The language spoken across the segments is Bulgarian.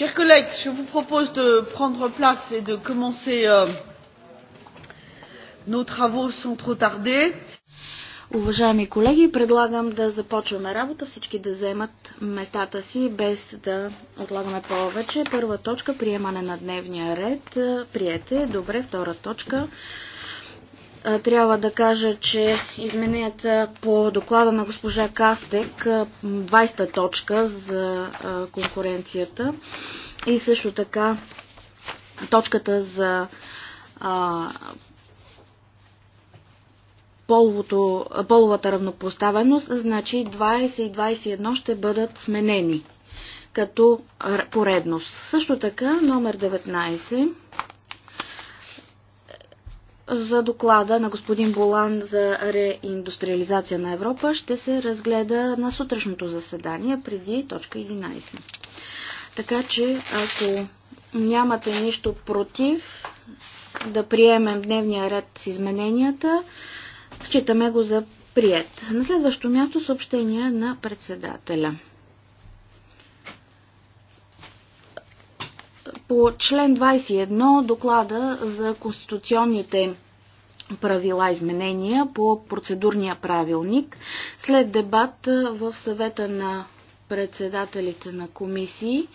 chers collègues je vous propose de prendre place et de commencer euh, nos travaux sans trop tarder. Уважаеми колеги, предлагам да започваме работа, всички да вземат местата си, без да отлагаме повече. Първа точка, приемане на дневния ред. Приете, е. добре. Втора точка, трябва да кажа, че измененията по доклада на госпожа Кастек, 20-та точка за конкуренцията и също така точката за а, половото, половата равнопоставеност, значи 20 и 21 ще бъдат сменени като поредност. Също така номер 19 за доклада на господин Болан за реиндустриализация на Европа ще се разгледа на сутрешното заседание преди точка 11. Така че, ако нямате нищо против да приемем дневния ред с измененията, считаме го за прият. На следващо място съобщение на председателя. по член 21 доклада за конституционните правила изменения по процедурния правилник. След дебат в съвета на председателите на комисии,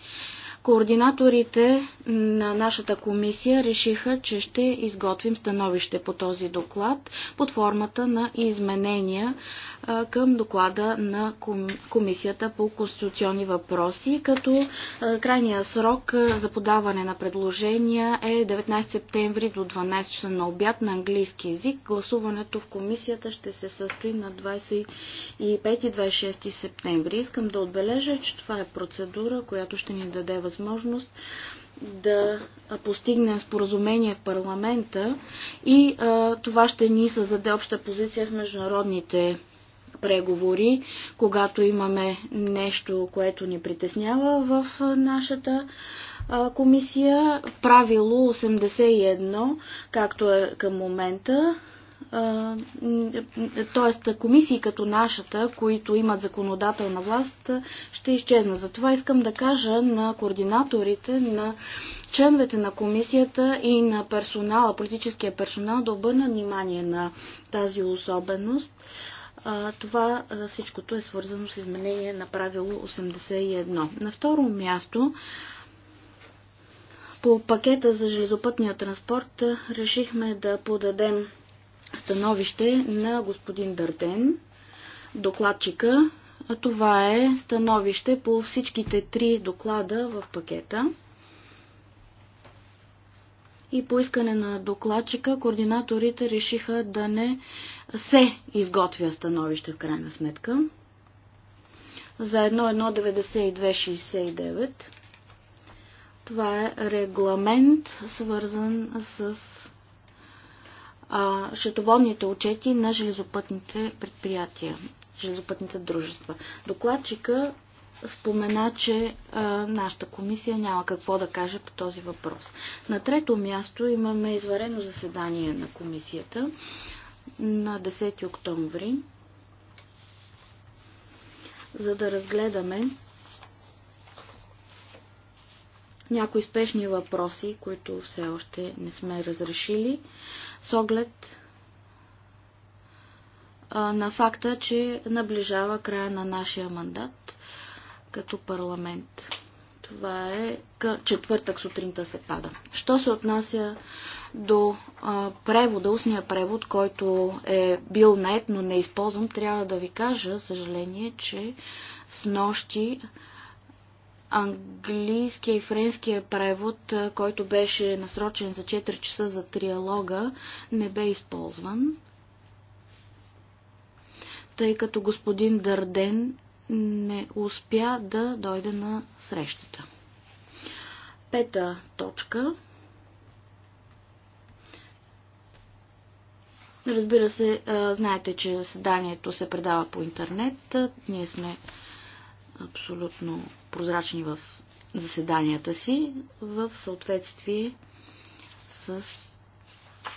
координаторите на нашата комисия решиха, че ще изготвим становище по този доклад под формата на изменения към доклада на Комисията по конституционни въпроси, като крайния срок за подаване на предложения е 19 септември до 12 часа на обяд на английски язик. Гласуването в Комисията ще се състои на 25-26 септември. Искам да отбележа, че това е процедура, която ще ни даде възможност да постигнем споразумение в парламента и а, това ще ни създаде обща позиция в международните преговори, когато имаме нещо, което ни притеснява в нашата комисия. Правило 81, както е към момента, т.е. комисии като нашата, които имат законодателна власт, ще изчезнат. Затова искам да кажа на координаторите, на членовете на комисията и на персонала, политическия персонал да обърнат внимание на тази особеност. Това всичкото е свързано с изменение на правило 81. На второ място, по пакета за железопътния транспорт решихме да подадем становище на господин Дърден, докладчика. Това е становище по всичките три доклада в пакета. И по искане на докладчика координаторите решиха да не се изготвя становище в крайна сметка за 1.1.92.69. Това е регламент, свързан с а, счетоводните отчети на железопътните предприятия, железопътните дружества. Докладчика спомена, че а, нашата комисия няма какво да каже по този въпрос. На трето място имаме изварено заседание на комисията на 10 октомври, за да разгледаме някои спешни въпроси, които все още не сме разрешили, с оглед на факта, че наближава края на нашия мандат като парламент. Това е четвъртък сутринта се пада. Що се отнася до а, превода, устния превод, който е бил нает, но не използвам, трябва да ви кажа, съжаление, че с нощи английския и френския превод, който беше насрочен за 4 часа за триалога, не бе използван, тъй като господин Дърден не успя да дойде на срещата. Пета точка. Разбира се, знаете, че заседанието се предава по интернет. Ние сме абсолютно прозрачни в заседанията си в съответствие с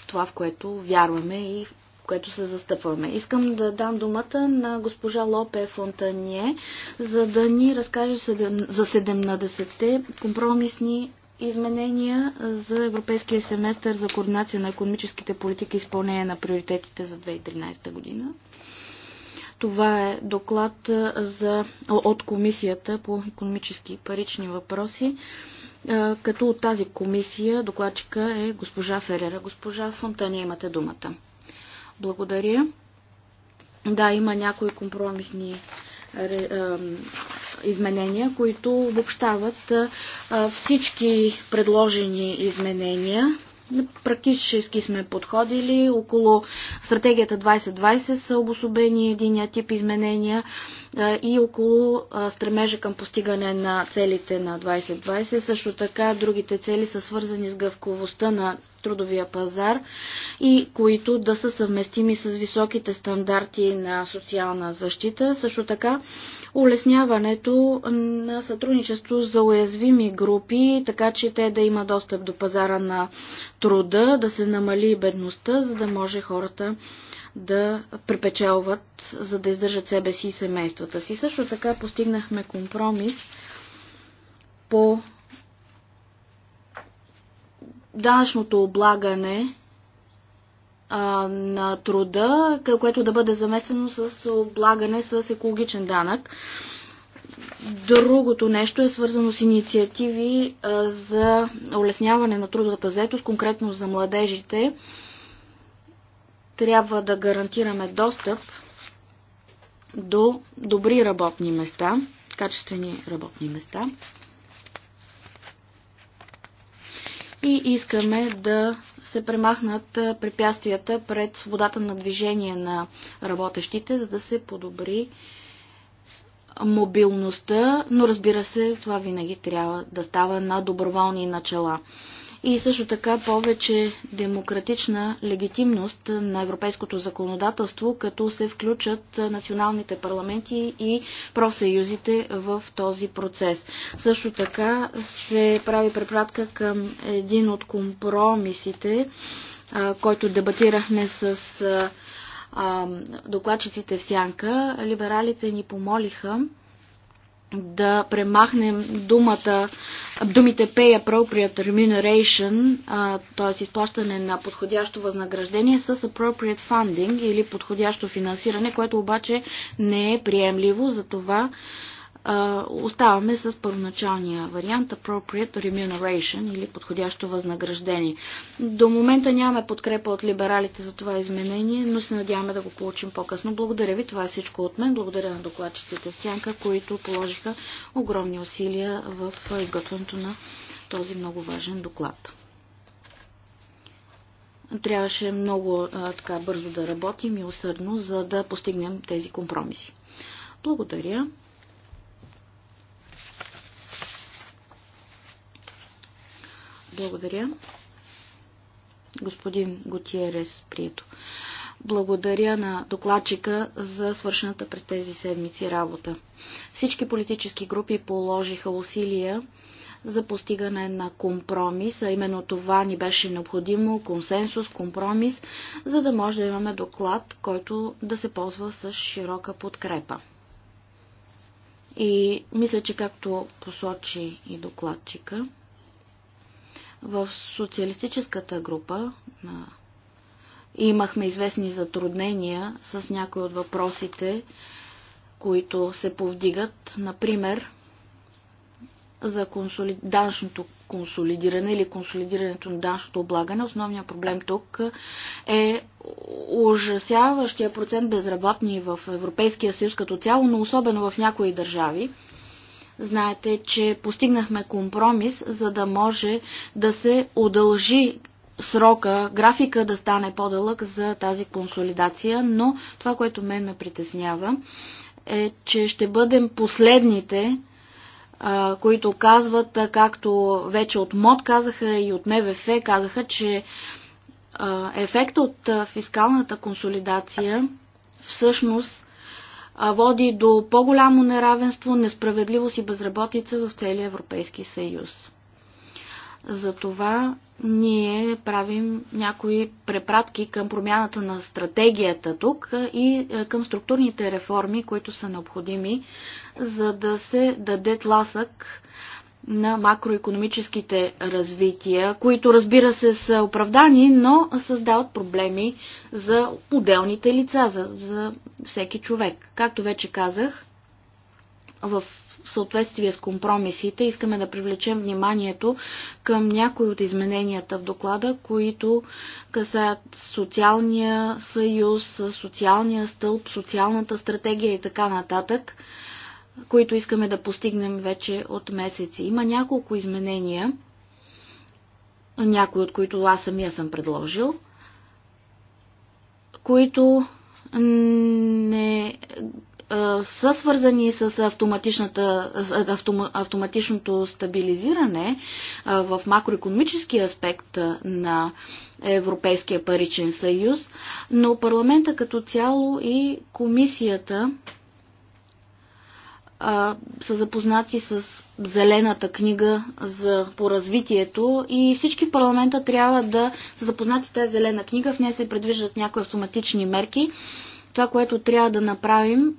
това, в което вярваме и което се застъпваме. Искам да дам думата на госпожа Лопе Фонтанье, за да ни разкаже за 17-те компромисни изменения за Европейския семестър за координация на економическите политики и изпълнение на приоритетите за 2013 година. Това е доклад за, от Комисията по економически и парични въпроси, като от тази комисия докладчика е госпожа Ферера. Госпожа Фонтания, имате думата. Благодаря. Да, има някои компромисни е, е, изменения, които обобщават е, всички предложени изменения. Практически сме подходили. Около стратегията 2020 са обособени единия тип изменения и около стремежа към постигане на целите на 2020. Също така другите цели са свързани с гъвковостта на трудовия пазар и които да са съвместими с високите стандарти на социална защита. Също така улесняването на сътрудничество за уязвими групи, така че те да има достъп до пазара на труда, да се намали бедността, за да може хората да препечелват, за да издържат себе си и семействата си. Също така постигнахме компромис по данъчното облагане а, на труда, което да бъде заместено с облагане с екологичен данък. Другото нещо е свързано с инициативи а, за улесняване на трудовата заетост, конкретно за младежите. Трябва да гарантираме достъп до добри работни места, качествени работни места. и искаме да се премахнат препятствията пред свободата на движение на работещите, за да се подобри мобилността, но разбира се, това винаги трябва да става на доброволни начала и също така повече демократична легитимност на европейското законодателство, като се включат националните парламенти и профсъюзите в този процес. Също така се прави препратка към един от компромисите, който дебатирахме с докладчиците в Сянка. Либералите ни помолиха да премахнем думата, думите pay appropriate remuneration, т.е. изплащане на подходящо възнаграждение с appropriate funding или подходящо финансиране, което обаче не е приемливо, за това оставаме с първоначалния вариант appropriate remuneration или подходящо възнаграждение. До момента нямаме подкрепа от либералите за това изменение, но се надяваме да го получим по-късно. Благодаря ви, това е всичко от мен. Благодаря на докладчиците в Сянка, които положиха огромни усилия в изготвянето на този много важен доклад. Трябваше много а, така бързо да работим и усърдно, за да постигнем тези компромиси. Благодаря. Благодаря. Господин Готиерес, прието. Благодаря на докладчика за свършената през тези седмици работа. Всички политически групи положиха усилия за постигане на компромис, а именно това ни беше необходимо, консенсус, компромис, за да може да имаме доклад, който да се ползва с широка подкрепа. И мисля, че както посочи и докладчика, в социалистическата група на имахме известни затруднения с някои от въпросите, които се повдигат, например за консоли... данъчното консолидиране или консолидирането на данъчното облагане. Основният проблем тук е ужасяващия процент безработни в Европейския съюз като цяло, но особено в някои държави. Знаете, че постигнахме компромис, за да може да се удължи срока, графика да стане по-дълъг за тази консолидация, но това, което мен ме притеснява, е, че ще бъдем последните, които казват, както вече от МОД казаха и от МВФ казаха, че ефектът от фискалната консолидация всъщност води до по-голямо неравенство, несправедливост и безработица в целия Европейски съюз. Затова ние правим някои препратки към промяната на стратегията тук и е, към структурните реформи, които са необходими, за да се даде тласък на макроекономическите развития, които разбира се са оправдани, но създават проблеми за отделните лица, за, за всеки човек. Както вече казах, в съответствие с компромисите искаме да привлечем вниманието към някои от измененията в доклада, които касаят социалния съюз, социалния стълб, социалната стратегия и така нататък които искаме да постигнем вече от месеци. Има няколко изменения, някои от които аз самия съм предложил, които не са свързани с автоматичната, автоматичното стабилизиране в макроекономически аспект на Европейския паричен съюз, но парламента като цяло и комисията а, са запознати с зелената книга за, по развитието и всички в парламента трябва да са запознати с тази зелена книга. В нея се предвиждат някои автоматични мерки. Това, което трябва да направим,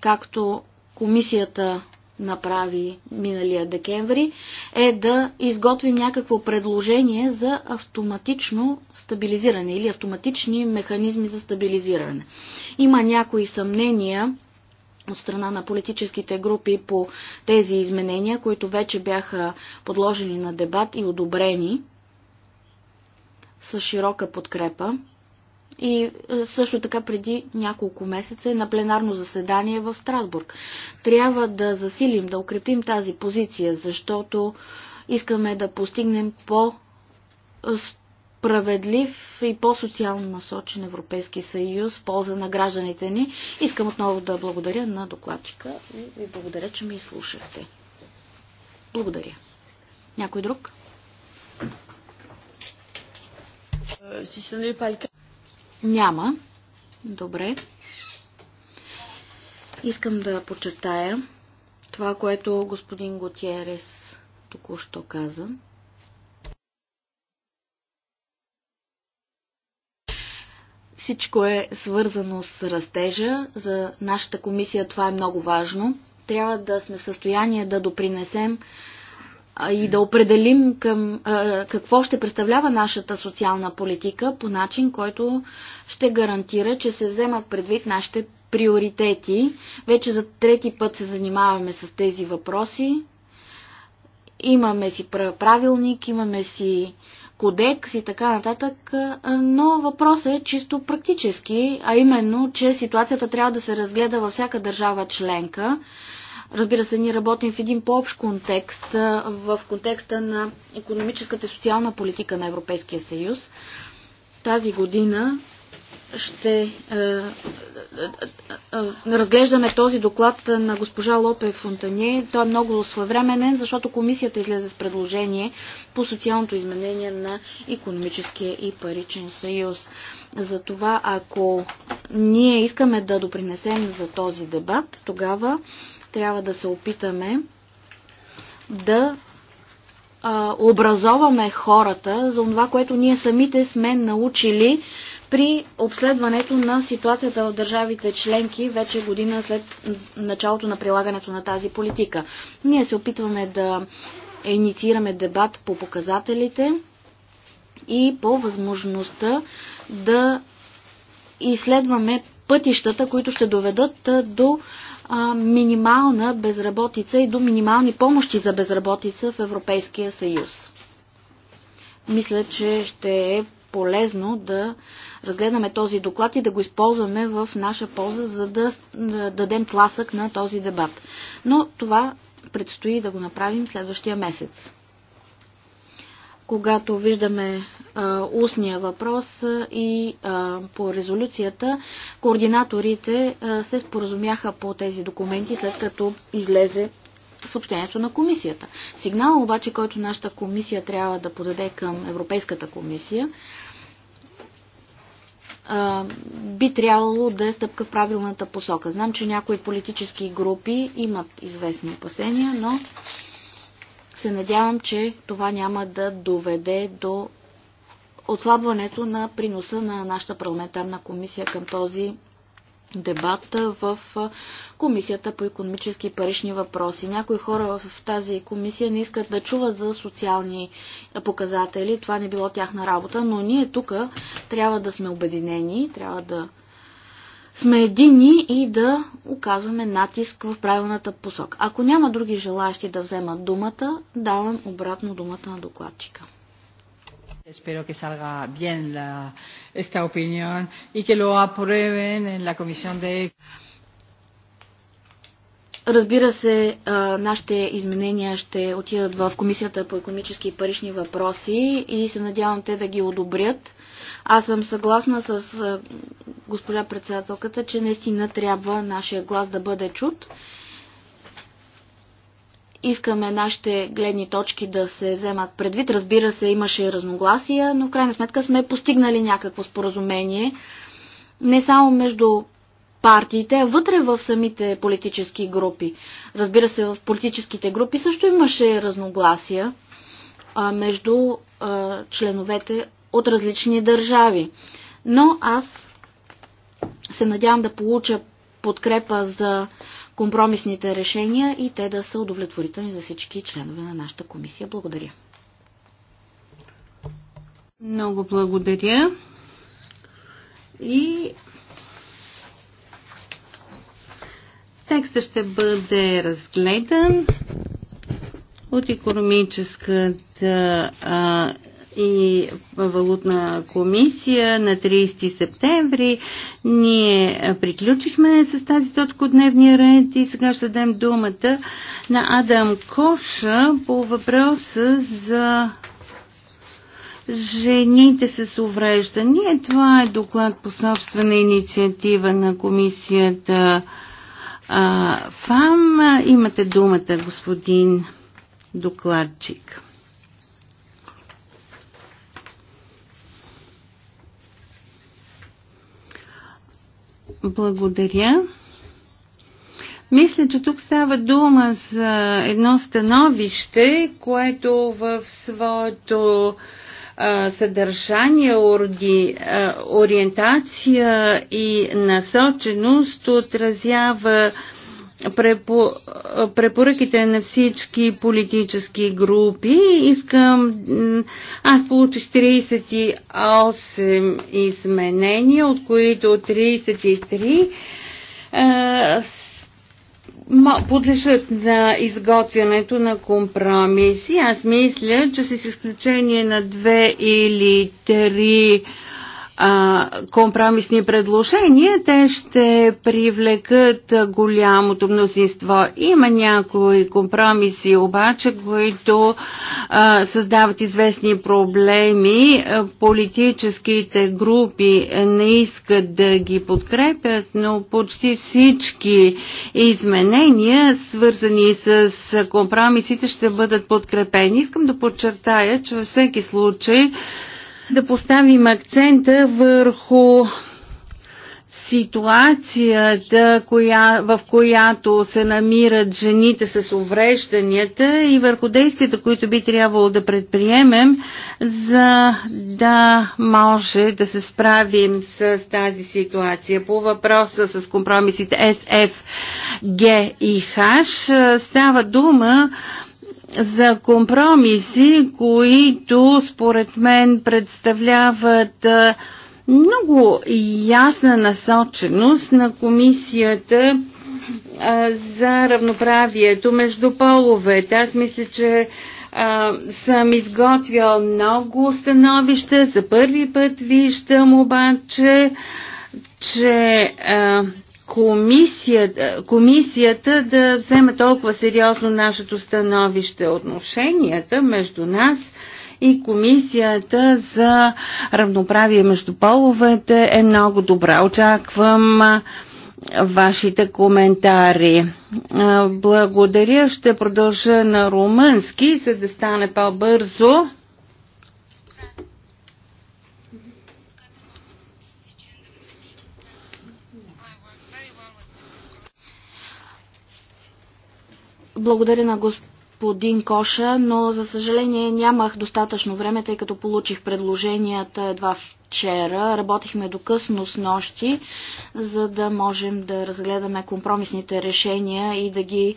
както комисията направи миналия декември, е да изготвим някакво предложение за автоматично стабилизиране или автоматични механизми за стабилизиране. Има някои съмнения от страна на политическите групи по тези изменения, които вече бяха подложени на дебат и одобрени с широка подкрепа. И е, също така преди няколко месеца е на пленарно заседание в Страсбург. Трябва да засилим, да укрепим тази позиция, защото искаме да постигнем по справедлив и по-социално насочен Европейски съюз в полза на гражданите ни. Искам отново да благодаря на докладчика и ви благодаря, че ми изслушахте. Благодаря. Някой друг? Е Няма. Добре. Искам да почетая това, което господин Готиерес току-що каза. Всичко е свързано с растежа. За нашата комисия това е много важно. Трябва да сме в състояние да допринесем и да определим към, а, какво ще представлява нашата социална политика по начин, който ще гарантира, че се вземат предвид нашите приоритети. Вече за трети път се занимаваме с тези въпроси. Имаме си правилник, имаме си кодекс и така нататък, но въпросът е чисто практически, а именно, че ситуацията трябва да се разгледа във всяка държава членка. Разбира се, ние работим в един по-общ контекст, в контекста на економическата и социална политика на Европейския съюз. Тази година ще а, а, а, разглеждаме този доклад на госпожа Лопе Фонтане. Той е много своевременен, защото комисията излезе с предложение по социалното изменение на економическия и паричен съюз. Затова, ако ние искаме да допринесем за този дебат, тогава трябва да се опитаме да образоваме хората за това, което ние самите сме научили при обследването на ситуацията в държавите членки вече година след началото на прилагането на тази политика. Ние се опитваме да инициираме дебат по показателите и по възможността да изследваме пътищата, които ще доведат до минимална безработица и до минимални помощи за безработица в Европейския съюз. Мисля, че ще е полезно да разгледаме този доклад и да го използваме в наша полза, за да, да дадем тласък на този дебат. Но това предстои да го направим следващия месец. Когато виждаме а, устния въпрос и а, по резолюцията, координаторите а, се споразумяха по тези документи, след като излезе съобщението на комисията. Сигнал обаче, който нашата комисия трябва да подаде към Европейската комисия, би трябвало да е стъпка в правилната посока. Знам, че някои политически групи имат известни опасения, но се надявам, че това няма да доведе до отслабването на приноса на нашата парламентарна комисия към този дебата в Комисията по економически и парични въпроси. Някои хора в тази комисия не искат да чуват за социални показатели. Това не било тяхна работа, но ние тук трябва да сме обединени, трябва да сме едини и да оказваме натиск в правилната посока. Ако няма други желаящи да вземат думата, давам обратно думата на докладчика. Espero que salga bien la, esta opinión y que lo aprueben en la comisión de. Разбира се, нашите изменения ще отидат в Комисията по економически и парични въпроси и се надявам те да ги одобрят. Аз съм съгласна с госпожа председателката, че наистина трябва нашия глас да бъде чут искаме нашите гледни точки да се вземат предвид. Разбира се, имаше разногласия, но в крайна сметка сме постигнали някакво споразумение не само между партиите, а вътре в самите политически групи. Разбира се, в политическите групи също имаше разногласия а, между а, членовете от различни държави. Но аз се надявам да получа подкрепа за компромисните решения и те да са удовлетворителни за всички членове на нашата комисия. Благодаря. Много благодаря. И текстът ще бъде разгледан от економическата и валутна комисия на 30 септември. Ние приключихме с тази точка от дневния ред и сега ще дадем думата на Адам Коша по въпроса за жените с увреждания. Това е доклад по собствена инициатива на комисията ФАМ. Имате думата, господин докладчик. Благодаря. Мисля, че тук става дума за едно становище, което в своето а, съдържание, орди, а, ориентация и насоченост отразява а, препоръките на всички политически групи. Искам, аз получих 38 изменения, от които 33 подлежат на изготвянето на компромиси. Аз мисля, че с изключение на две или три а, компромисни предложения, те ще привлекат голямото мнозинство. Има някои компромиси обаче, които а, създават известни проблеми. Политическите групи не искат да ги подкрепят, но почти всички изменения, свързани с компромисите, ще бъдат подкрепени. Искам да подчертая, че във всеки случай да поставим акцента върху ситуацията, коя, в която се намират жените с уврежданията и върху действията, които би трябвало да предприемем, за да може да се справим с тази ситуация. По въпроса с компромисите SF, G и H става дума за компромиси, които според мен представляват много ясна насоченост на комисията за равноправието между половете. Аз мисля, че а, съм изготвял много становища. За първи път виждам обаче, че а, комисията, е, комисията да вземе толкова сериозно нашето становище, отношенията между нас и комисията за равноправие между половете е много добра. Очаквам е, вашите коментари. Е, благодаря, ще продължа на румънски, за да стане по-бързо. Благодаря на господин Коша, но за съжаление нямах достатъчно време, тъй като получих предложенията едва вчера. Работихме до късно с нощи, за да можем да разгледаме компромисните решения и да ги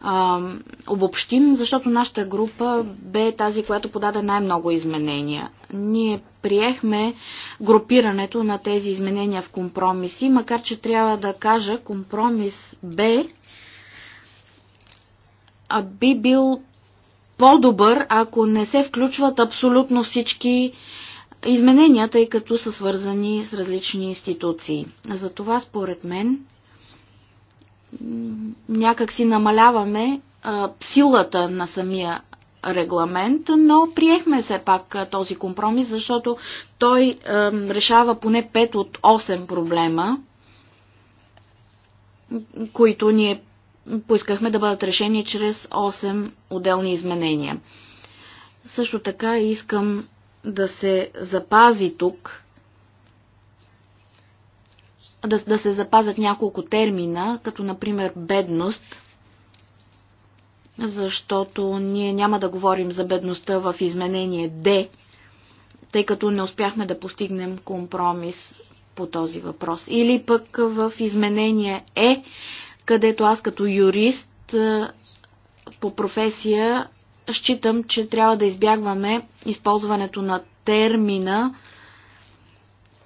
а, обобщим, защото нашата група бе тази, която подаде най-много изменения. Ние приехме групирането на тези изменения в компромиси, макар че трябва да кажа компромис Б би бил по-добър, ако не се включват абсолютно всички изменения, тъй като са свързани с различни институции. За това, според мен, някак си намаляваме силата на самия регламент, но приехме все пак този компромис, защото той решава поне 5 от 8 проблема, които ние поискахме да бъдат решени чрез 8 отделни изменения. Също така искам да се запази тук, да, да се запазят няколко термина, като например бедност, защото ние няма да говорим за бедността в изменение Д, тъй като не успяхме да постигнем компромис по този въпрос. Или пък в изменение Е, e, където аз като юрист е, по професия считам, че трябва да избягваме използването на термина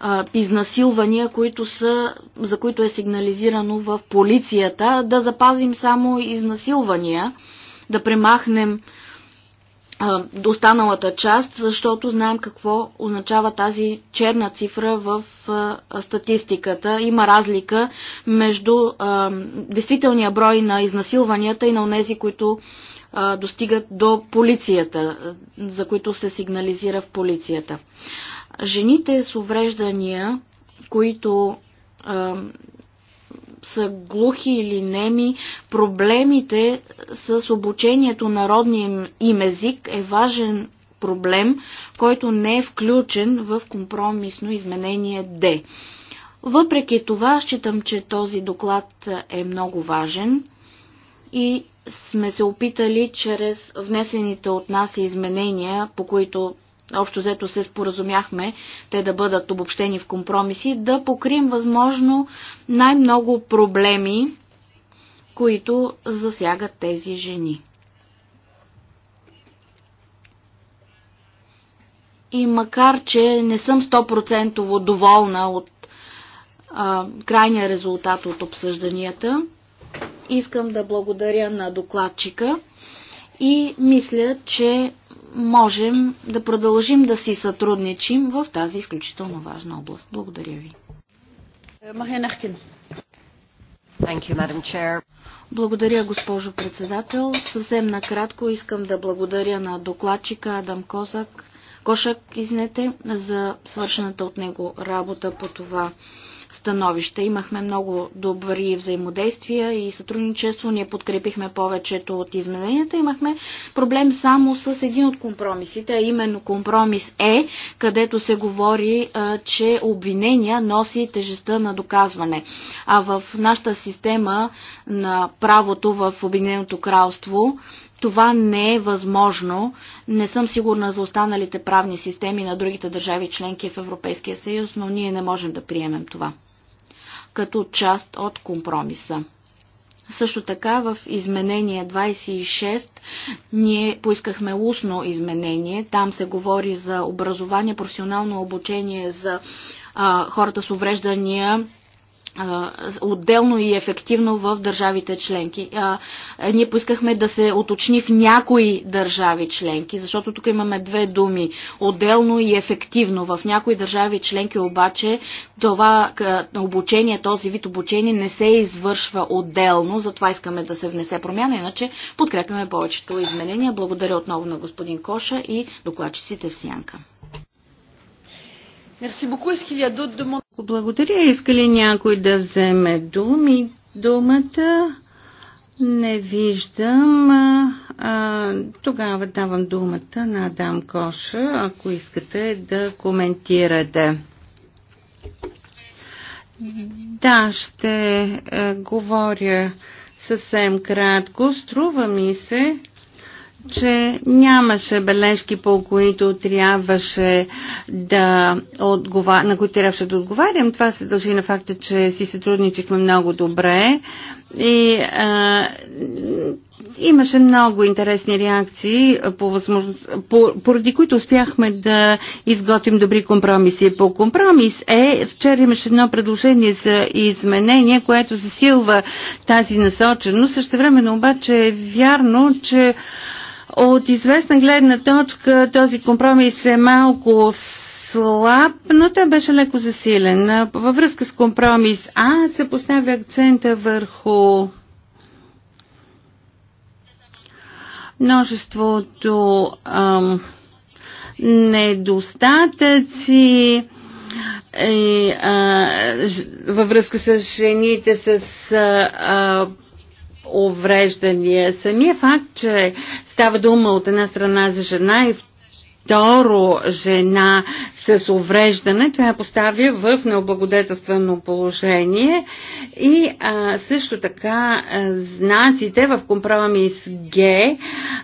е, изнасилвания, които са, за които е сигнализирано в полицията, да запазим само изнасилвания, да премахнем до останалата част, защото знаем какво означава тази черна цифра в статистиката. Има разлика между действителния брой на изнасилванията и на онези, които достигат до полицията, за които се сигнализира в полицията. Жените с увреждания, които са глухи или неми, проблемите с обучението на родния им език е важен проблем, който не е включен в компромисно изменение Д. Въпреки това, считам, че този доклад е много важен и сме се опитали чрез внесените от нас изменения, по които общо взето се споразумяхме те да бъдат обобщени в компромиси, да покрием възможно най-много проблеми, които засягат тези жени. И макар, че не съм 100% доволна от а, крайния резултат от обсъжданията, искам да благодаря на докладчика и мисля, че можем да продължим да си сътрудничим в тази изключително важна област. Благодаря ви. Благодаря, госпожо председател. Съвсем накратко искам да благодаря на докладчика Адам Козак, Кошак, извинете, за свършената от него работа по това становища. Имахме много добри взаимодействия и сътрудничество. Ние подкрепихме повечето от измененията. Имахме проблем само с един от компромисите, а именно компромис Е, където се говори, че обвинения носи тежестта на доказване. А в нашата система на правото в Обединеното кралство това не е възможно. Не съм сигурна за останалите правни системи на другите държави членки в Европейския съюз, но ние не можем да приемем това като част от компромиса. Също така в изменение 26 ние поискахме устно изменение. Там се говори за образование, професионално обучение за а, хората с увреждания отделно и ефективно в държавите членки. А, ние поискахме да се оточни в някои държави членки, защото тук имаме две думи отделно и ефективно. В някои държави членки обаче това обучение, този вид обучение не се извършва отделно, затова искаме да се внесе промяна, иначе подкрепяме повечето изменения. Благодаря отново на господин Коша и докладчиците в Сянка. Благодаря. Иска ли някой да вземе думи? Думата не виждам. А, тогава давам думата на Адам Коша, ако искате да коментирате. Да, ще а, е, говоря съвсем кратко. Струва ми се, че нямаше бележки, по които трябваше да отговарям, на които трябваше да отговарям. Това се дължи на факта, че си сътрудничихме много добре и а, имаше много интересни реакции, по възможност, по, поради които успяхме да изготвим добри компромиси. По компромис е, вчера имаше едно предложение за изменение, което засилва тази насоченост. Същевременно обаче е вярно, че от известна гледна точка този компромис е малко слаб, но той беше леко засилен. Във връзка с компромис А се поставя акцента върху множеството ам, недостатъци и, а, във връзка с жените с а, увреждания. Самия факт, че става дума от една страна за жена и второ жена с увреждане, това я поставя в необлагодетелствено положение и а, също така а, знаците в компромис Г.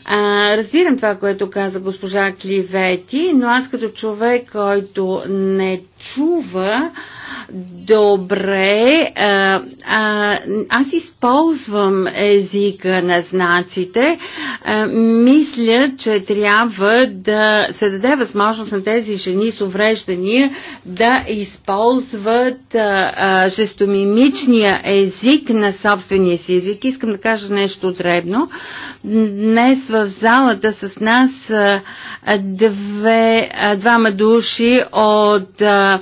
А, разбирам това, което каза госпожа Кливети, но аз като човек, който не чува добре, а, а, аз използвам езика на знаците. А, мисля, че трябва да се даде възможност на тези жени с увреждания да използват а, а, жестомимичния език на собствения си език. Искам да кажа нещо дребно. Днес в залата с нас а, две, а, двама души от а,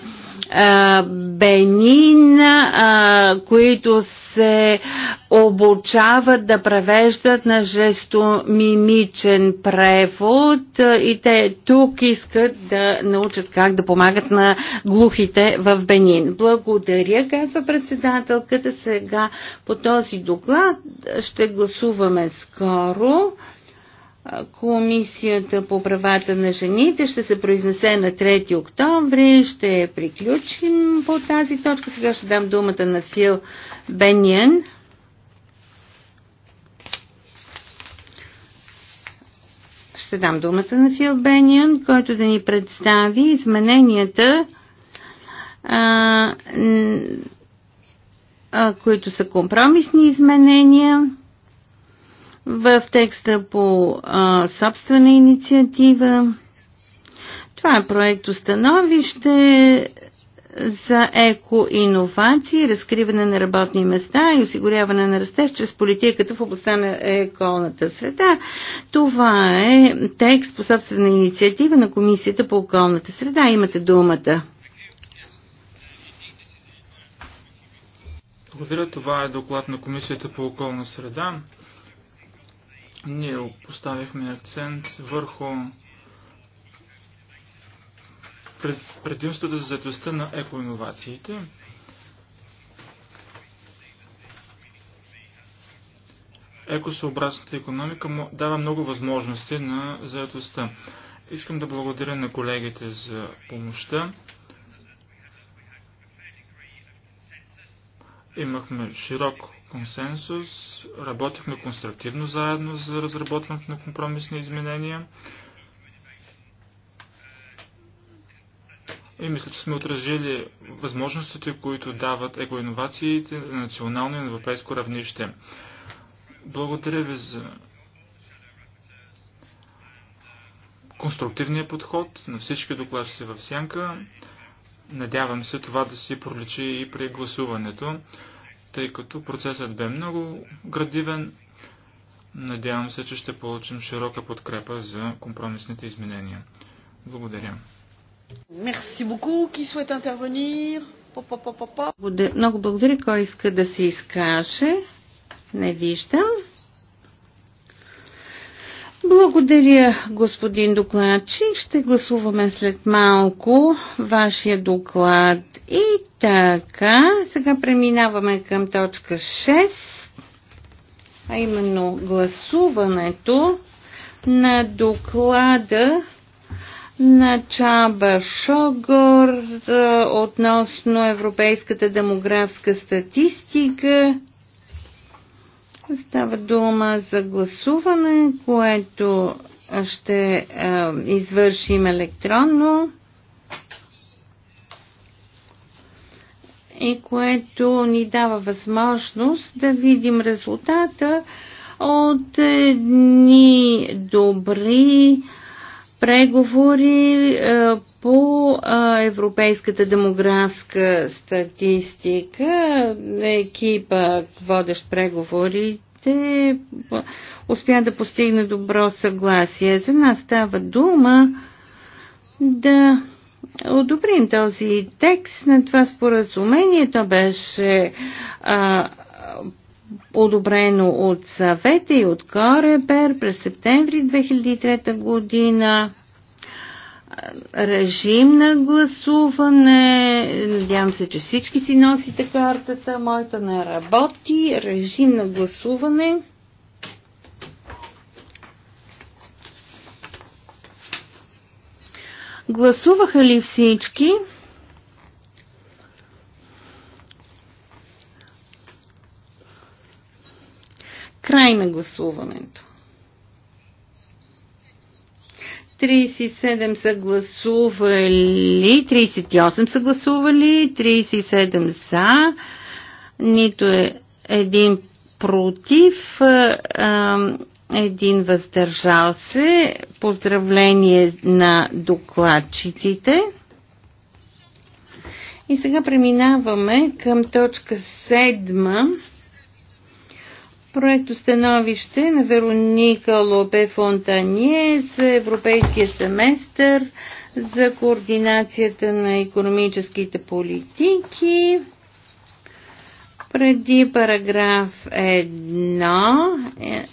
Бенин, които се обучават да превеждат на жестомимичен превод и те тук искат да научат как да помагат на глухите в Бенин. Благодаря, казва председателката. Сега по този доклад ще гласуваме скоро. Комисията по правата на жените ще се произнесе на 3 октомври. Ще приключим по тази точка. Сега ще дам думата на Фил Беньен. Ще дам думата на Фил Беньен, който да ни представи измененията, а, а, които са компромисни изменения в текста по а, собствена инициатива. Това е проект установище за еко-инновации, разкриване на работни места и осигуряване на растеж чрез политиката в областта на околната среда. Това е текст по собствена инициатива на Комисията по околната среда. Имате думата. Благодаря. Това е доклад на Комисията по околна среда. Ние поставихме акцент върху предимството предимствата за заедостта на екоинновациите. Екосъобразната економика дава много възможности на заедостта. Искам да благодаря на колегите за помощта. Имахме широк консенсус, работихме конструктивно заедно за разработването на компромисни изменения и мисля, че сме отразили възможностите, които дават екоинновациите на национално и на европейско равнище. Благодаря ви за конструктивния подход на всички докладчици в сянка. Надявам се това да си проличи и при гласуването тъй като процесът бе много градивен. Надявам се, че ще получим широка подкрепа за компромисните изменения. Благодаря. Merci beaucoup. Qui souhaite intervenir? Много благодаря. Кой иска да се изкаже? Не виждам. Благодаря, господин докладчик. Ще гласуваме след малко вашия доклад. И така, сега преминаваме към точка 6, а именно гласуването на доклада на Чаба Шогор относно европейската демографска статистика Става дума за гласуване, което ще е, извършим електронно и което ни дава възможност да видим резултата от едни добри преговори по а, европейската демографска статистика екипа, водещ преговорите, успя да постигне добро съгласие. За нас става дума да одобрим този текст на това споразумение. То беше а, одобрено от съвета и от Корепер през септември 2003 година режим на гласуване. Надявам се, че всички си носите картата. Моята не работи. Режим на гласуване. Гласуваха ли всички? Край на гласуването. 37 са гласували, 38 са гласували, 37 за, нито е един против, един въздържал се. Поздравление на докладчиците. И сега преминаваме към точка 7 Проекто становище на Вероника Лобе Фонтание за Европейския семестър за координацията на економическите политики. Преди параграф 1 е,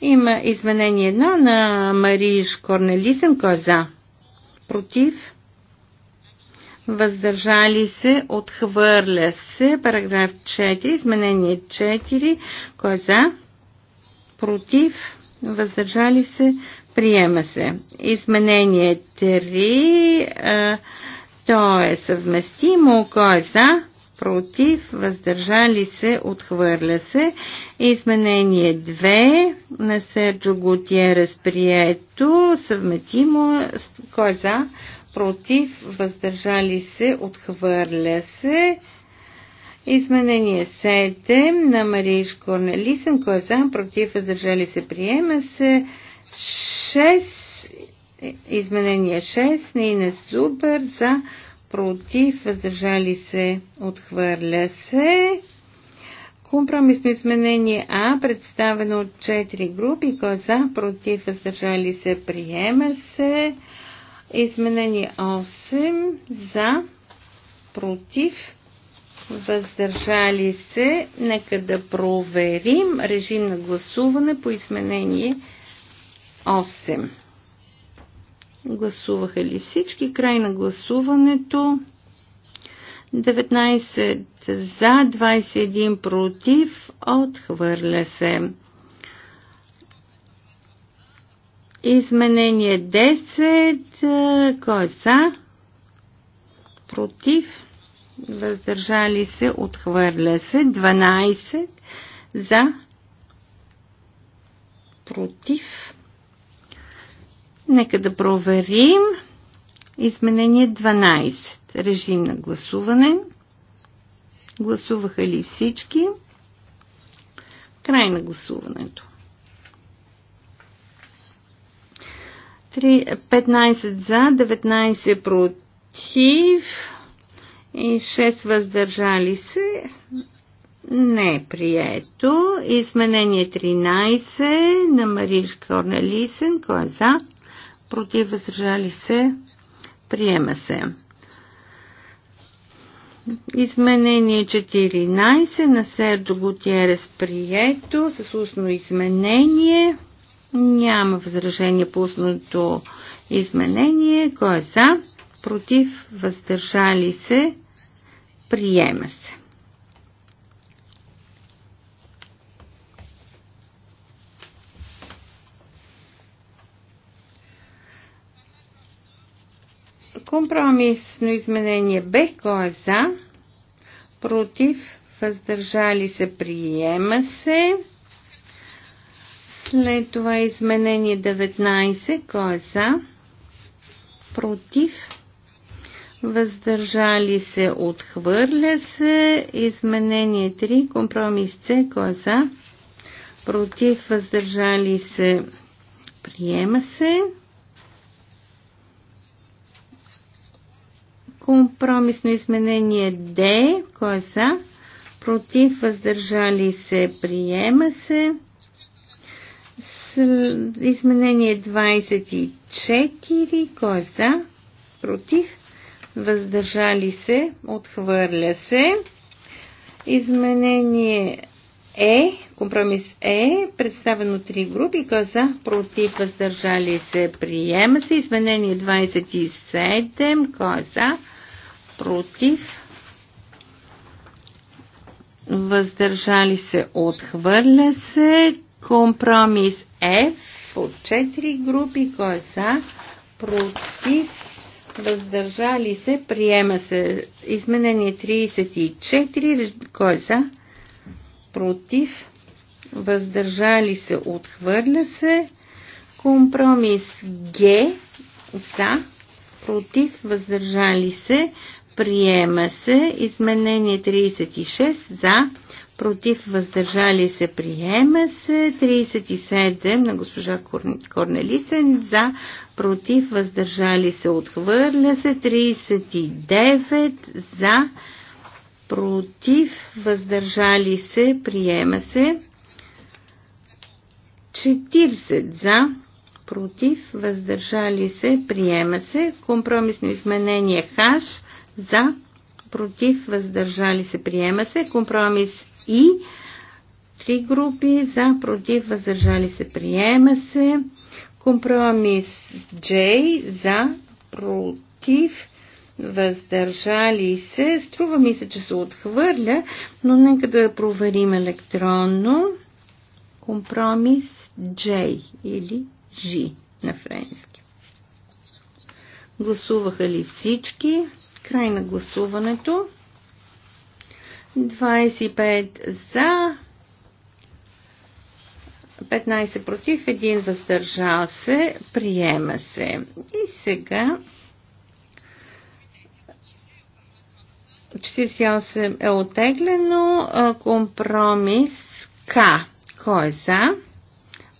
има изменение 1 на Мариш Корнелисен Коза. Е Против? въздържали се, отхвърля се. Параграф 4, изменение 4, кой е за, против, въздържали се, приема се. Изменение 3, то е съвместимо, кой е за, против, въздържали се, отхвърля се. Изменение 2 на Серджо Гутиерес прието, съвместимо, кой е за, против, въздържали се, отхвърля се. Изменение 7 на Мариш Корнелисен, кой е за, против, въздържали се, приема се. 6, изменение 6 на Инес Зубър, за, против, въздържали се, отхвърля се. Компромисно изменение А, представено от 4 групи, кой е за, против, въздържали се, приема се. Изменение 8 за, против, въздържали се. Нека да проверим режим на гласуване по изменение 8. Гласуваха ли всички? Край на гласуването. 19 за, 21 против, отхвърля се. Изменение 10. Кой е Против. Въздържали се. Отхвърля се. 12. За. Против. Нека да проверим. Изменение 12. Режим на гласуване. Гласуваха ли всички? Край на гласуването. 15 за, 19 против и 6 въздържали се. Не е прието. Изменение 13 на Мариш Корнелисен. Кой е за? Против въздържали се. Приема се. Изменение 14 на Серджо Готиерес прието с устно изменение. Няма възражение по устното изменение. Кой е за? Против? Въздържали се? Приема се. Компромисно изменение Б. Кой е за? Против? Въздържали се? Приема се. След това е изменение 19. Кой е за? Против. Въздържали се. Отхвърля се. Изменение 3. Компромис С. Кой е за? Против. Въздържали се. Приема се. компромисно изменение Д. Кой е за? Против въздържали се. Приема се. Изменение 24. Кой е за? Против. Въздържали се. Отхвърля се. Изменение Е. Компромис Е. Представено три групи. Кой е за? Против. Въздържали се. Приема се. Изменение 27. Кой е за? Против въздържали се, отхвърля се. Компромис F от 4 групи, кой е за, против, въздържали се, приема се изменение 34, кой е за, против, въздържали се, отхвърля се, компромис Г, за, против, въздържали се, приема се, изменение 36, за, против въздържали се приема се 37 на госпожа Корнелисен за против въздържали се отхвърля се 39 за против въздържали се приема се 40 за против въздържали се приема се компромисно изменение хаш за против въздържали се приема се компромис и три групи за, против, въздържали се, приема се. Компромис J за, против, въздържали се. Струва ми се, че се отхвърля, но нека да проверим електронно. Компромис J или G на френски. Гласуваха ли всички? Край на гласуването. 25 за, 15 против, 1 въздържал се, приема се. И сега 48 е отеглено, компромис К. Кой е за?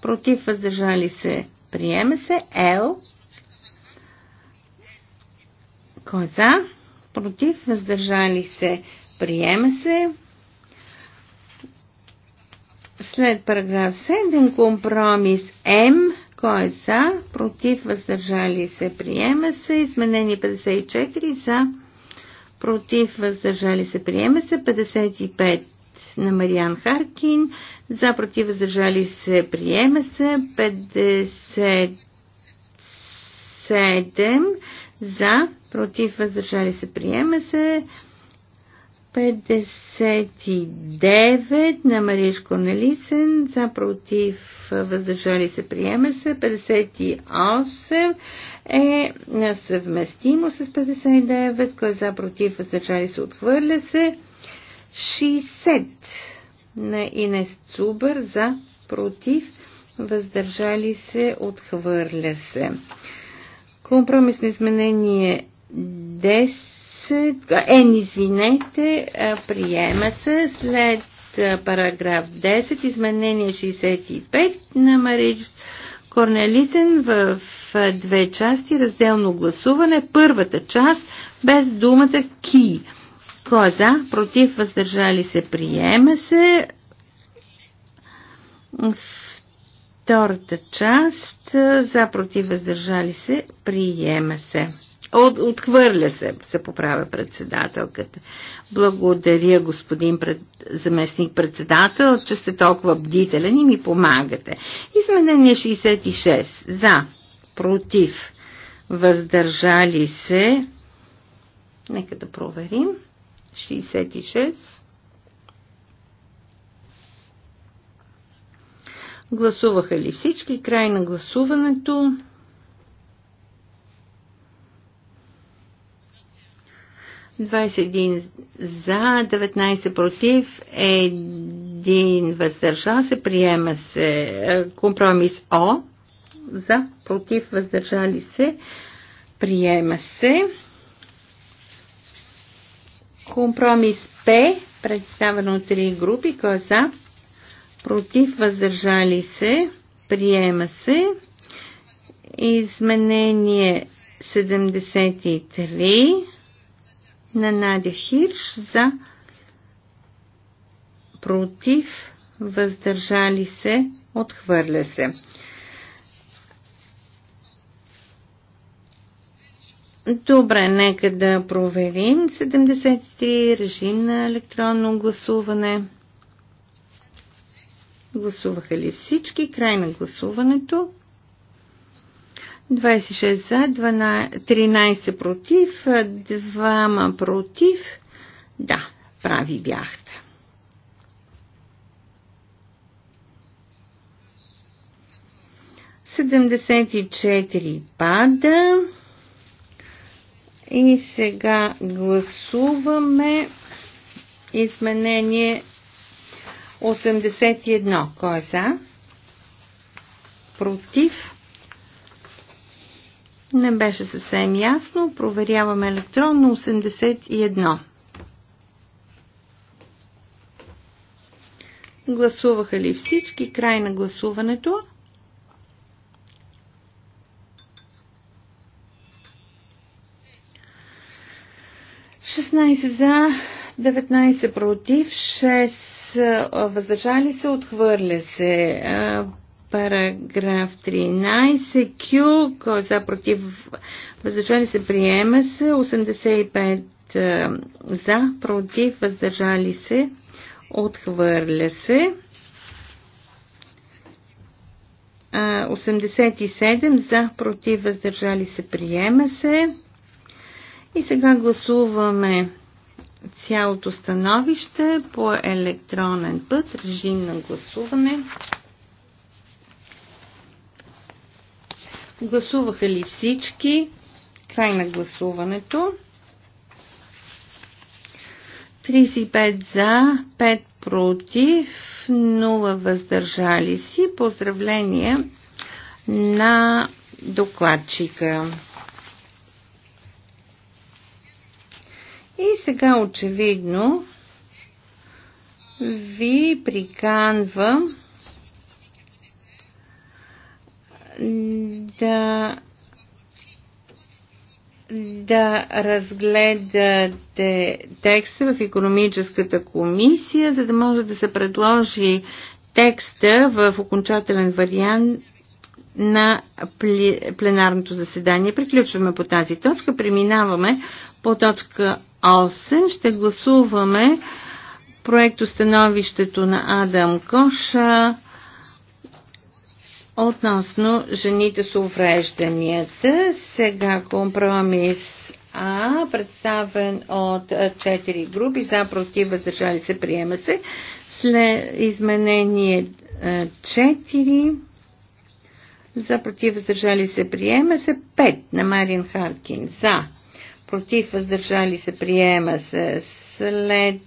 Против, въздържали се, приема се. Л. Кой е за? Против, въздържали се, приема се. Приема се. След параграф 7 компромис М. Кой е за? Против, въздържали се. Приема се. Изменение 54 за. Против, въздържали се. Приема се. 55 на Мариан Харкин. За против въздържали се приема се 57. За против въздържали се приема се 59 на Мариш Корнелисен, за против въздържали се приема се, 58 е съвместимо с 59, кой е за против въздържали се отхвърля се, 60 на Инес Цубър за против въздържали се отхвърля се. Компромисно изменение 10 се, Н, извинете, приема се след параграф 10, изменение 65 на Марич Корнелисен в две части, разделно гласуване. Първата част без думата ки. Коза, е за? Против? Въздържали се? Приема се. Втората част за против въздържали се приема се. От, отхвърля се, се поправя председателката. Благодаря, господин пред, заместник председател, че сте толкова бдителен и ми помагате. Изменение 66. За. Против. Въздържали се. Нека да проверим. 66. Гласуваха ли всички? Край на гласуването. 21 за, 19 против, 1 въздържал се, приема се е, компромис О, за, против, въздържали се, приема се. Компромис П, представен от 3 групи, кой е за, против, въздържали се, приема се. Изменение 73 на Надя Хирш за против, въздържали се, отхвърля се. Добре, нека да проверим 73 режим на електронно гласуване. Гласуваха ли всички? Край на гласуването. 26 за, 12, 13 против, 2 против. Да, прави бяхте. Седемдесет и четири пада. И сега гласуваме изменение 81. Кой е за? Против? Не беше съвсем ясно. Проверяваме електронно 81. Гласуваха ли всички? Край на гласуването. за, 19 против, 6 въздържали се, отхвърля се. Параграф 13. Q. Кой е за против въздържали се приема се. 85 е, за против въздържали се. Отхвърля се. 87 е, за против въздържали се приема се. И сега гласуваме цялото становище по електронен път. Режим на гласуване. Гласуваха ли всички? Край на гласуването. 35 за, 5 против, 0 въздържали си. Поздравление на докладчика. И сега очевидно ви приканвам да да разгледате текста в економическата комисия, за да може да се предложи текста в окончателен вариант на пленарното заседание. Приключваме по тази точка, преминаваме по точка 8. Ще гласуваме проекто становището на Адам Коша относно жените с уврежданията. Сега компромис А, представен от 4 групи, за, против, въздържали се, приема се. След изменение 4, за, против, въздържали се, приема се. 5 на Марин Харкин, за, против, въздържали се, приема се. След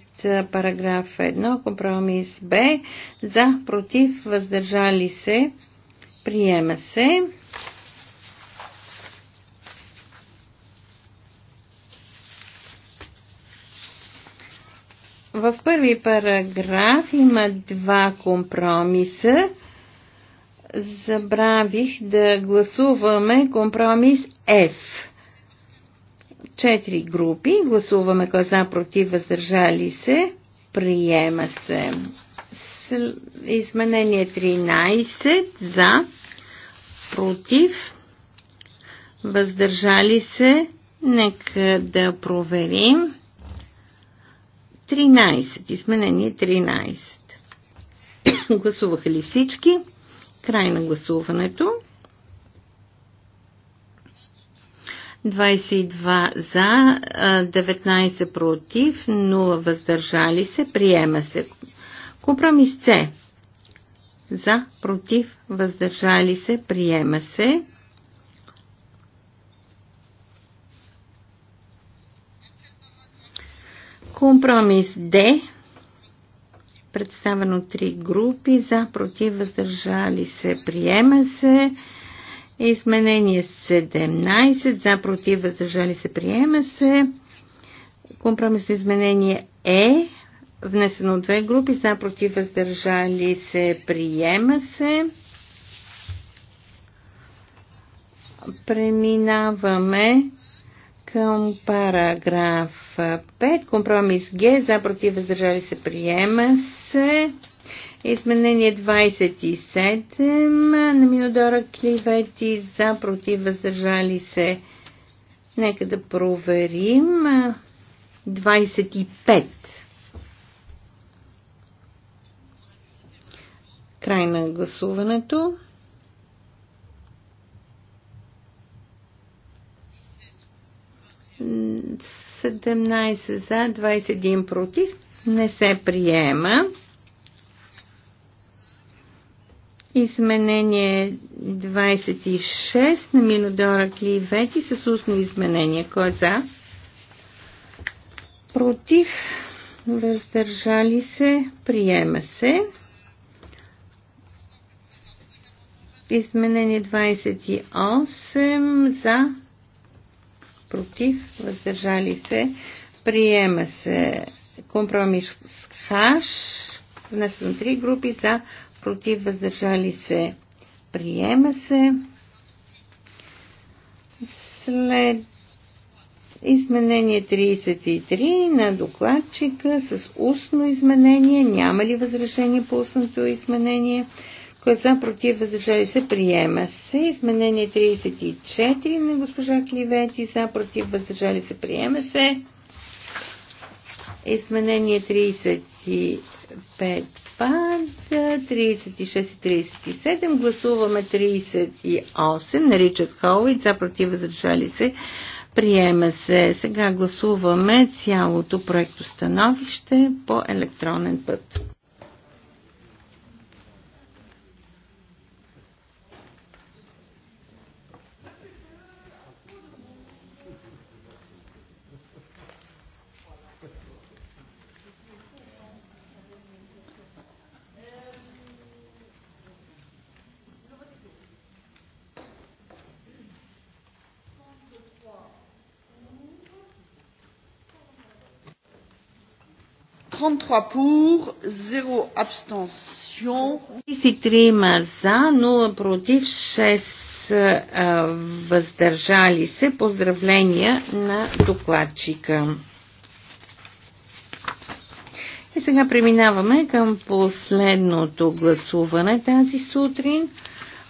параграф 1, компромис Б, за, против, въздържали се, се Приема се. В първи параграф има два компромиса. Забравих да гласуваме компромис F. Четири групи. Гласуваме кой е за против въздържали се. Приема се. Изменение 13 за против, въздържали се, нека да проверим. 13, изменение 13. Гласуваха ли всички? Край на гласуването. 22 за, 19 против, 0 въздържали се, приема се. Компромис С за, против, въздържали се, приема се. Компромис Д, Представено три групи, за, против, въздържали се, приема се. Изменение 17, за, против, въздържали се, приема се. Компромисно изменение Е, e, внесено от две групи, за против въздържали се, приема се. Преминаваме към параграф 5. Компромис Г. За против въздържали се приема се. Изменение 27 на Миодора Кливети. За против въздържали се. Нека да проверим. 25. Край на гласуването. 17 за, 21 против. Не се приема. Изменение 26 на Минодора Кливети с устно изменение. Кой е за? Против. Въздържали се. Приема се. Изменение 28 за, против, въздържали се, приема се компромис хаш, внесено три групи за, против, въздържали се, приема се. След изменение 33 на докладчика с устно изменение, няма ли възражение по устното изменение? Кой е за против въздържали се приема се. Изменение 34 на госпожа Кливети за против въздържали се приема се. Изменение 35 пада. 36 и 37. Гласуваме 38 наричат Ричард за против въздържали се. Приема се. Сега гласуваме цялото проекто становище по електронен път. 33 pour, 0 abstention. 33 за, 0 против, 6 а, въздържали се. Поздравления на докладчика. И сега преминаваме към последното гласуване тази сутрин,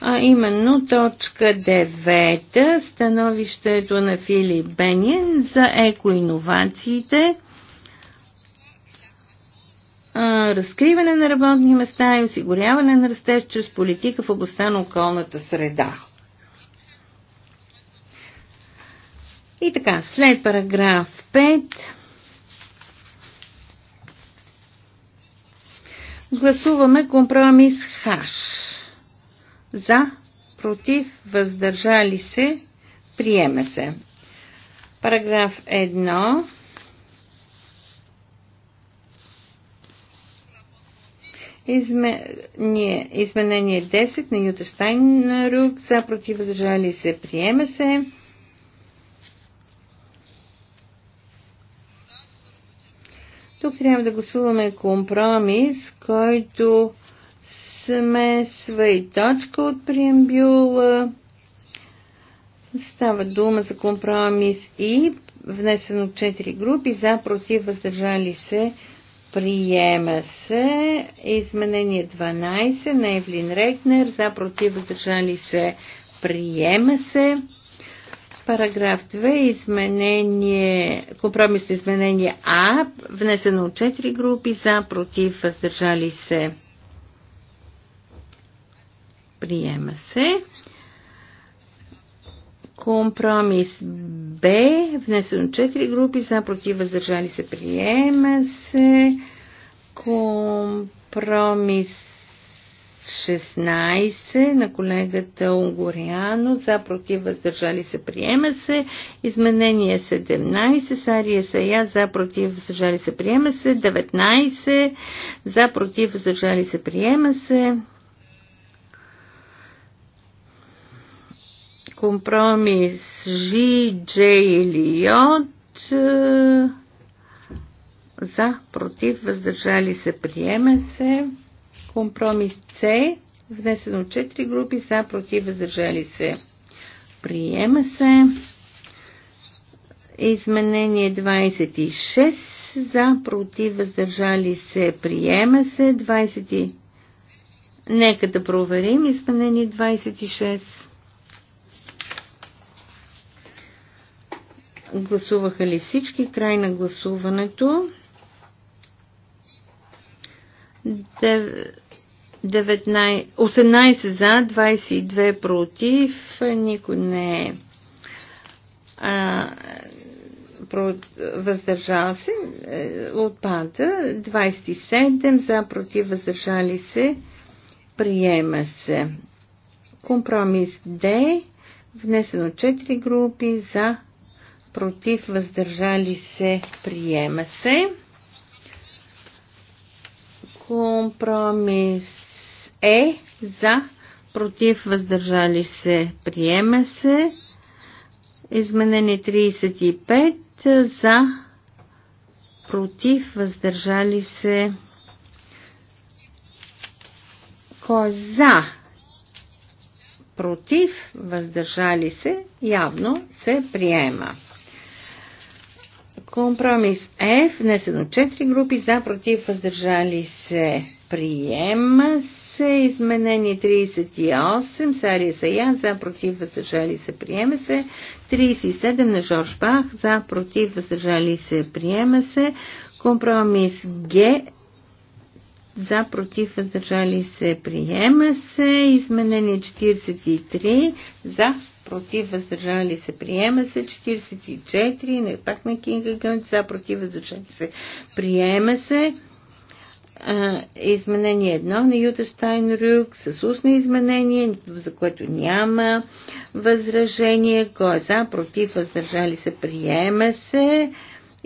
а именно точка 9, становището на Филип Бенин за екоинновациите разкриване на работни места и осигуряване на растеж чрез политика в областта на околната среда. И така, след параграф 5 гласуваме компромис ХАШ. За, против, въздържали се, приеме се. Параграф 1 Изменение, изменение 10 на Юта Штайнрук. За против въздържали се. Приема се. Тук трябва да гласуваме компромис, който смесва и точка от преамбюла. Става дума за компромис и внесено 4 групи за против въздържали се. Приема се изменение 12 на Евлин Рейкнер за против въздържали се. Приема се. Параграф 2. Изменение, компромисно изменение А, внесено от 4 групи за против въздържали се. Приема се. Компромис Б, внесено 4 групи, за против въздържали се, приема се. Компромис 16 на колегата Унгоряно, за против въздържали се, приема се. Изменение 17, Сария Сая, за против въздържали се, приема се. 19, за против въздържали се, приема се. Компромис G, J или J. Е, за, против, въздържали се, приема се. Компромис С, внесено от 4 групи, за, против, въздържали се, приема се. Изменение 26, за, против, въздържали се, приема се. 20... Нека да проверим изменение 26. Гласуваха ли всички? Край на гласуването. 18 за, 22 против, никой не е въздържал се, е, отпада, 27 за, против, въздържали се, приема се. Компромис Д, внесено 4 групи за, против, въздържали се, приема се. Компромис е за, против, въздържали се, приема се. Изменени 35 за, против, въздържали се. коза е Против, въздържали се, явно се приема. Компромис F, внесен от 4 групи, за, против, въздържали се, приема се. Изменение 38, Сария Саян, за, против, въздържали се, приема се. 37 на Жорж Бах, за, против, въздържали се, приема се. Компромис Г, за, против, въздържали се, приема се. Изменение 43, за, против, въздържали се, приема се. 44, не, пак на Кинга Гънца против, въздържали се, приема се. А, изменение едно на Юта Штайнрюк с устно изменение, за което няма възражение. Кой е за, против, въздържали се, приема се.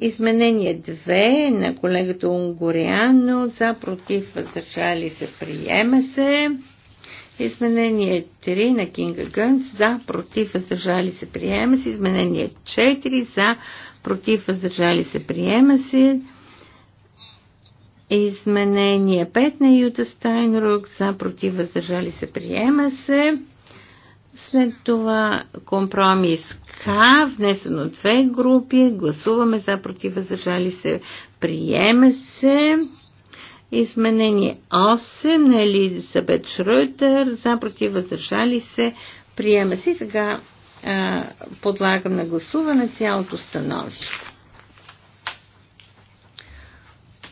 Изменение 2 на колегата Унгоряно за против въздържали се приема се. Изменение 3 на Кинга Гънц за, против, въздържали се, приема се. Изменение 4 за, против, въздържали се, приема се. Изменение 5 на Юта Стайнрук за, против, въздържали се, приема се. След това компромис К, внесен от две групи. Гласуваме за, против, въздържали се, приема се. Изменение 8 на нали, Елизабет Шройтер. за против въздържали се. Приема се. Сега а, подлагам на гласуване цялото становище.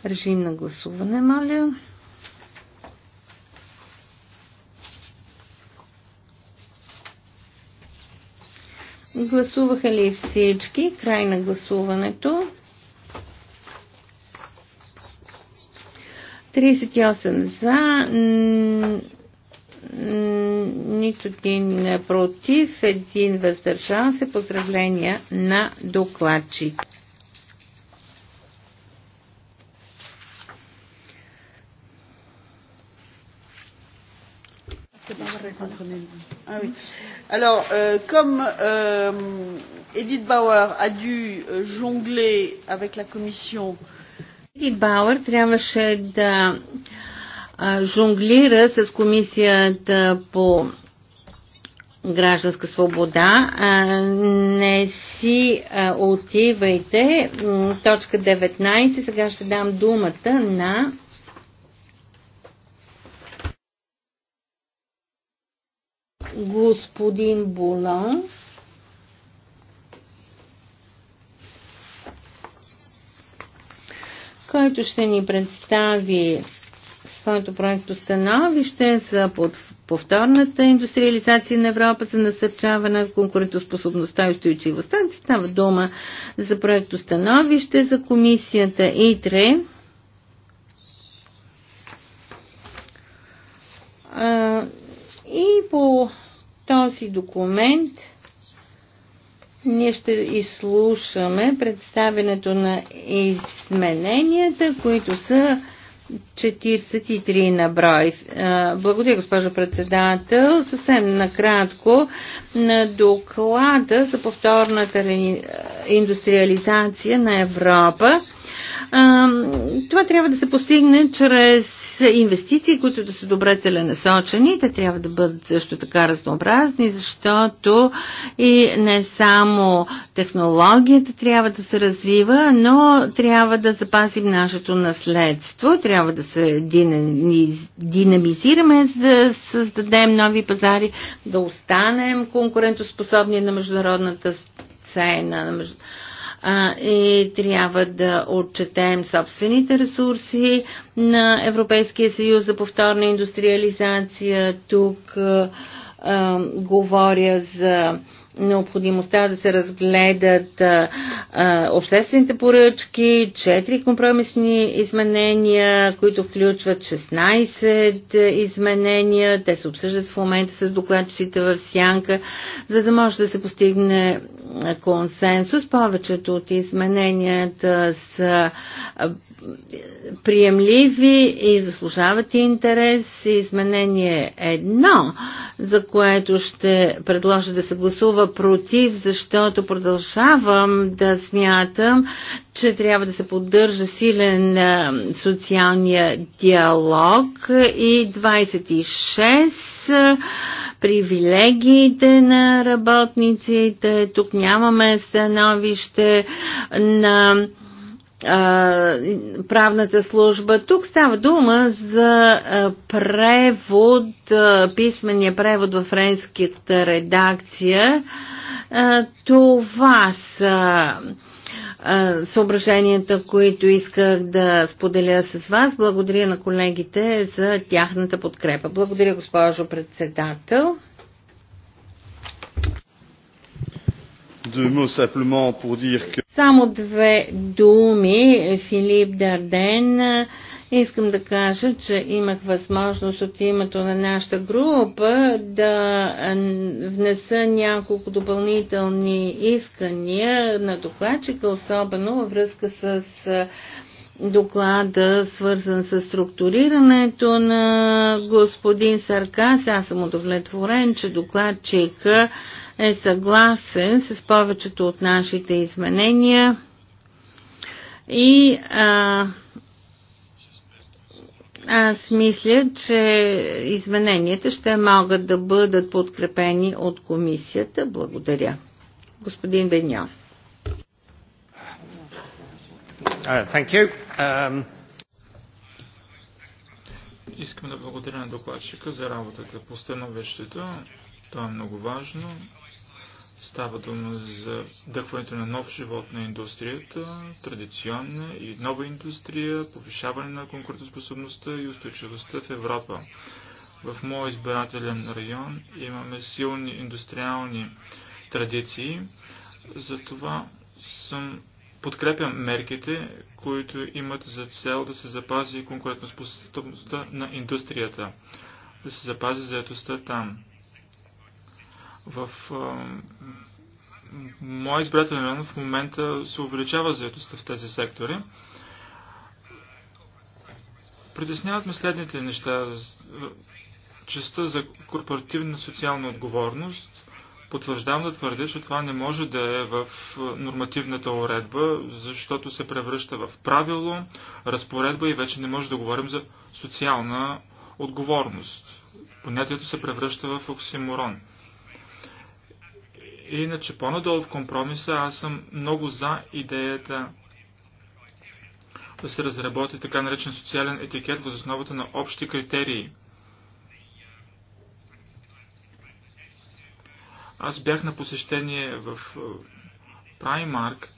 Режим на гласуване, моля. Гласуваха ли всички? Край на гласуването. 38 за, нито един против, един въздържал се. Поздравления на докладчик. Alors, euh, comme euh, Edith Bauer a dû jongler avec la Commission euh, и Бауър трябваше да жонглира с комисията по гражданска свобода. Не си отивайте. Точка 19. Сега ще дам думата на господин Болонс. който ще ни представи своето проекто становище за повторната индустриализация на Европа за насърчаване на конкурентоспособността и устойчивостта. Става дума за проекто становище за комисията ИТРЕ. И по този документ ние ще изслушаме представенето на измененията, които са 43 на брой. Благодаря, госпожо председател. Съвсем накратко на доклада за повторната индустриализация на Европа. Това трябва да се постигне чрез инвестиции, които да са добре целенасочени. Те трябва да бъдат също така разнообразни, защото и не само технологията трябва да се развива, но трябва да запазим нашето наследство. Трябва трябва да се динамизираме, за да създадем нови пазари, да останем конкурентоспособни на международната сцена. и трябва да отчетем собствените ресурси на Европейския съюз за повторна индустриализация. Тук а, говоря за необходимостта да се разгледат а, а, обществените поръчки, 4 компромисни изменения, които включват 16 изменения. Те се обсъждат в момента с докладчиците в Сянка, за да може да се постигне консенсус. Повечето от измененията са приемливи и заслужават и интерес. Изменение едно, за което ще предложа да се гласува против, защото продължавам да смятам, че трябва да се поддържа силен социалния диалог и 26 привилегиите на работниците. Тук нямаме становище на правната служба. Тук става дума за превод, писмения превод във френската редакция. Това са съображенията, които исках да споделя с вас. Благодаря на колегите за тяхната подкрепа. Благодаря, госпожо председател. Само две думи, Филип Дарден. Искам да кажа, че имах възможност от името на нашата група да внеса няколко допълнителни искания на докладчика, особено във връзка с доклада, свързан с структурирането на господин Саркас. Аз съм удовлетворен, че докладчика е съгласен с повечето от нашите изменения и а, аз мисля, че измененията ще могат да бъдат подкрепени от комисията. Благодаря. Господин Беньо. Um, Искам да благодаря на докладчика за работата по становището. Това е много важно. Става дума за дъхването на нов живот на индустрията, традиционна и нова индустрия, повишаване на конкурентоспособността и устойчивостта в Европа. В моят избирателен район имаме силни индустриални традиции, затова съм подкрепям мерките, които имат за цел да се запази конкурентоспособността на индустрията, да се запази заетостта там. В моя избирателен район в момента се увеличава заедостта в тези сектори. Притесняват ме следните неща. Частта за корпоративна социална отговорност. Потвърждавам да твърдя, че това не може да е в нормативната уредба, защото се превръща в правило, разпоредба и вече не може да говорим за социална отговорност. Понятието се превръща в оксиморон. Иначе по-надолу в компромиса аз съм много за идеята да се разработи така наречен социален етикет въз основата на общи критерии. Аз бях на посещение в е, Праймарк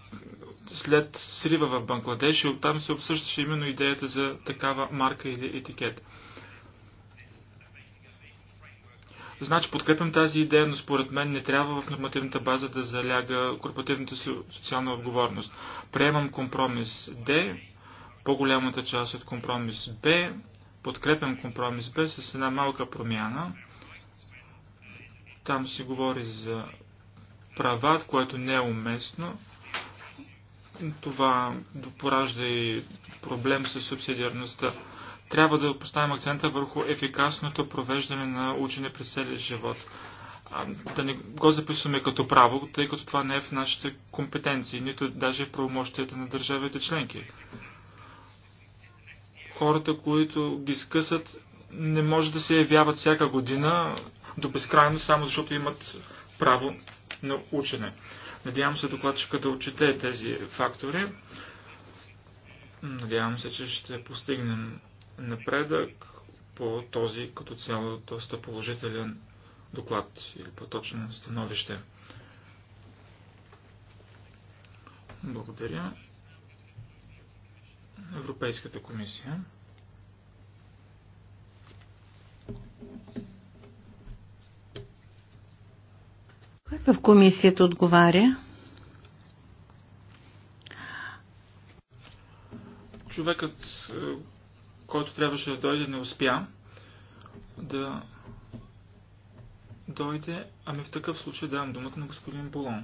след срива в Бангладеш и оттам се обсъщаше именно идеята за такава марка или етикет. Значи подкрепям тази идея, но според мен не трябва в нормативната база да заляга корпоративната социална отговорност. Приемам компромис Д, по-голямата част от компромис Б, подкрепям компромис Б с една малка промяна. Там се говори за права, което не е уместно. Това поражда и проблем с субсидиарността. Трябва да поставим акцента върху ефикасното провеждане на учене през целия живот. А, да не го записваме като право, тъй като това не е в нашите компетенции, нито даже в правомощията на държавите членки. Хората, които ги скъсат, не може да се явяват всяка година до безкрайно, само защото имат право на учене. Надявам се докладчика да отчете тези фактори. Надявам се, че ще постигнем напредък по този като цяло доста положителен доклад или по-точно становище. Благодаря. Европейската комисия. Кой в комисията отговаря? Човекът, е, който трябваше да дойде, не успя да дойде. Ами в такъв случай давам думата на господин Болон.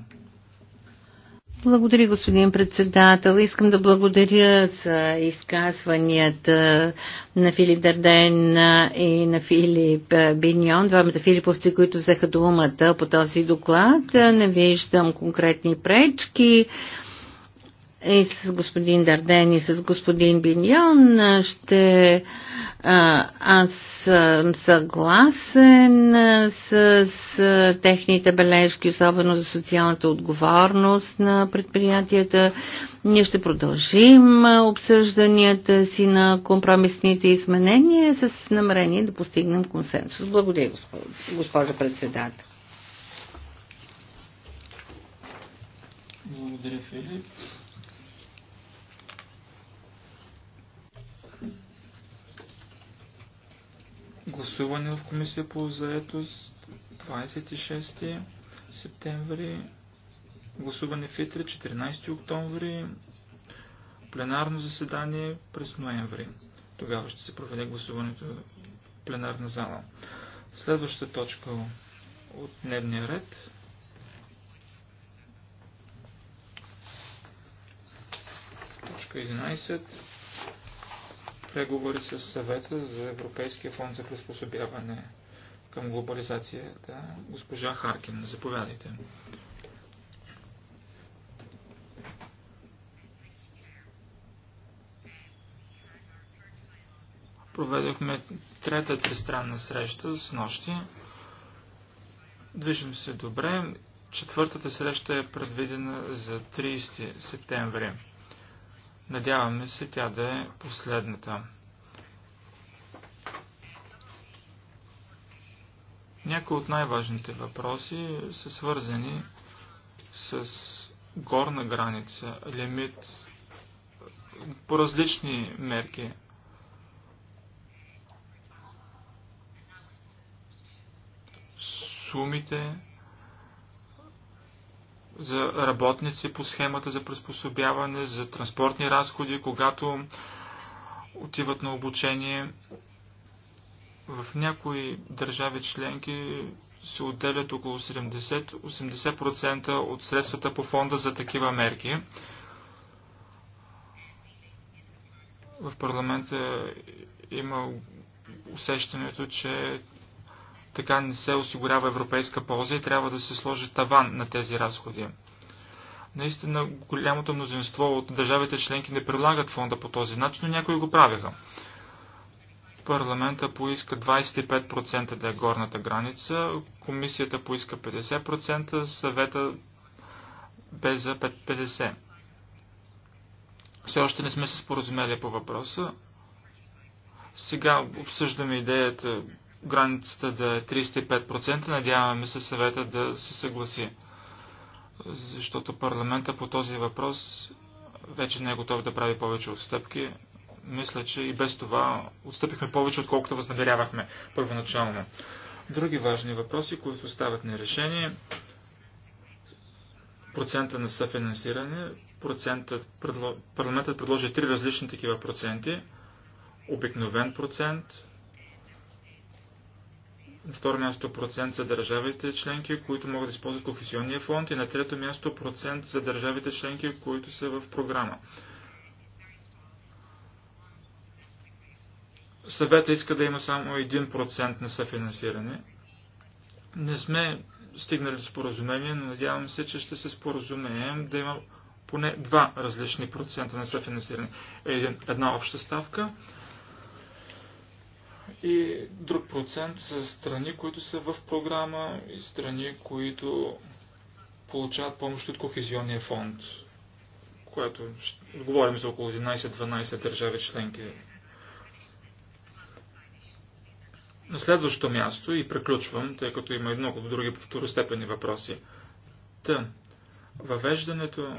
Благодаря, господин председател. Искам да благодаря за изказванията на Филип Дарден и на Филип Биньон, двамата филиповци, които взеха думата по този доклад. Не виждам конкретни пречки и с господин Дарден и с господин Биньон ще аз съм съгласен с, с техните бележки, особено за социалната отговорност на предприятията. Ние ще продължим обсъжданията си на компромисните изменения с намерение да постигнем консенсус. Благодаря, госпожа, госпожа председател. Благодаря, Филип. Гласуване в комисия по заетост 26 септември. Гласуване в ИТРИ 14 октомври. Пленарно заседание през ноември. Тогава ще се проведе гласуването в пленарна зала. Следваща точка от дневния ред. Точка 11 преговори с съвета за Европейския фонд за приспособяване към глобализацията. Госпожа Харкин, заповядайте. Проведохме трета тристранна среща с нощи. Движим се добре. Четвъртата среща е предвидена за 30 септември. Надяваме се тя да е последната. Някои от най-важните въпроси са свързани с горна граница, лимит, по различни мерки. Сумите, за работници по схемата за приспособяване, за транспортни разходи, когато отиват на обучение. В някои държави членки се отделят около 70-80% от средствата по фонда за такива мерки. В парламента има усещането, че така не се осигурява европейска полза и трябва да се сложи таван на тези разходи. Наистина голямото мнозинство от държавите членки не предлагат фонда по този начин, но някои го правиха. Парламента поиска 25% да е горната граница, комисията поиска 50%, съвета бе за 50%. Все още не сме се споразумели по въпроса. Сега обсъждаме идеята границата да е 35%. Надяваме се съвета да се съгласи, защото парламента по този въпрос вече не е готов да прави повече отстъпки. Мисля, че и без това отстъпихме повече, отколкото възнамерявахме първоначално. Други важни въпроси, които остават нерешени. Процента на съфинансиране. Процентът, парламентът предложи три различни такива проценти. Обикновен процент, на второ място процент за държавите членки, които могат да използват кофесионния фонд. И на трето място процент за държавите членки, които са в програма. Съвета иска да има само 1% на съфинансиране. Не сме стигнали до споразумение, но надявам се, че ще се споразумеем да има поне два различни процента на съфинансиране. Една обща ставка и друг процент са страни, които са в програма и страни, които получават помощ от Кохезионния фонд, което говорим за около 11-12 държави членки. На следващото място, и преключвам, тъй като има и много други второстепени въпроси. Та, въвеждането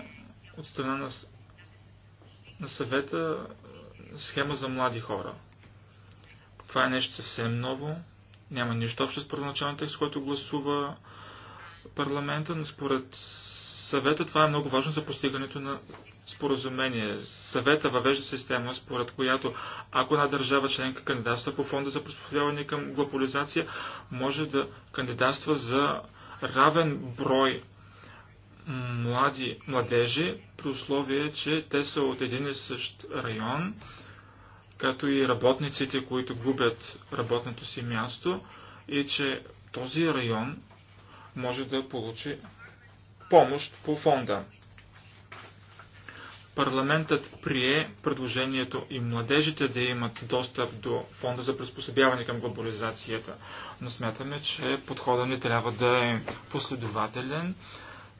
от страна на, на съвета схема за млади хора – това е нещо съвсем ново. Няма нищо общо с първоначалния текст, който гласува парламента, но според съвета това е много важно за постигането на споразумение. Съвета въвежда система, според която ако една държава членка кандидатства по фонда за приспособяване към глобализация, може да кандидатства за равен брой млади младежи, при условие, че те са от един и същ район както и работниците, които губят работното си място, и че този район може да получи помощ по фонда. Парламентът прие предложението и младежите да имат достъп до фонда за приспособяване към глобализацията, но смятаме, че подходът ни трябва да е последователен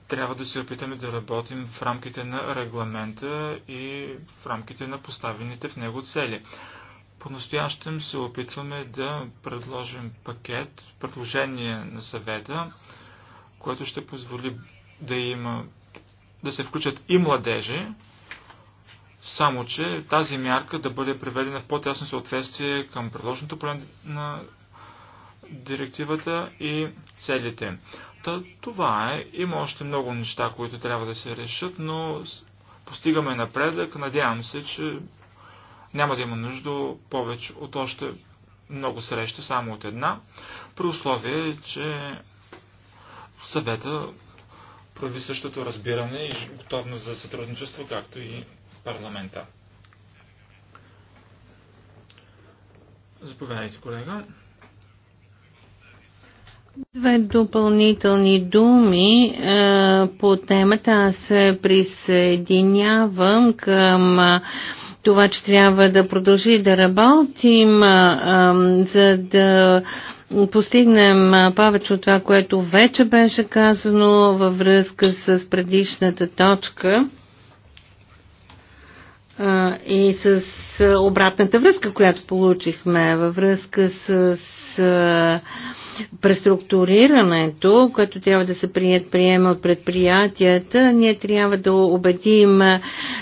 трябва да се опитаме да работим в рамките на регламента и в рамките на поставените в него цели. По-настоящем се опитваме да предложим пакет, предложение на съвета, което ще позволи да има да се включат и младежи, само че тази мярка да бъде приведена в по-тясно съответствие към предложеното поле на директивата и целите. Та, това е. Има още много неща, които трябва да се решат, но постигаме напредък. Надявам се, че няма да има нужда повече от още много срещи, само от една, при условие, че съвета прави същото разбиране и готовност за сътрудничество, както и парламента. Заповядайте, колега. Две допълнителни думи е, по темата. Аз се присъединявам към е, това, че трябва да продължи да работим, е, е за да постигнем е, повече от това, което вече беше казано във връзка с предишната точка и с обратната връзка, която получихме във връзка с преструктурирането, което трябва да се прият приема от предприятията, ние трябва да убедим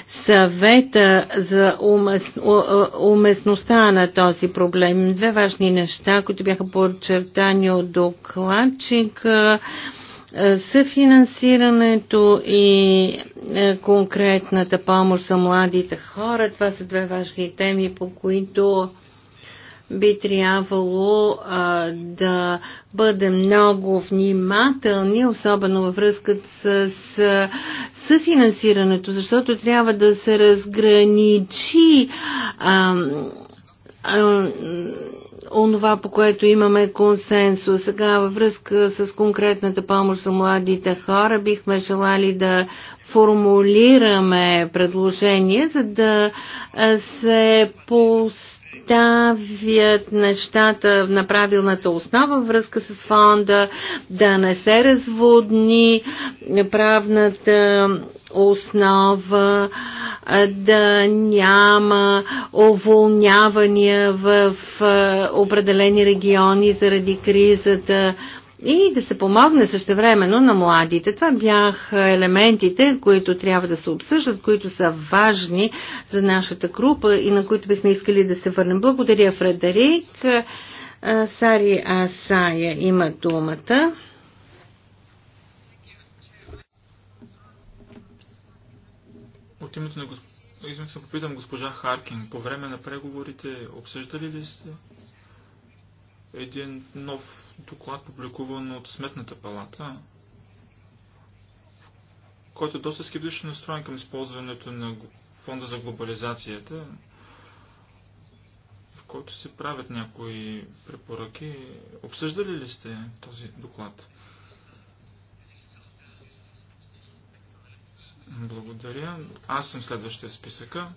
съвета за уместността на този проблем. Две важни неща, които бяха подчертани от докладчик е, съфинансирането и е, конкретната помощ за младите хора. Това са две важни теми, по които би трябвало а, да бъдем много внимателни, особено във връзка с, с, финансирането, защото трябва да се разграничи а, а, онова, по което имаме консенсус. Сега във връзка с конкретната помощ за младите хора бихме желали да формулираме предложение, за да се пост поставят нещата на правилната основа връзка с фонда, да не се разводни правната основа, да няма уволнявания в определени региони заради кризата и да се помогне същевременно на младите. Това бяха елементите, които трябва да се обсъждат, които са важни за нашата група и на които бихме искали да се върнем. Благодаря, Фредерик. Сари Асая има думата. От името на госп... се попитам госпожа Харкин. По време на преговорите обсъждали ли сте един нов доклад, публикуван от Сметната палата, който е доста скептично настроен към използването на фонда за глобализацията, в който се правят някои препоръки. Обсъждали ли сте този доклад? Благодаря. Аз съм следващия списъка.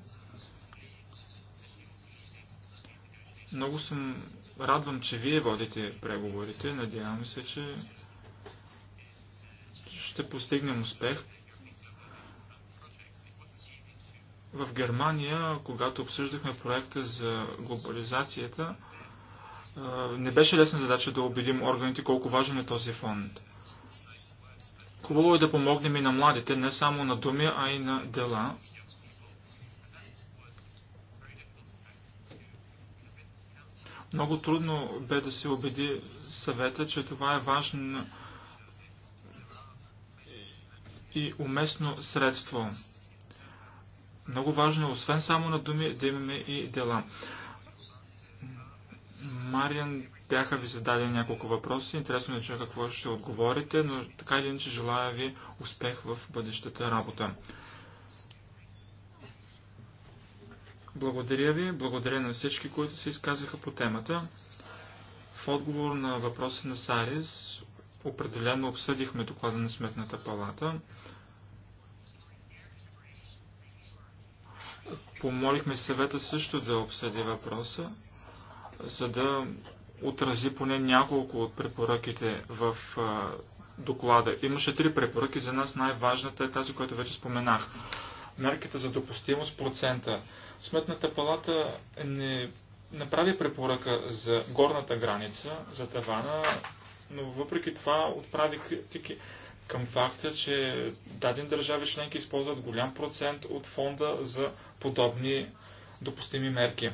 Много съм радвам, че вие водите преговорите. Надявам се, че ще постигнем успех. В Германия, когато обсъждахме проекта за глобализацията, не беше лесна задача да убедим органите колко важен е този фонд. Хубаво е да помогнем и на младите, не само на думи, а и на дела. Много трудно бе да се убеди съвета, че това е важно и уместно средство. Много важно е, освен само на думи, да имаме и дела. Мариан, бяха ви зададени няколко въпроси. Интересно е, че какво ще отговорите, но така или иначе желая ви успех в бъдещата работа. Благодаря ви, благодаря на всички, които се изказаха по темата. В отговор на въпроса на Сарис, определено обсъдихме доклада на Сметната палата. Помолихме съвета също да обсъди въпроса, за да отрази поне няколко от препоръките в доклада. Имаше три препоръки. За нас най-важната е тази, която вече споменах. Мерката за допустимост процента. Сметната палата не направи препоръка за горната граница, за тавана, но въпреки това отправи критики към факта, че даден държави членки използват голям процент от фонда за подобни допустими мерки.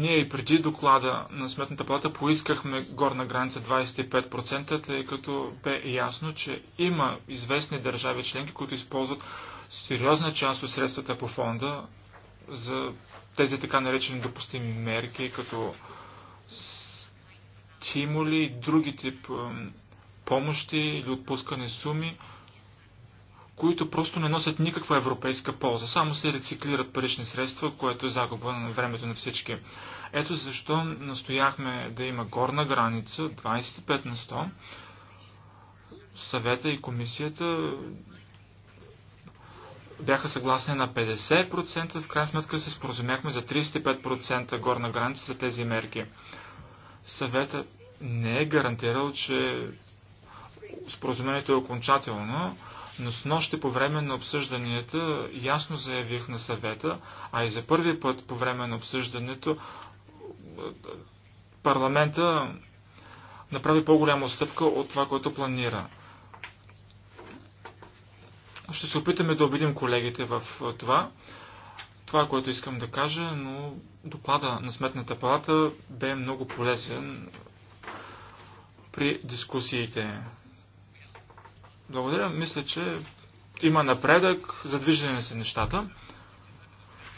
Ние и преди доклада на Сметната палата поискахме горна граница 25%, тъй като бе ясно, че има известни държави членки, които използват сериозна част от средствата по фонда за тези така наречени допустими мерки, като стимули и други тип помощи или отпускане суми, които просто не носят никаква европейска полза. Само се рециклират парични средства, което е загуба на времето на всички. Ето защо настояхме да има горна граница 25 на 100. Съвета и комисията бяха съгласни на 50%, в крайна сметка се споразумяхме за 35% горна граница за тези мерки. Съвета не е гарантирал, че споразумението е окончателно, но с нощи по време на обсъжданията ясно заявих на съвета, а и за първи път по време на обсъждането е, парламента направи по-голяма стъпка от това, което планира. Ще се опитаме да убедим колегите в е, това. Това, което искам да кажа, но доклада на Сметната палата бе много полезен при дискусиите. Благодаря. Мисля, че има напредък, задвижване си нещата.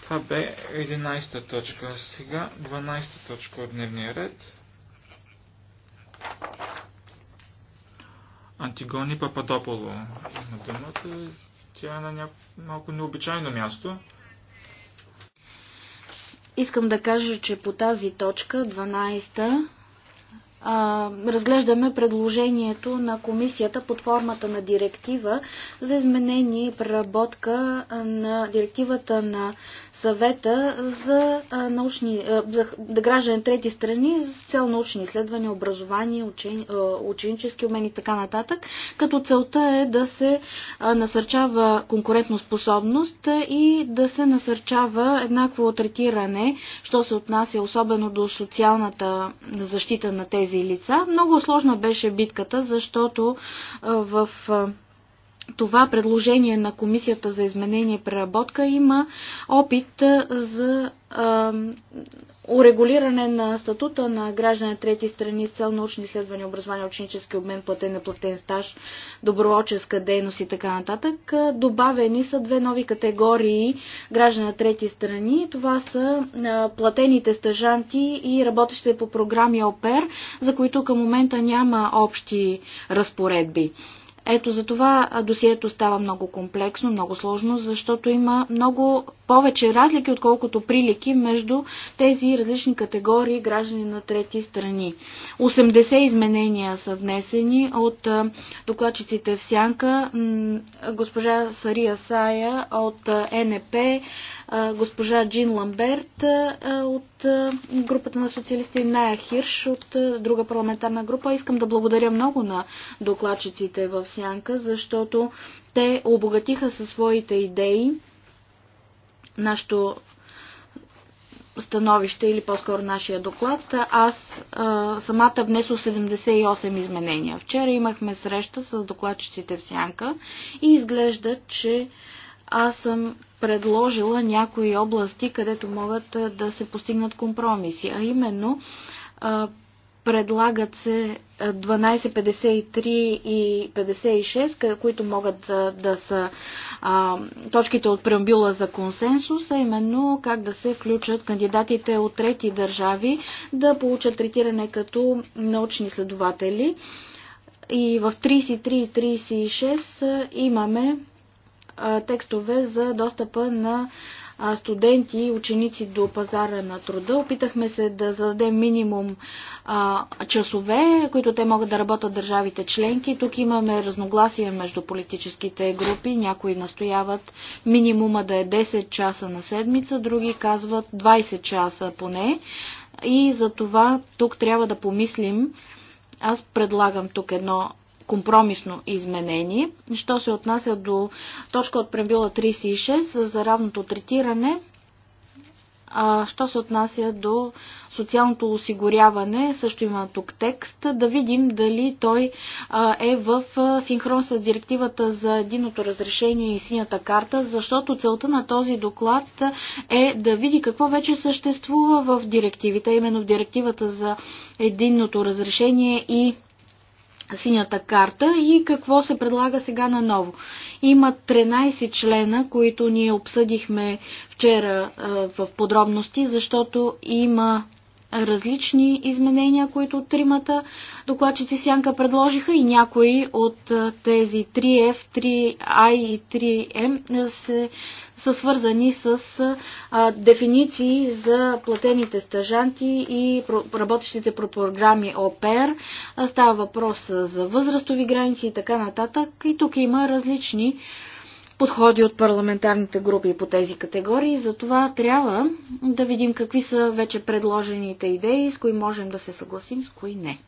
Това бе 11-та точка. Сега 12-та точка от дневния ред. Антигони Пападополо. Има думата. Тя е на ня... малко необичайно място. Искам да кажа, че по тази точка, 12-та, а, разглеждаме предложението на комисията под формата на директива за изменение и преработка на директивата на съвета за, научни, за граждани трети страни с цел научни изследвания, образование, учен, ученически умени и така нататък, като целта е да се насърчава конкурентоспособност и да се насърчава еднакво третиране, що се отнася особено до социалната защита на тези лица. Много сложна беше битката, защото в това предложение на Комисията за изменение и преработка има опит за а, урегулиране на статута на граждане трети страни с цел научни изследвания, образование, ученически обмен, платен, неплатен стаж, доброволческа дейност и така нататък. Добавени са две нови категории граждани на трети страни. Това са а, платените стажанти и работещите по програми ОПЕР, за които към момента няма общи разпоредби. Ето за това досието става много комплексно, много сложно, защото има много повече разлики, отколкото прилики между тези различни категории граждани на трети страни. 80 изменения са внесени от докладчиците в Сянка, госпожа Сария Сая от НП, госпожа Джин Ламберт от групата на социалисти и Ная Хирш от друга парламентарна група. Искам да благодаря много на докладчиците в Сянка, защото те обогатиха със своите идеи нашето становище или по-скоро нашия доклад. Аз а, самата внесох 78 изменения. Вчера имахме среща с докладчиците в Сянка и изглежда, че аз съм предложила някои области, където могат да се постигнат компромиси, а именно предлагат се 12.53 и 56, които могат да, са точките от преамбюла за консенсус, а именно как да се включат кандидатите от трети държави да получат третиране като научни следователи. И в 33 и 36 имаме текстове за достъпа на студенти и ученици до пазара на труда. Опитахме се да зададем минимум а, часове, които те могат да работят държавите членки. Тук имаме разногласие между политическите групи. Някои настояват минимума да е 10 часа на седмица, други казват 20 часа поне. И за това тук трябва да помислим. Аз предлагам тук едно компромисно изменение. Що се отнася до точка от прембила 36 за равното третиране, а, що се отнася до социалното осигуряване, също има тук текст, да видим дали той е в синхрон с директивата за единото разрешение и синята карта, защото целта на този доклад е да види какво вече съществува в директивите, именно в директивата за единното разрешение и синята карта и какво се предлага сега наново. Има 13 члена, които ние обсъдихме вчера в подробности, защото има различни изменения, които тримата докладчици Сянка предложиха и някои от тези 3F, 3I и 3M се, са свързани с а, дефиниции за платените стажанти и работещите по програми ОПЕР. Става въпрос за възрастови граници и така нататък. И тук има различни а, подходи от парламентарните групи по тези категории. Затова трябва да видим какви са вече предложените идеи, с кои можем да се съгласим, с кои не.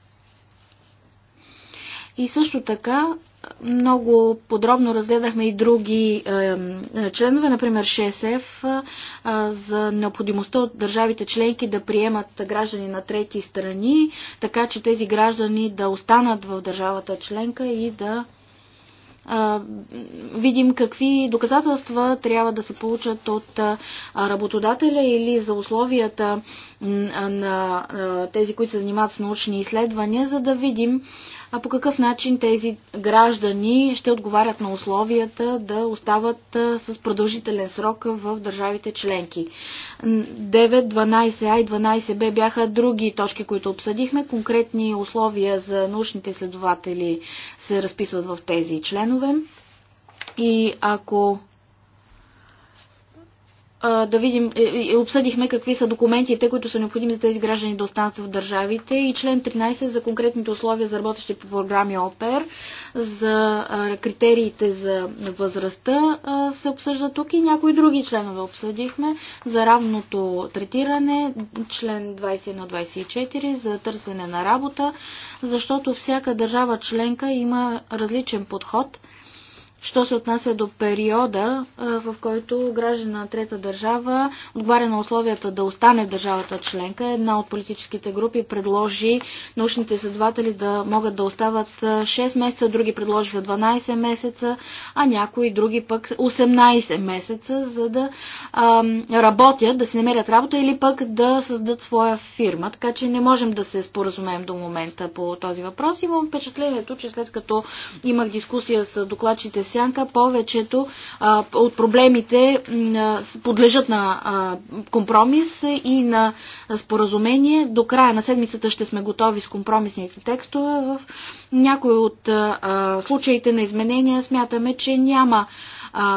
И също така много подробно разгледахме и други е, членове, например 6F, е, за необходимостта от държавите членки да приемат граждани на трети страни, така че тези граждани да останат в държавата членка и да видим какви доказателства трябва да се получат от работодателя или за условията на тези, които се занимават с научни изследвания, за да видим а по какъв начин тези граждани ще отговарят на условията да остават с продължителен срок в държавите членки. 9, 12А и 12Б бяха други точки, които обсъдихме. Конкретни условия за научните изследователи се разписват в тези членове. И ако да видим, и е, е, е, обсъдихме какви са документите, които са необходими за тези граждани да останат в държавите и член 13 за конкретните условия за работещи по програми ОПЕР, за критериите за възрастта се обсъжда тук и някои други членове обсъдихме за равното третиране, член 21-24 за търсене на работа, защото всяка държава членка има различен подход – що се отнася до периода, в който граждан на трета държава отговаря на условията да остане в държавата членка. Една от политическите групи предложи научните изследователи да могат да остават 6 месеца, други предложиха 12 месеца, а някои други пък 18 месеца, за да ам, работят, да си намерят работа или пък да създадат своя фирма. Така че не можем да се споразумеем до момента по този въпрос. Имам впечатлението, че след като имах дискусия с докладчите си сянка, повечето а, от проблемите а, подлежат на а, компромис и на споразумение. До края на седмицата ще сме готови с компромисните текстове. В някои от а, случаите на изменения смятаме, че няма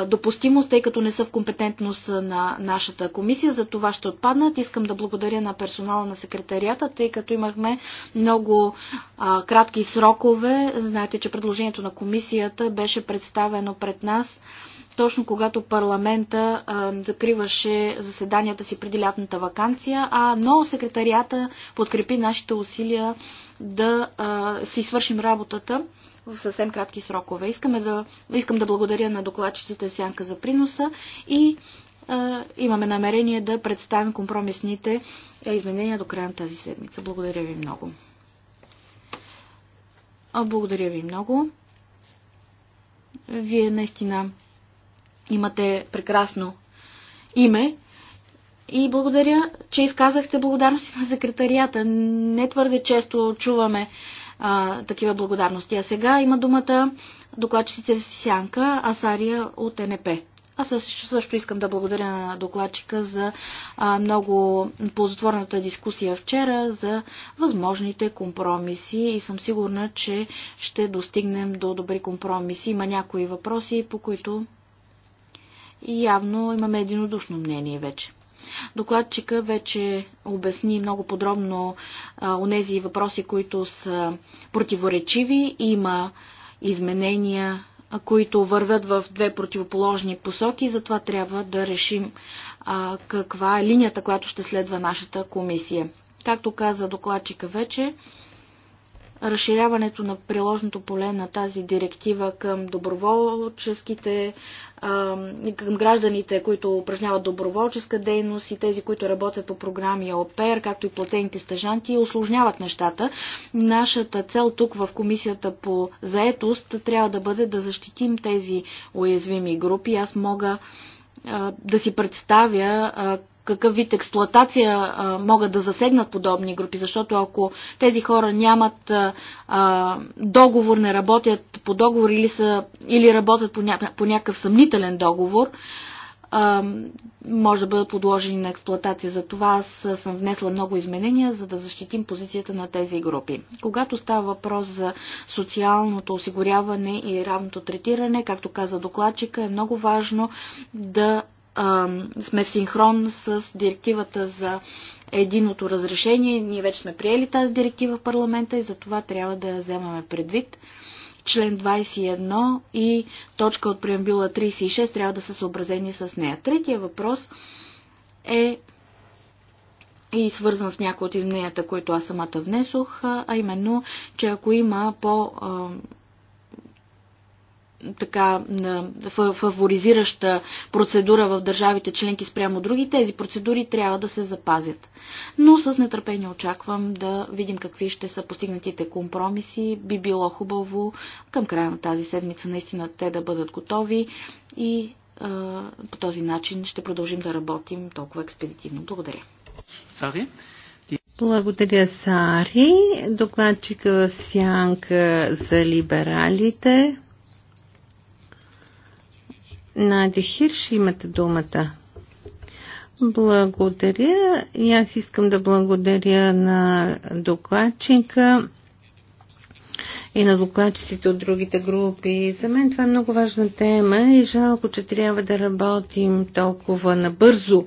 допустимост, тъй като не са в компетентност на нашата комисия. За това ще отпаднат. Искам да благодаря на персонала на секретарията, тъй като имахме много а, кратки срокове. Знаете, че предложението на комисията беше представено пред нас точно когато парламента а, закриваше заседанията си преди лятната вакансия, а, но секретарията подкрепи нашите усилия да а, си свършим работата в съвсем кратки срокове. Искаме да, искам да благодаря на докладчиците Сянка за приноса и а, имаме намерение да представим компромисните изменения до края на тази седмица. Благодаря ви много. А, благодаря ви много. Вие наистина имате прекрасно име. И благодаря, че изказахте благодарности на секретарията. Не твърде често чуваме а, такива благодарности. А сега има думата докладчиците в Сянка, Асария от НП. Аз също искам да благодаря на докладчика за а, много ползотворната дискусия вчера, за възможните компромиси и съм сигурна, че ще достигнем до добри компромиси. Има някои въпроси, по които явно имаме единодушно мнение вече. Докладчика вече обясни много подробно онези въпроси, които са противоречиви. Има изменения, които вървят в две противоположни посоки, затова трябва да решим а, каква е линията, която ще следва нашата комисия. Както каза докладчика вече, разширяването на приложното поле на тази директива към доброволческите, към гражданите, които упражняват доброволческа дейност и тези, които работят по програми ОПЕР, както и платените стажанти, осложняват нещата. Нашата цел тук в Комисията по заетост трябва да бъде да защитим тези уязвими групи. Аз мога да си представя какъв вид експлоатация могат да засегнат подобни групи, защото ако тези хора нямат договор, не работят по договор или, са, или работят по, по някакъв съмнителен договор, може да бъдат подложени на експлоатация. За това аз съм внесла много изменения, за да защитим позицията на тези групи. Когато става въпрос за социалното осигуряване и равното третиране, както каза докладчика, е много важно да сме в синхрон с директивата за единото разрешение. Ние вече сме приели тази директива в парламента и за това трябва да я вземаме предвид член 21 и точка от преамбюла 36 трябва да са съобразени с нея. Третия въпрос е и свързан с някои от измененията, които аз самата внесох, а именно, че ако има по така на фаворизираща процедура в държавите членки спрямо други, тези процедури трябва да се запазят. Но с нетърпение очаквам да видим какви ще са постигнатите компромиси. Би било хубаво към края на тази седмица наистина те да бъдат готови и а, по този начин ще продължим да работим толкова експедитивно. Благодаря. Сари? Благодаря, Сари. Докладчика в сянка за либералите. Нади Хирш, имате думата. Благодаря и аз искам да благодаря на докладчика и на докладчиците от другите групи. За мен това е много важна тема и жалко, че трябва да работим толкова набързо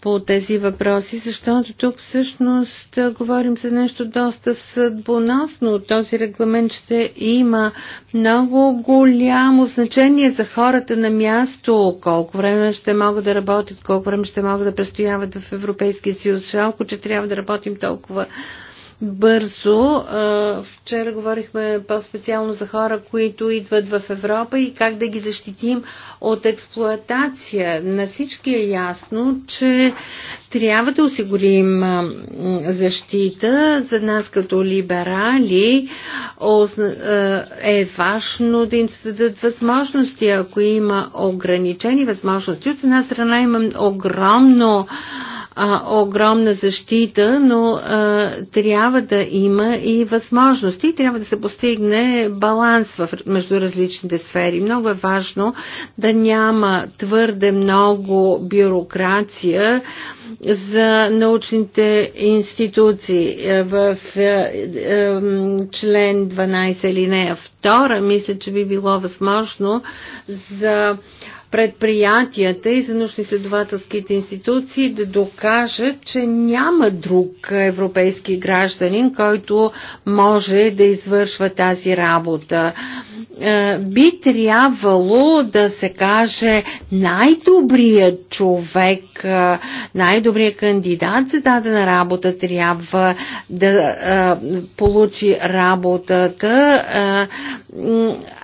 по тези въпроси, защото тук всъщност говорим за нещо доста съдбоносно. Този регламент ще има много голямо значение за хората на място, колко време ще могат да работят, колко време ще могат да престояват в Европейския съюз. Жалко, че трябва да работим толкова бързо. Вчера говорихме по-специално за хора, които идват в Европа и как да ги защитим от експлоатация. На всички е ясно, че трябва да осигурим защита. За нас като либерали е важно да им се дадат възможности. Ако има ограничени възможности, от една страна имам огромно а, огромна защита, но а, трябва да има и възможности, трябва да се постигне баланс в, между различните сфери. Много е важно да няма твърде много бюрокрация за научните институции. Е, в е, е, член 12 или не 2 мисля, че би било възможно за предприятията и за научно-изследователските институции да докажат, че няма друг европейски гражданин, който може да извършва тази работа. Е, би трябвало да се каже най-добрият човек, е, най-добрият кандидат за дадена работа трябва да е, получи работата.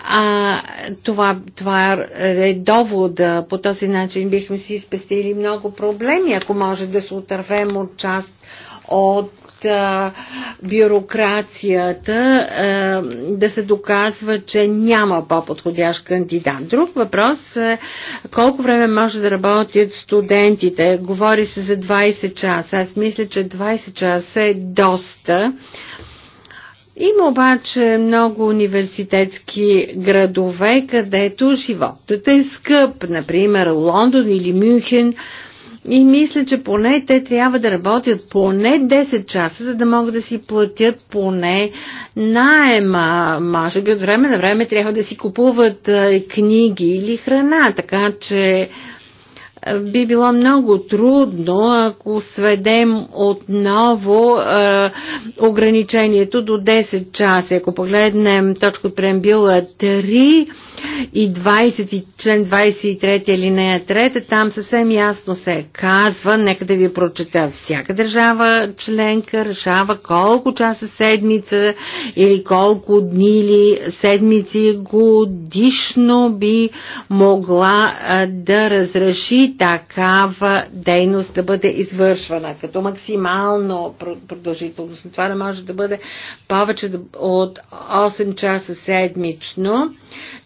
А, това, това е довода. По този начин бихме си спестили много проблеми, ако може да се отървем от част от а, бюрокрацията а, да се доказва, че няма по-подходящ кандидат. Друг въпрос е колко време може да работят студентите. Говори се за 20 часа. Аз мисля, че 20 часа е доста. Има обаче много университетски градове, където животът е скъп. Например, Лондон или Мюнхен – и мисля, че поне те трябва да работят поне 10 часа, за да могат да си платят поне найема. Може би от време на време трябва да си купуват книги или храна, така че би било много трудно, ако сведем отново е, ограничението до 10 часа. Ако погледнем точка от преамбила 3 и 20, член 23 алинея 3, там съвсем ясно се казва, нека да ви прочета, всяка държава членка решава колко часа седмица или колко дни или седмици годишно би могла да разреши такава дейност да бъде извършвана, като максимално продължителност. това не може да бъде повече от 8 часа седмично.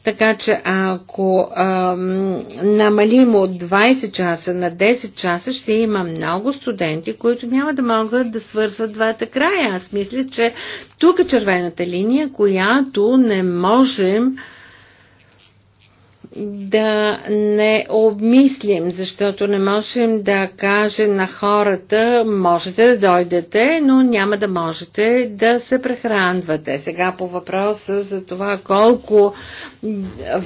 Така че ако ам, намалим от 20 часа на 10 часа, ще има много студенти, които няма да могат да свързват двата края. Аз мисля, че тук е червената линия, която не можем да не обмислим, защото не можем да кажем на хората, можете да дойдете, но няма да можете да се прехранвате. Сега по въпроса за това колко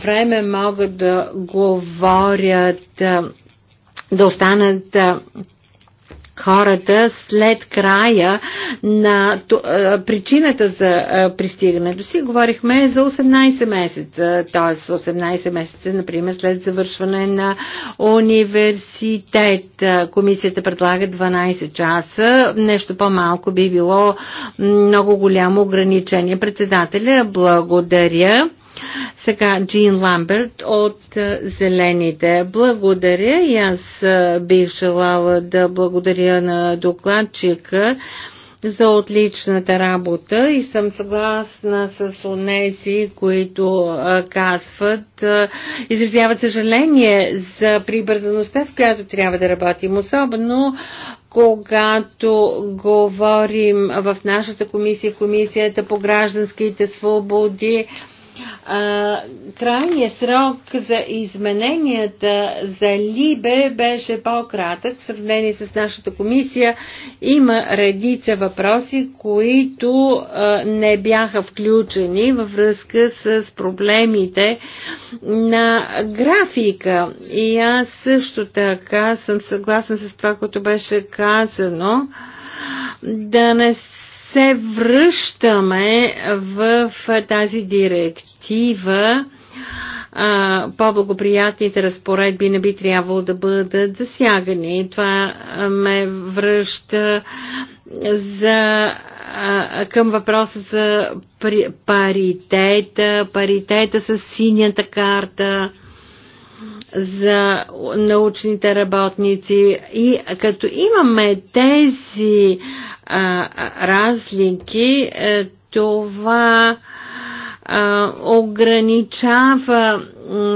време могат да говорят да останат хората след края на причината за пристигането си. Говорихме за 18 месеца, т.е. 18 месеца, например, след завършване на университет. Комисията предлага 12 часа. Нещо по-малко би било много голямо ограничение. Председателя, благодаря. Сега Джин Ламберт от Зелените. Благодаря и аз бих желала да благодаря на докладчика за отличната работа и съм съгласна с онези, които казват, изразяват съжаление за прибързаността, с която трябва да работим, особено когато говорим в нашата комисия, комисията по гражданските свободи, крайният срок за измененията за Либе беше по-кратък в сравнение с нашата комисия. Има редица въпроси, които а, не бяха включени във връзка с проблемите на графика. И аз също така съм съгласна с това, което беше казано да не се връщаме в тази директива. По-благоприятните разпоредби не би трябвало да бъдат засягани. Това ме връща за, към въпроса за паритета, паритета с синята карта за научните работници. И като имаме тези а, разлики, е, това а, ограничава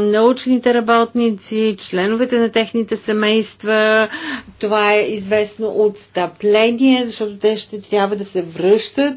научните работници, членовете на техните семейства. Това е известно отстъпление, защото те ще трябва да се връщат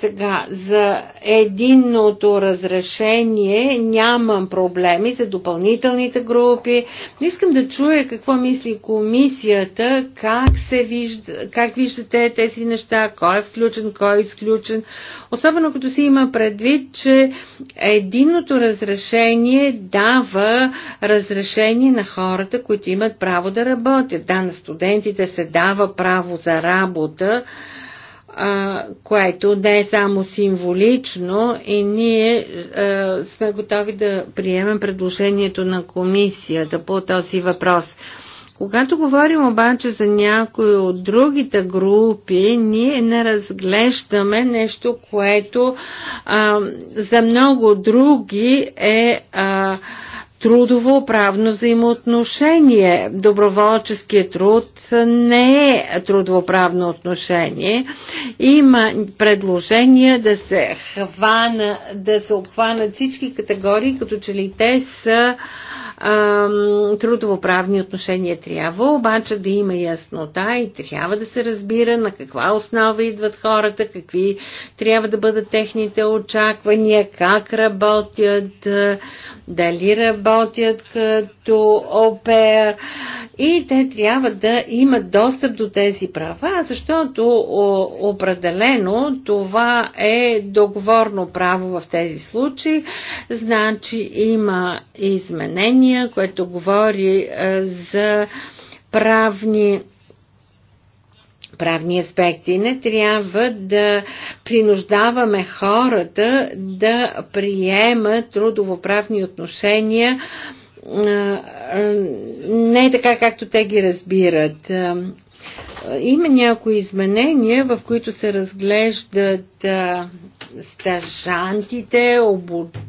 сега, за единното разрешение нямам проблеми за допълнителните групи, но искам да чуя какво мисли комисията, как, се вижда, как виждате тези неща, кой е включен, кой е изключен, особено като си има предвид, че единното разрешение дава разрешение на хората, които имат право да работят. Да, на студентите се дава право за работа, което не е само символично и ние сме готови да приемем предложението на комисията по този въпрос. Когато говорим обаче за някои от другите групи, ние не разглеждаме нещо, което а, за много други е а, трудово-правно взаимоотношение. Доброволческият труд не е трудово-правно отношение. Има предложение да се, хвана, да се обхванат всички категории, като че ли те са трудовоправни отношения трябва, обаче да има яснота и трябва да се разбира на каква основа идват хората, какви трябва да бъдат техните очаквания, как работят, дали работят работят като опер и те трябва да имат достъп до тези права, защото определено това е договорно право в тези случаи. Значи има изменения, което говори е, за правни правни аспекти. Не трябва да принуждаваме хората да приемат трудовоправни отношения не така, както те ги разбират. Има някои изменения, в които се разглеждат стажантите, обучението,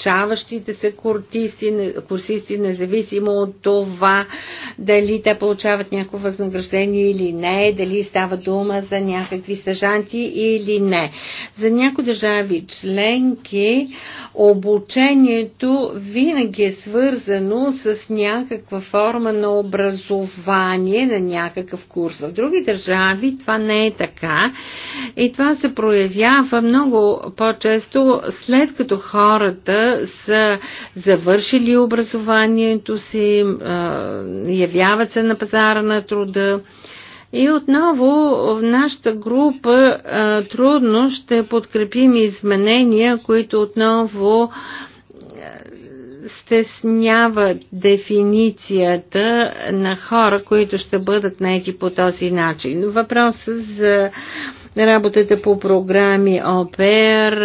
обучаващите се курсисти, курсисти, независимо от това дали те получават някакво възнаграждение или не, дали става дума за някакви стажанти или не. За някои държави членки обучението винаги е свързано с някаква форма на образование, на някакъв курс. В други държави това не е така и това се проявява много по-често след като хората са завършили образованието си, явяват се на пазара на труда. И отново в нашата група трудно ще подкрепим изменения, които отново стеснява дефиницията на хора, които ще бъдат наети по този начин. Въпросът за работата по програми ОПЕР,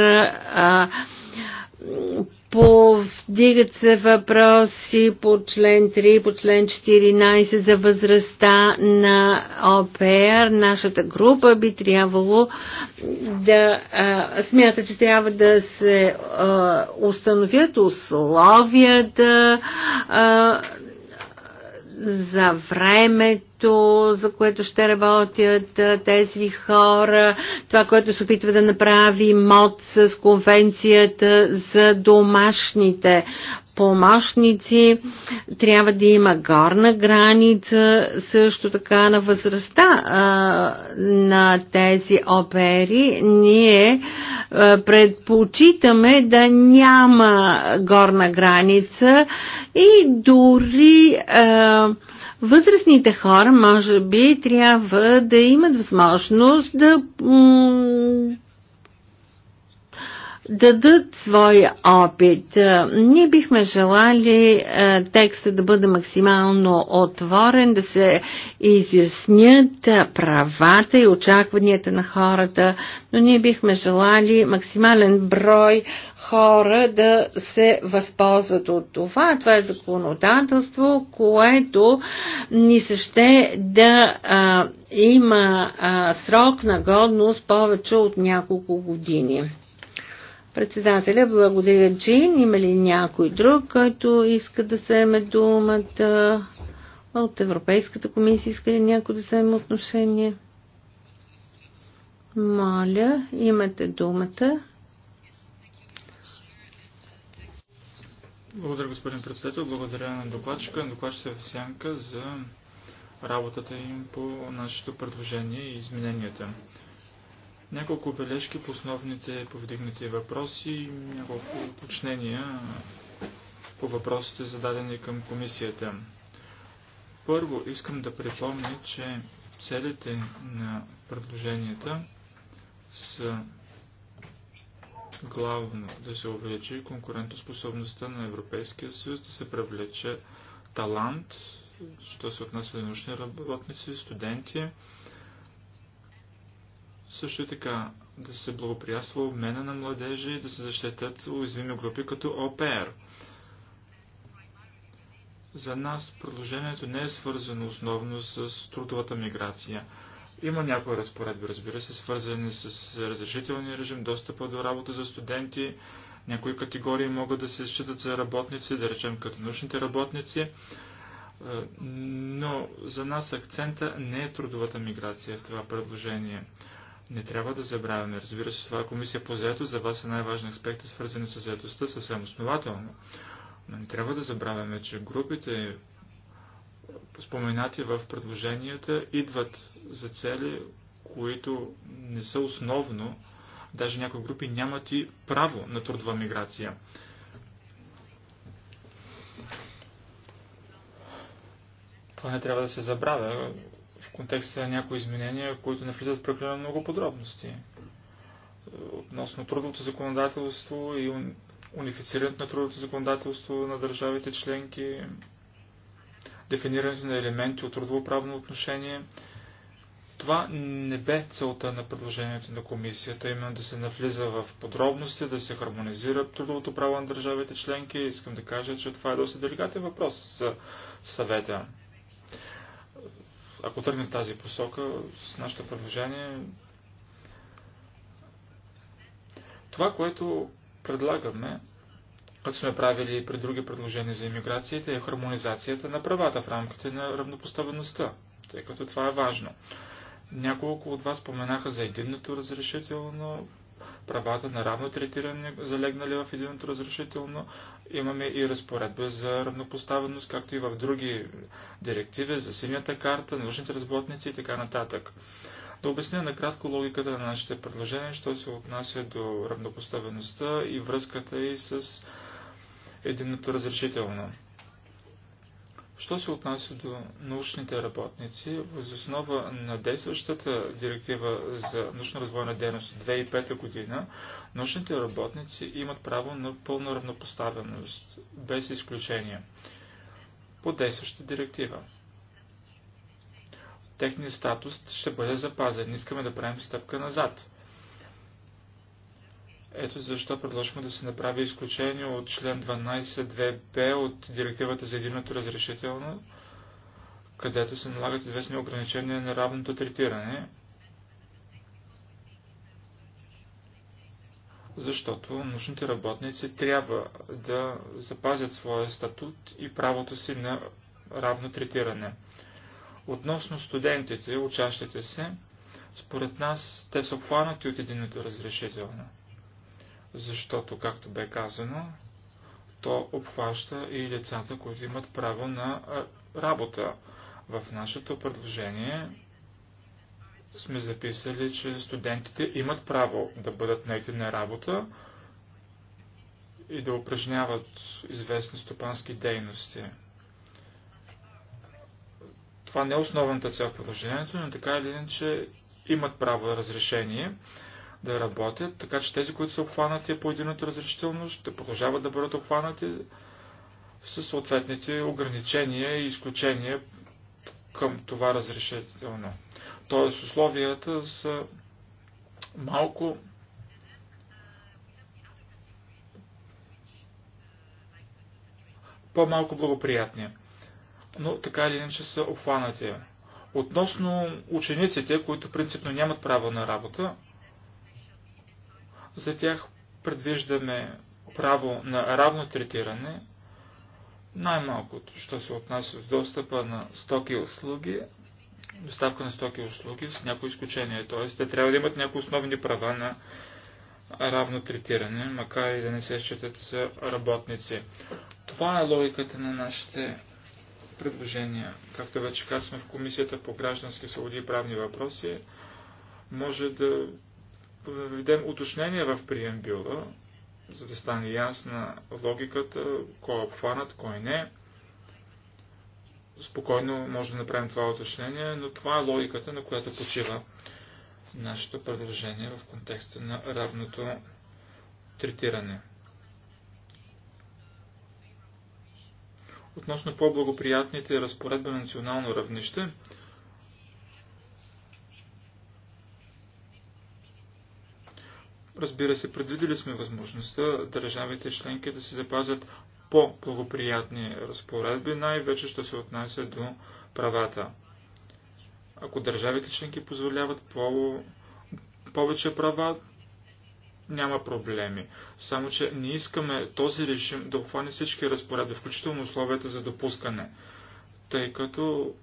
Повдигат се въпроси по член 3, по член 14 за възрастта на ОПР. Нашата група би трябвало да а, смята, че трябва да се а, установят условията а, за времето нещо, за което ще работят тези хора, това, което се опитва да направи МОД с конвенцията за домашните помощници, трябва да има горна граница, също така на възрастта а, на тези опери. Ние а, предпочитаме да няма горна граница и дори а, Възрастните хора, може би, трябва да имат възможност да дадат своя опит. Ние бихме желали е, текста да бъде максимално отворен, да се изяснят е, правата и очакванията на хората, но ние бихме желали максимален брой хора да се възползват от това. Това е законодателство, което ни се ще да а, има а, срок на годност повече от няколко години. Председателя, благодаря, Джин. Има ли някой друг, който иска да вземе думата? От Европейската комисия иска ли някой да вземе отношение? Моля, имате думата. Благодаря, господин председател. Благодаря на докладчика, на докладчица е в сянка за работата им по нашето предложение и измененията. Няколко бележки по основните повдигнати въпроси, няколко уточнения по въпросите зададени към комисията. Първо искам да припомня, че целите на предложенията са главно да се увеличи конкурентоспособността на Европейския съюз, да се привлече талант, що се отнася до научни работници, студенти. Също така да се благоприятства обмена на младежи и да се защитят уязвими групи като ОПР. За нас продължението не е свързано основно с трудовата миграция. Има някои разпоредби, разбира се, свързани с разрешителния режим, достъпа до работа за студенти. Някои категории могат да се считат за работници, да речем като научните работници. Е, но за нас акцента не е трудовата миграция в това предложение. Не трябва да забравяме. Разбира се, това е комисия по заето. За вас е най-важен аспект, свързани с заетостта, съвсем основателно. Но не трябва да забравяме, че групите, споменати в предложенията, идват за цели, които не са основно, даже някои групи нямат и право на трудова миграция. Това не трябва да се забравя в контекста на някои изменения, които не влизат в прекалено много подробности относно трудовото законодателство и унифицирането на трудовото законодателство на държавите членки, дефинирането на елементи от трудово-правно отношение. Това не бе целта на предложението на комисията, именно да се навлиза в подробности, да се хармонизира трудовото право на държавите членки. Искам да кажа, че това е доста деликатен въпрос за съвета. Ако тръгнем в тази посока с нашето предложение, това, което предлагаме, като сме правили и при други предложения за иммиграцията, е хармонизацията на правата в рамките на равнопоставеността, тъй като това е важно. Няколко от вас споменаха за единното разрешително, правата на равно третиране, залегнали в единното разрешително. Имаме и разпоредба за равнопоставеност, както и в други директиви за синята карта, научните разработници и така нататък. Да обясня накратко логиката на нашите предложения, що се отнася до равнопоставеността и връзката и с единното разрешително. Що се отнася до научните работници, въз основа на действащата директива за научно-развойна дейност 2005 година, научните работници имат право на пълна равнопоставеност, без изключение, по действаща директива. Техният статус ще бъде запазен. Искаме да правим стъпка назад. Ето защо предложихме да се направи изключение от член 12.2b от директивата за единното разрешително, където се налагат известни ограничения на равното третиране, защото научните работници трябва да запазят своя статут и правото си на равно третиране. Относно студентите, учащите се, според нас те са обхванати от единото разрешително защото, както бе казано, то обхваща и лицата, които имат право на работа. В нашето предложение сме записали, че студентите имат право да бъдат наети на работа и да упражняват известни стопански дейности. Това не е основната цел в предложението, но така или иначе имат право на разрешение да работят, така че тези, които са обхванати е по единото разрешително, ще продължават да бъдат обхванати с съответните ограничения и изключения към това разрешително. Тоест условията са малко по-малко благоприятни, но така или иначе са обхванати. Относно учениците, които принципно нямат право на работа, за тях предвиждаме право на равно третиране, най-малкото, що се отнася с достъпа на стоки и услуги, доставка на стоки и услуги с някои изключения. Т.е. те трябва да имат някои основни права на равно третиране, макар и да не се считат за работници. Това е логиката на нашите предложения. Както вече казахме в Комисията по граждански свободи и правни въпроси, може да проведем уточнение в приембюла, за да стане ясна логиката, кой е обхванат, кой не. Спокойно може да направим това уточнение, но това е логиката, на която почива нашето предложение в контекста на равното третиране. Относно по-благоприятните разпоредби на национално равнище, Разбира се, предвидели сме възможността държавите членки да се запазят по-благоприятни разпоредби, най-вече ще се отнася до правата. Ако държавите членки позволяват по- повече права, няма проблеми. Само, че не искаме този режим да обхване всички разпоредби, включително условията за допускане, тъй като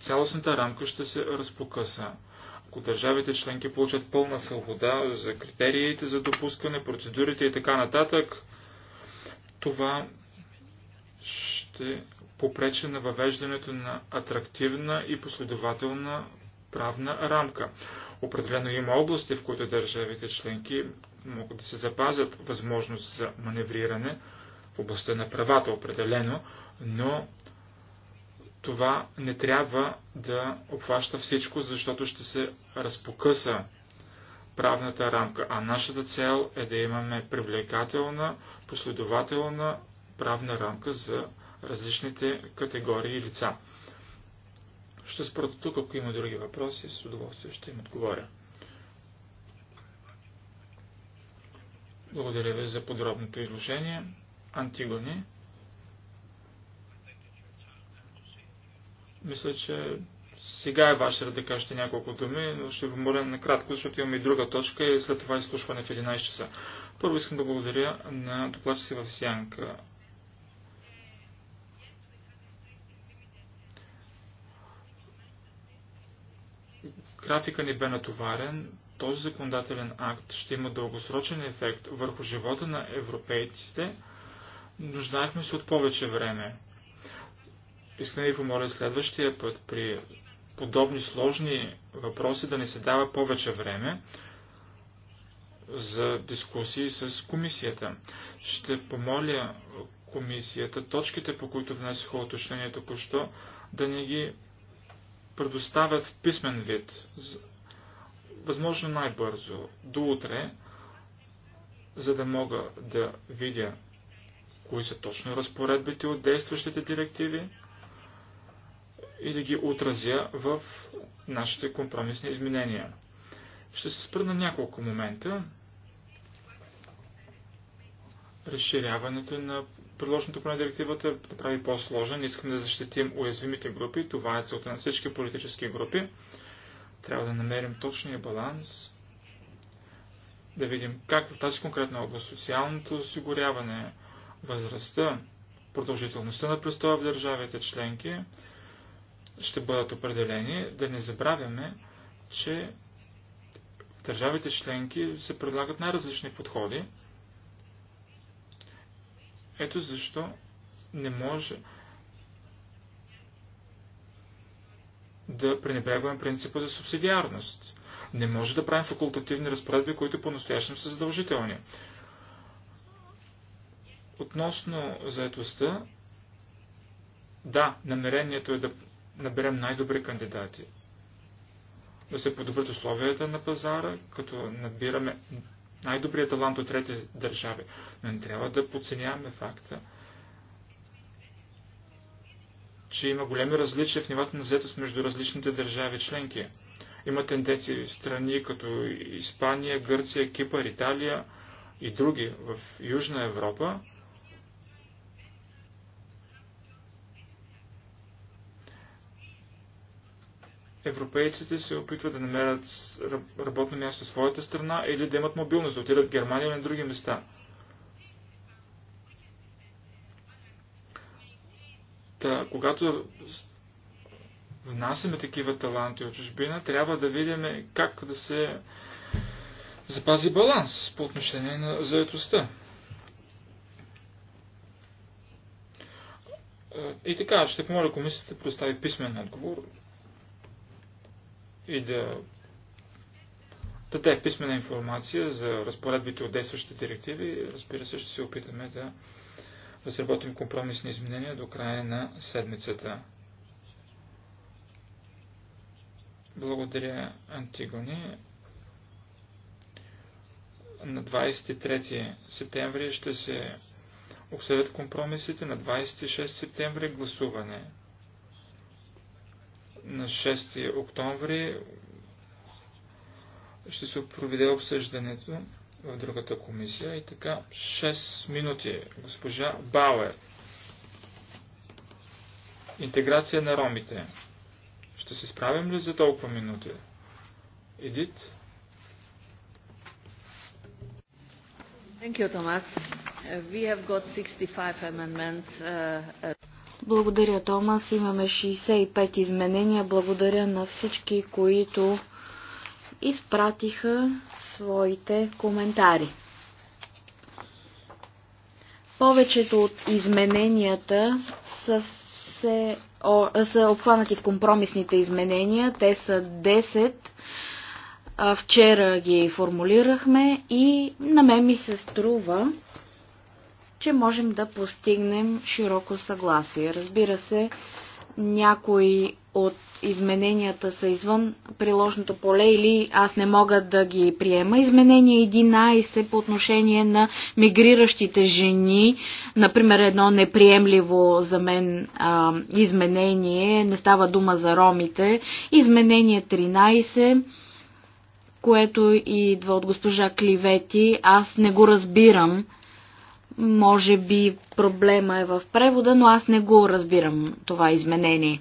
цялостната рамка ще се разпокъса ако държавите членки получат пълна свобода за критериите за допускане, процедурите и така нататък, това ще попречи на въвеждането на атрактивна и последователна правна рамка. Определено има области, в които държавите членки могат да се запазят възможност за маневриране в областта на правата определено, но това не трябва да обхваща всичко, защото ще се разпокъса правната рамка, а нашата цел е да имаме привлекателна, последователна правна рамка за различните категории лица. Ще спра тук, ако има други въпроси, с удоволствие ще им отговоря. Благодаря ви за подробното изложение. Антигони. Мисля, че сега е ваше да кажете няколко думи, но ще ви моля накратко, защото имаме и друга точка и след това изслушване в 11 часа. Първо искам да благодаря на докладчици в Сянка. Графика ни бе натоварен, този законодателен акт ще има дългосрочен ефект върху живота на европейците, нуждаехме се от повече време. Искам да ви помоля следващия път при подобни сложни въпроси да не се дава повече време за дискусии с комисията. Ще помоля комисията точките, по които внесоха уточнението току-що, да не ги предоставят в писмен вид, възможно най-бързо, до утре, за да мога да видя кои са точно разпоредбите от действащите директиви, и да ги отразя в нашите компромисни изменения. Ще се спра на няколко момента. Разширяването на предложеното на директивата направи по-сложен. Искаме да защитим уязвимите групи. Това е целта на всички политически групи. Трябва да намерим точния баланс, да видим как в тази конкретна област социалното осигуряване, възрастта, продължителността на престоя в държавите членки ще бъдат определени. Да не забравяме, че в държавите членки се предлагат най-различни подходи. Ето защо не може да пренебрегваме принципа за субсидиарност. Не може да правим факултативни разпоредби, които по-настоящем са задължителни. Относно заедостта, да, намерението е да наберем най-добри кандидати. Да се подобрят условията на пазара, като набираме най-добрия талант от трети държави. Но не трябва да подценяваме факта, че има големи различия в нивата на заетост между различните държави членки. Има тенденции в страни като Испания, Гърция, Кипър, Италия и други в Южна Европа европейците се опитват да намерят работно място в своята страна или да имат мобилност, да отидат в Германия или на други места. Та, когато внасяме такива таланти от чужбина, трябва да видим как да се запази баланс по отношение на заетостта. Е, и така, ще помоля комисията да представи писмен отговор и да даде писмена информация за разпоредбите от действащите директиви. Разбира се, ще се опитаме да разработим компромисни изменения до края на седмицата. Благодаря, Антигони. На 23 септември ще се обсъдят компромисите, на 26 септември гласуване на 6 октомври ще се проведе обсъждането в другата комисия. И така, 6 минути, госпожа Бауер. Интеграция на ромите. Ще се справим ли за толкова минути? Едит? Thank you, Thomas. We have got 65 amendments. Uh, uh... Благодаря, Томас. Имаме 65 изменения. Благодаря на всички, които изпратиха своите коментари. Повечето от измененията са, все, о, са обхванати в компромисните изменения. Те са 10. Вчера ги формулирахме и на мен ми се струва, че можем да постигнем широко съгласие. Разбира се, някои от измененията са извън приложното поле или аз не мога да ги приема. Изменение 11 по отношение на мигриращите жени, например едно неприемливо за мен а, изменение, не става дума за ромите. Изменение 13 което идва от госпожа Кливети, аз не го разбирам може би проблема е в превода, но аз не го разбирам това изменение.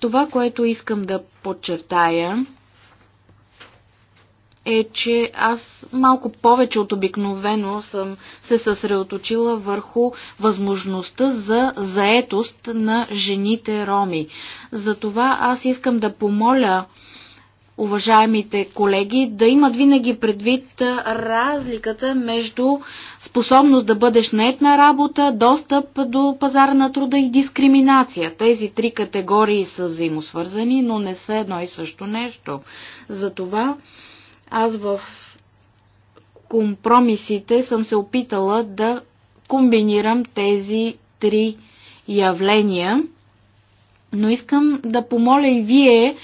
Това, което искам да подчертая, е, че аз малко повече от обикновено съм се съсредоточила върху възможността за заетост на жените роми. Затова аз искам да помоля уважаемите колеги да имат винаги предвид разликата между способност да бъдеш нет на работа, достъп до пазара на труда и дискриминация. Тези три категории са взаимосвързани, но не са едно и също нещо. Затова аз в компромисите съм се опитала да комбинирам тези три явления – но искам да помоля и вие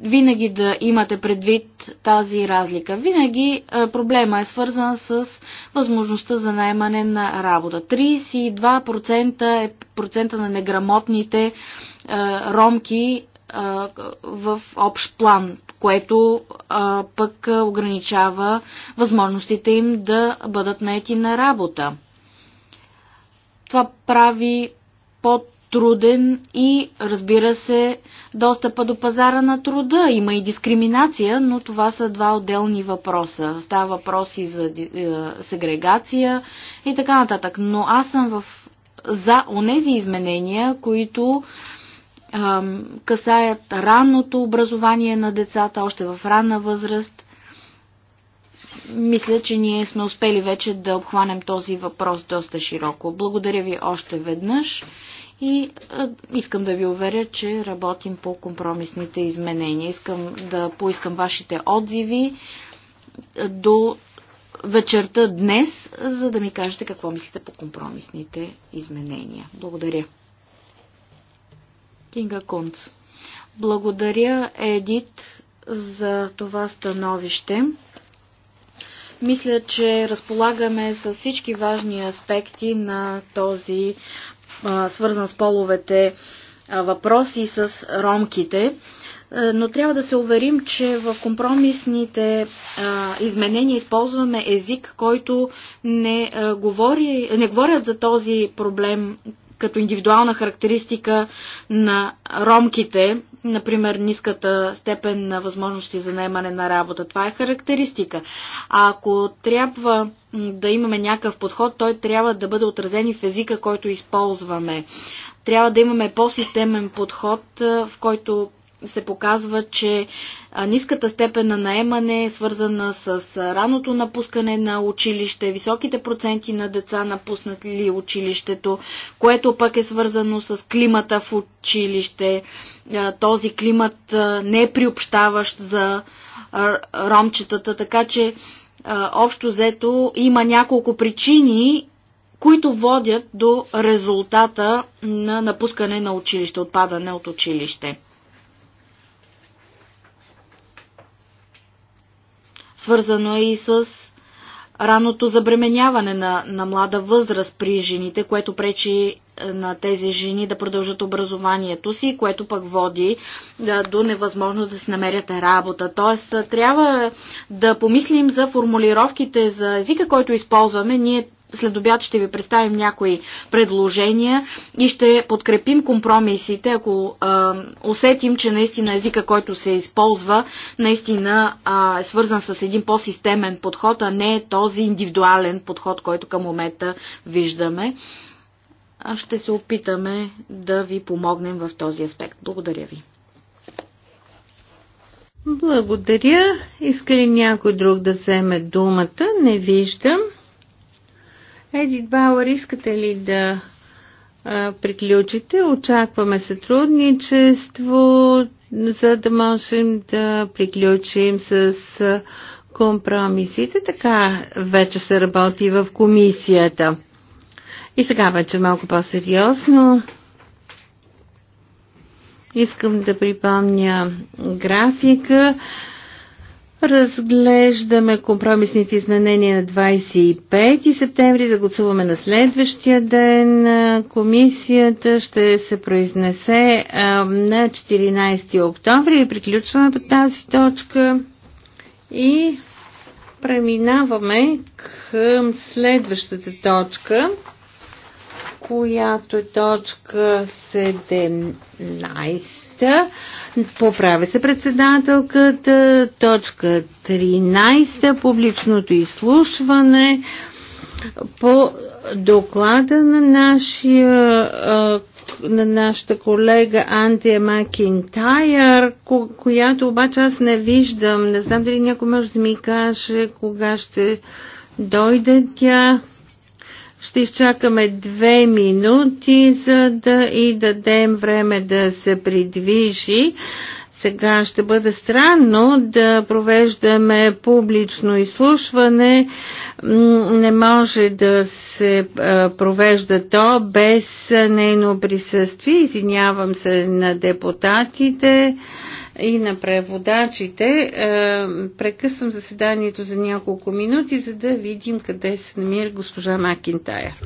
винаги да имате предвид тази разлика. Винаги е, проблема е свързан с възможността за найемане на работа. 32% е процента на неграмотните е, ромки е, в общ план, което пък ограничава възможностите им да бъдат наети на работа. Това прави под труден и разбира се достъпа до пазара на труда. Има и дискриминация, но това са два отделни въпроса. Става въпроси за е, сегрегация и така нататък. Но аз съм в, за онези изменения, които е, касаят ранното образование на децата, още в ранна възраст. Мисля, че ние сме успели вече да обхванем този въпрос доста широко. Благодаря ви още веднъж и искам да ви уверя, че работим по компромисните изменения. Искам да поискам вашите отзиви до вечерта днес, за да ми кажете какво мислите по компромисните изменения. Благодаря. Кинга Кунц. Благодаря, Едит, за това становище. Мисля, че разполагаме с всички важни аспекти на този свързан с половете въпроси с ромките, но трябва да се уверим, че в компромисните изменения използваме език, който не, говори, не говорят за този проблем като индивидуална характеристика на ромките, например ниската степен на възможности за наемане на работа. Това е характеристика. А ако трябва да имаме някакъв подход, той трябва да бъде отразен и в езика, който използваме. Трябва да имаме по-системен подход, в който се показва, че ниската степен на наемане е свързана с раното напускане на училище, високите проценти на деца напуснали училището, което пък е свързано с климата в училище. Този климат не е приобщаващ за ромчетата, така че общо взето има няколко причини, които водят до резултата на напускане на училище, отпадане от училище. свързано е и с раното забременяване на, на млада възраст при жените, което пречи е, на тези жени да продължат образованието си, което пък води да, е, до невъзможност да си намерят работа. Тоест, е, трябва да помислим за формулировките за езика, който използваме. Ние след обяд ще ви представим някои предложения и ще подкрепим компромисите, ако а, усетим, че наистина езика, който се използва, наистина а, е свързан с един по-системен подход, а не този индивидуален подход, който към момента виждаме. А ще се опитаме да ви помогнем в този аспект. Благодаря ви. Благодаря. Иска ли някой друг да вземе думата? Не виждам. Едит Бауър, искате ли да а, приключите? Очакваме сътрудничество, за да можем да приключим с компромисите. Така вече се работи в комисията. И сега вече малко по-сериозно. Искам да припомня графика. Разглеждаме компромисните изменения на 25 септември, да гласуваме на следващия ден. Комисията ще се произнесе на 14 октомври и приключваме по тази точка. И преминаваме към следващата точка, която е точка 17 300. Поправя се председателката. Точка 13. Публичното изслушване по доклада на нашия на нашата колега Антия Макинтайър, която обаче аз не виждам. Не знам дали някой може да ми каже кога ще дойде тя. Ще изчакаме две минути, за да и дадем време да се придвижи. Сега ще бъде странно да провеждаме публично изслушване. Не може да се провежда то без нейно присъствие. Извинявам се на депутатите и на преводачите. Е, прекъсвам заседанието за няколко минути, за да видим къде се намира госпожа Макинтайр.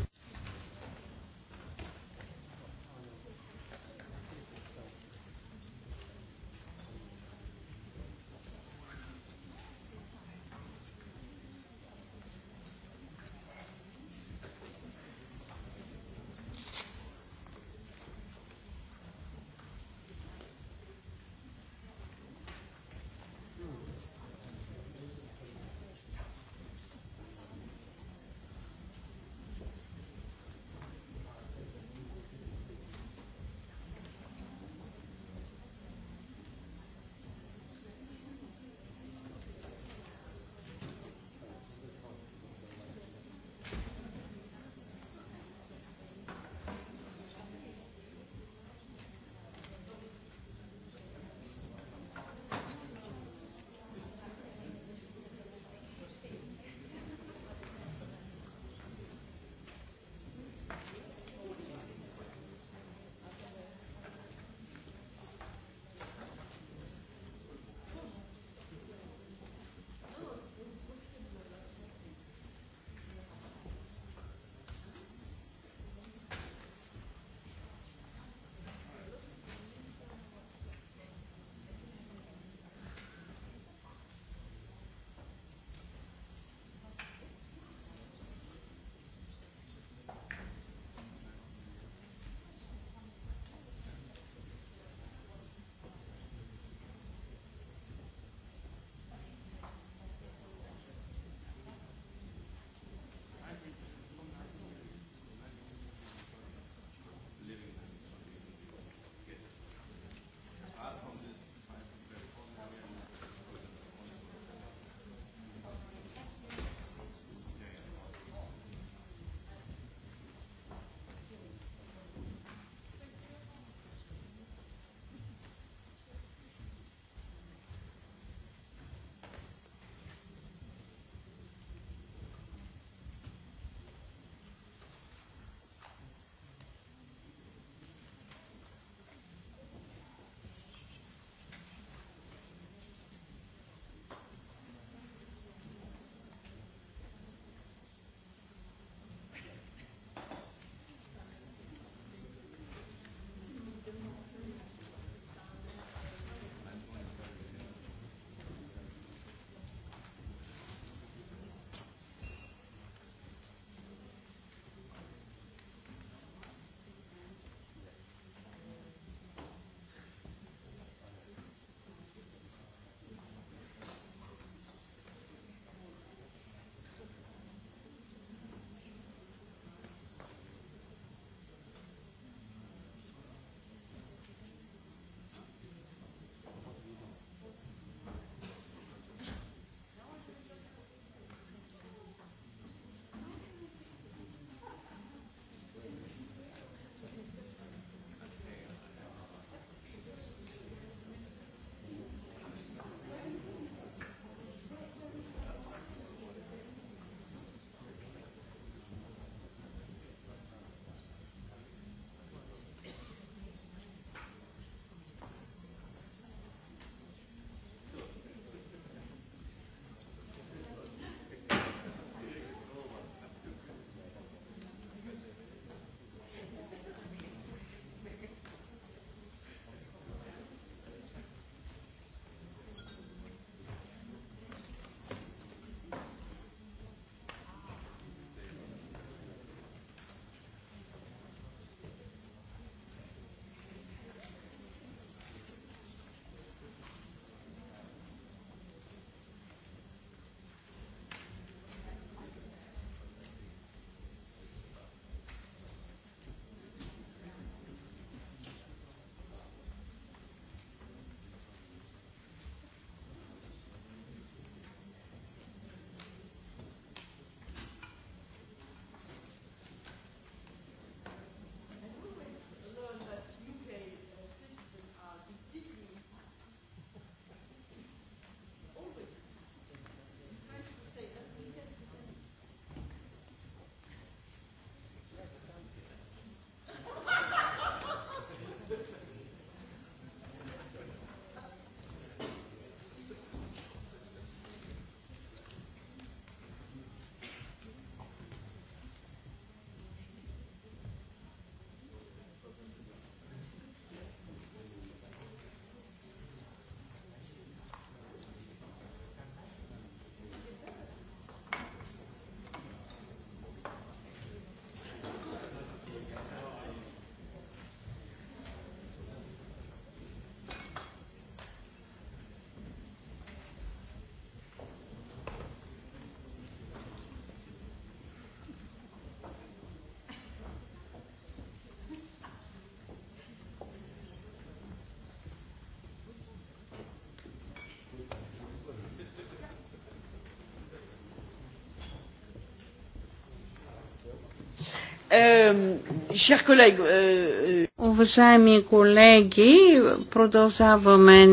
Ehm, euh, Уважаеми колеги, продължаваме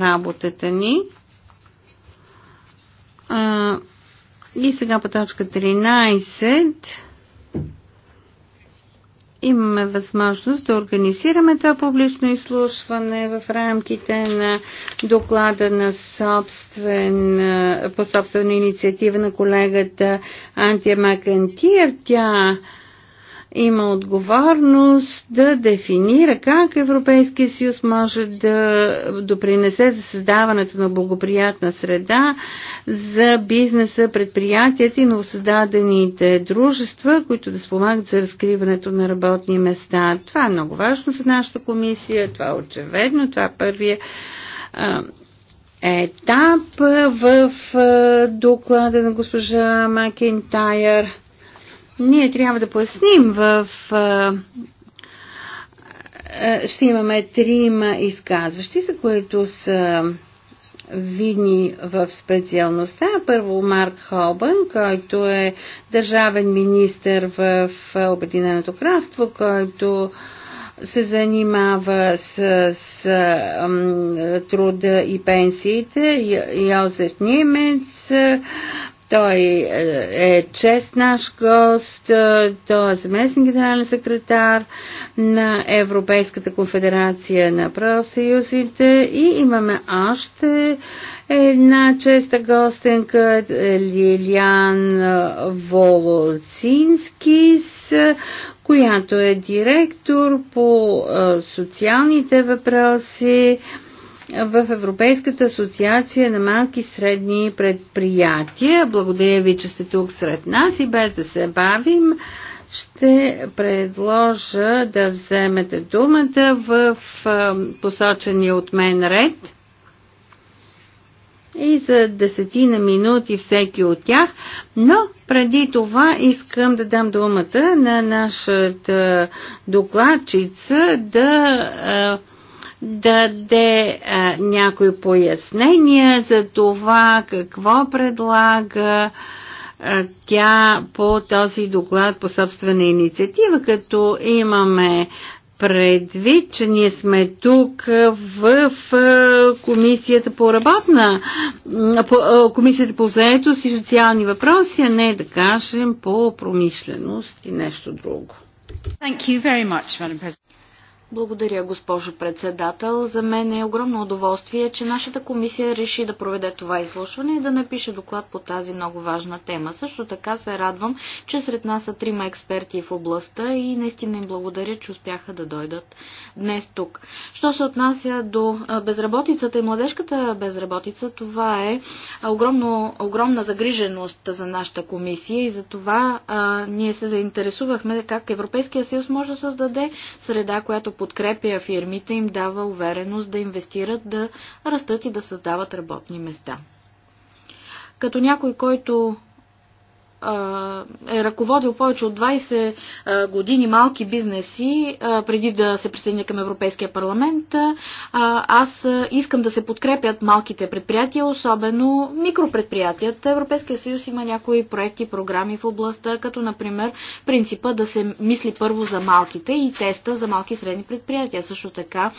работата ни. И сега по точка 13 имаме възможност да организираме това публично изслушване в рамките на доклада на собствен, по собствена инициатива на колегата Антия Макантир. Тя има отговорност да дефинира как Европейския съюз може да допринесе за създаването на благоприятна среда за бизнеса, предприятията и новосъздадените дружества, които да спомагат за разкриването на работни места. Това е много важно за нашата комисия, това е очевидно, това е първия етап в доклада на госпожа Макентайър. Ние трябва да поясним в е, е, ще имаме трима изказващи, за които са видни в специалността. Първо Марк Холбън, който е държавен министр в Обединеното кралство, който се занимава с, с м, труда и пенсиите. Йозеф Нимец, той е, е чест наш гост, е, той е заместник генерален секретар на Европейската конфедерация на правосъюзите и имаме още една честа гостенка е, Лилиан Волоцински, която е директор по социалните въпроси в Европейската асоциация на малки и средни предприятия. Благодаря ви, че сте тук сред нас и без да се бавим ще предложа да вземете думата в посочения от мен ред и за десетина минути всеки от тях, но преди това искам да дам думата на нашата докладчица да даде а, някои пояснения за това какво предлага а, тя по този доклад по собствена инициатива, като имаме предвид, че ние сме тук в комисията по работна, по, комисията по заетост и социални въпроси, а не да кажем по промишленост и нещо друго. Much, благодаря, госпожо председател. За мен е огромно удоволствие, че нашата комисия реши да проведе това изслушване и да напише доклад по тази много важна тема. Също така се радвам, че сред нас са трима експерти в областта и наистина им благодаря, че успяха да дойдат днес тук. Що се отнася до безработицата и младежката безработица, това е огромно, огромна загриженост за нашата комисия и за това а, ние се заинтересувахме как Европейския съюз може да създаде среда, която подкрепя фирмите, им дава увереност да инвестират, да растат и да създават работни места. Като някой, който е ръководил повече от 20 години малки бизнеси преди да се присъединя към Европейския парламент. Аз искам да се подкрепят малките предприятия, особено микропредприятията. Европейския съюз има някои проекти, програми в областта, като например принципа да се мисли първо за малките и теста за малки и средни предприятия. Също така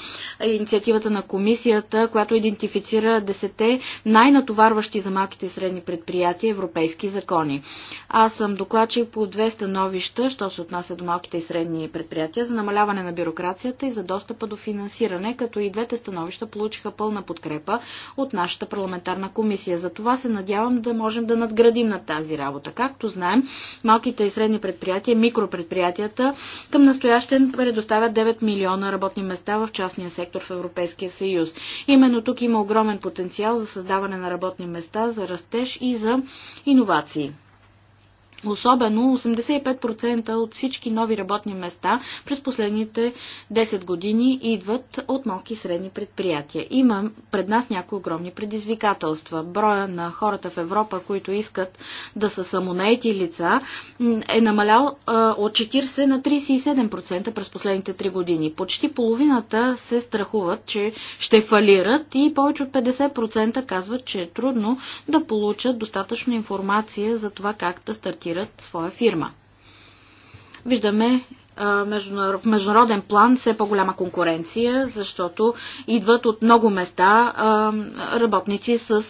инициативата на комисията, която идентифицира 10 най-натоварващи за малките и средни предприятия европейски закони. Аз съм докладчик по две становища, що се отнася до малките и средни предприятия, за намаляване на бюрокрацията и за достъпа до финансиране, като и двете становища получиха пълна подкрепа от нашата парламентарна комисия. За това се надявам да можем да надградим на тази работа. Както знаем, малките и средни предприятия, микропредприятията към настоящен предоставят 9 милиона работни места в частния сектор в Европейския съюз. Именно тук има огромен потенциал за създаване на работни места, за растеж и за иновации. Особено 85% от всички нови работни места през последните 10 години идват от малки и средни предприятия. Има пред нас някои огромни предизвикателства. Броя на хората в Европа, които искат да са самонаети лица, е намалял от 40 на 37% през последните 3 години. Почти половината се страхуват, че ще фалират и повече от 50% казват, че е трудно да получат достатъчно информация за това как да стартират стартират своя фирма. Виждаме в международен план все по-голяма конкуренция, защото идват от много места работници с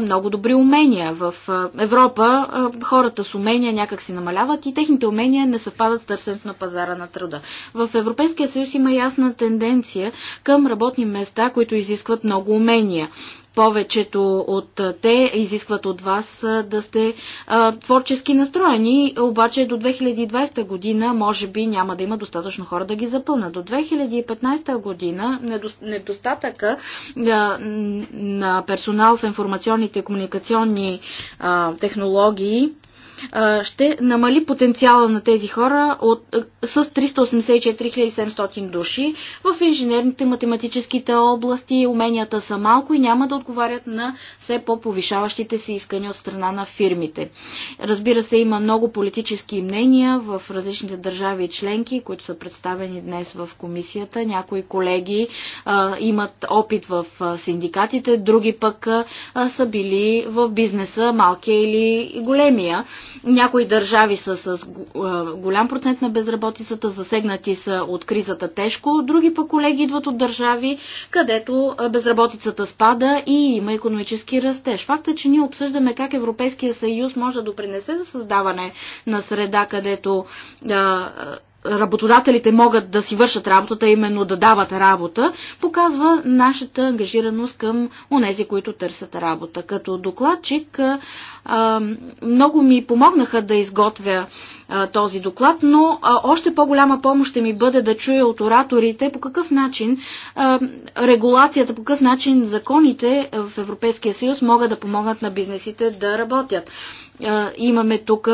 много добри умения. В Европа хората с умения някак си намаляват и техните умения не съвпадат с търсенето на пазара на труда. В Европейския съюз има ясна тенденция към работни места, които изискват много умения. Повечето от те изискват от вас да сте а, творчески настроени, обаче до 2020 година може би няма да има достатъчно хора да ги запълнат. До 2015 година недостатъка а, на персонал в информационните и комуникационни а, технологии ще намали потенциала на тези хора от, с 384 700 души. В инженерните, математическите области уменията са малко и няма да отговарят на все по-повишаващите се искания от страна на фирмите. Разбира се, има много политически мнения в различните държави и членки, които са представени днес в комисията. Някои колеги а, имат опит в синдикатите, други пък а, са били в бизнеса, малкия или големия. Някои държави са с голям процент на безработицата, засегнати са от кризата тежко, други пък колеги идват от държави, където безработицата спада и има економически растеж. Факта, е, че ние обсъждаме как Европейския съюз може да допринесе за създаване на среда, където работодателите могат да си вършат работата, именно да дават работа, показва нашата ангажираност към онези, които търсят работа. Като докладчик много ми помогнаха да изготвя този доклад, но още по-голяма помощ ще ми бъде да чуя от ораторите по какъв начин регулацията, по какъв начин законите в Европейския съюз могат да помогнат на бизнесите да работят. Имаме тук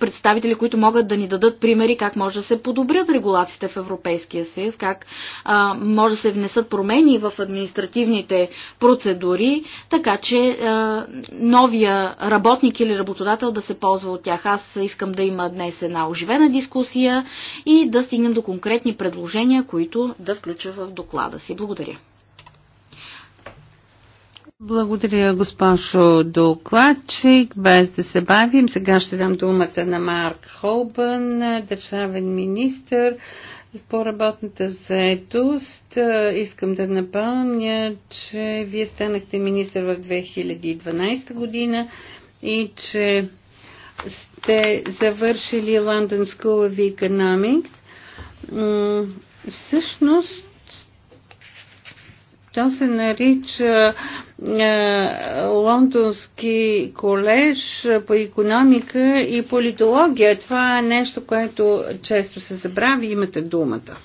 представители, които могат да ни дадат примери как може да се подобрят регулациите в Европейския съюз, как а, може да се внесат промени в административните процедури, така че а, новия работник или работодател да се ползва от тях. Аз искам да има днес една оживена дискусия и да стигнем до конкретни предложения, които да включа в доклада си. Благодаря. Благодаря, госпожо докладчик. Без да се бавим, сега ще дам думата на Марк Холбън, държавен министр по работната заетост. Искам да напомня, че вие станахте министр в 2012 година и че сте завършили London School of Economics. Всъщност, то се нарича е, Лондонски колеж по економика и политология. Това е нещо, което често се забрави. Имате думата.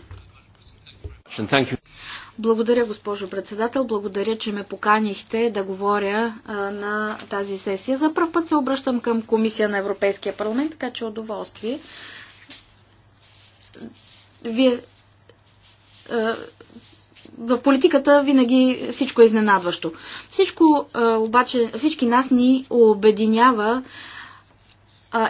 Благодаря, госпожо председател. Благодаря, че ме поканихте да говоря е, на тази сесия. За първ път се обръщам към Комисия на Европейския парламент, така че удоволствие. Вие е, в политиката винаги всичко е изненадващо. Всичко обаче, всички нас ни обединява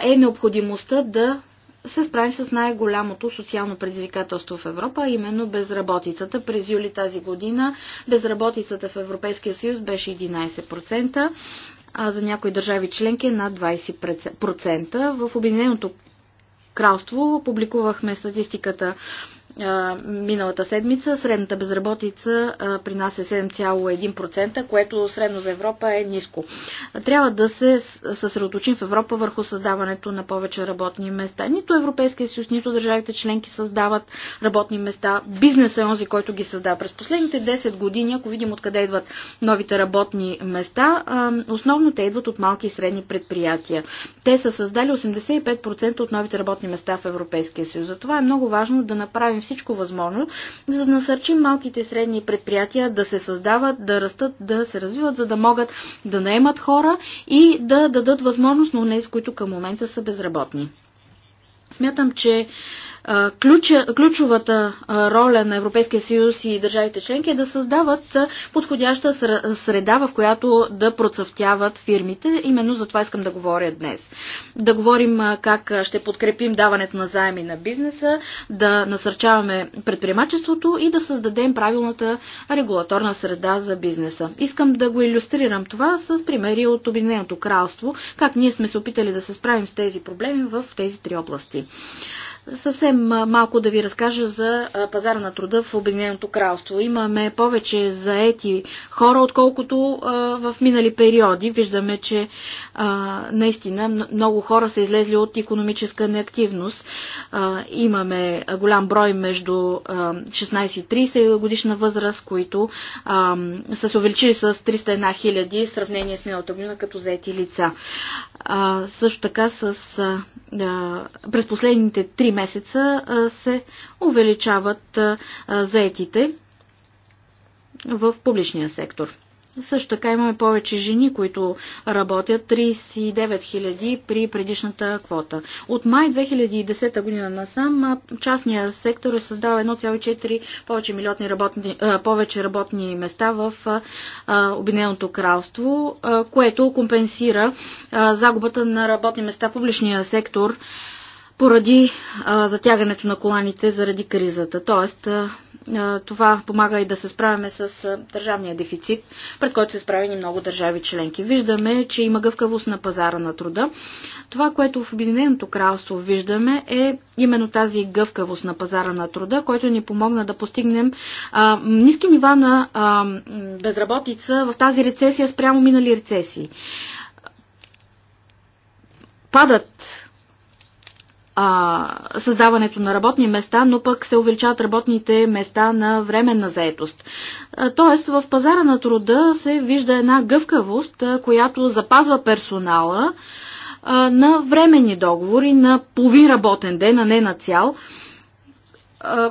е необходимостта да се справим с най-голямото социално предизвикателство в Европа, именно безработицата. През юли тази година безработицата в Европейския съюз беше 11%, а за някои държави членки е над 20%. В Обединеното кралство публикувахме статистиката миналата седмица. Средната безработица при нас е 7,1%, което средно за Европа е ниско. Трябва да се съсредоточим в Европа върху създаването на повече работни места. Нито Европейския съюз, нито държавите членки създават работни места. Бизнес е онзи, който ги създава. През последните 10 години, ако видим откъде идват новите работни места, основно те идват от малки и средни предприятия. Те са създали 85% от новите работни места в Европейския съюз. Затова е много важно да направим всичко възможно, за да насърчим малките и средни предприятия да се създават, да растат, да се развиват, за да могат да наемат хора и да дадат възможност на тези, които към момента са безработни. Смятам, че ключовата роля на Европейския съюз и държавите членки е да създават подходяща среда, в която да процъфтяват фирмите. Именно за това искам да говоря днес. Да говорим как ще подкрепим даването на заеми на бизнеса, да насърчаваме предприемачеството и да създадем правилната регулаторна среда за бизнеса. Искам да го иллюстрирам това с примери от Обединеното кралство, как ние сме се опитали да се справим с тези проблеми в тези три области. Съвсем малко да ви разкажа за пазара на труда в Обединеното кралство. Имаме повече заети хора, отколкото в минали периоди. Виждаме, че наистина много хора са излезли от економическа неактивност. Имаме голям брой между 16 и 30 годишна възраст, които са се увеличили с 301 хиляди в сравнение с миналата година като заети лица. Също така с, през последните 3 месеца се увеличават заетите в публичния сектор. Също така имаме повече жени, които работят 39 000 при предишната квота. От май 2010 година насам частния сектор е създава 1,4 повече, работни, повече работни места в Обединеното кралство, което компенсира загубата на работни места в публичния сектор поради а, затягането на коланите заради кризата. Тоест, а, а, това помага и да се справяме с а, държавния дефицит, пред който се справени много държави членки. Виждаме, че има гъвкавост на пазара на труда. Това, което в Обединеното кралство виждаме е именно тази гъвкавост на пазара на труда, който ни помогна да постигнем а, ниски нива на а, безработица в тази рецесия спрямо минали рецесии. Падат а, създаването на работни места, но пък се увеличават работните места на временна заетост. Тоест в пазара на труда се вижда една гъвкавост, която запазва персонала а, на временни договори, на половин работен ден, а не на цял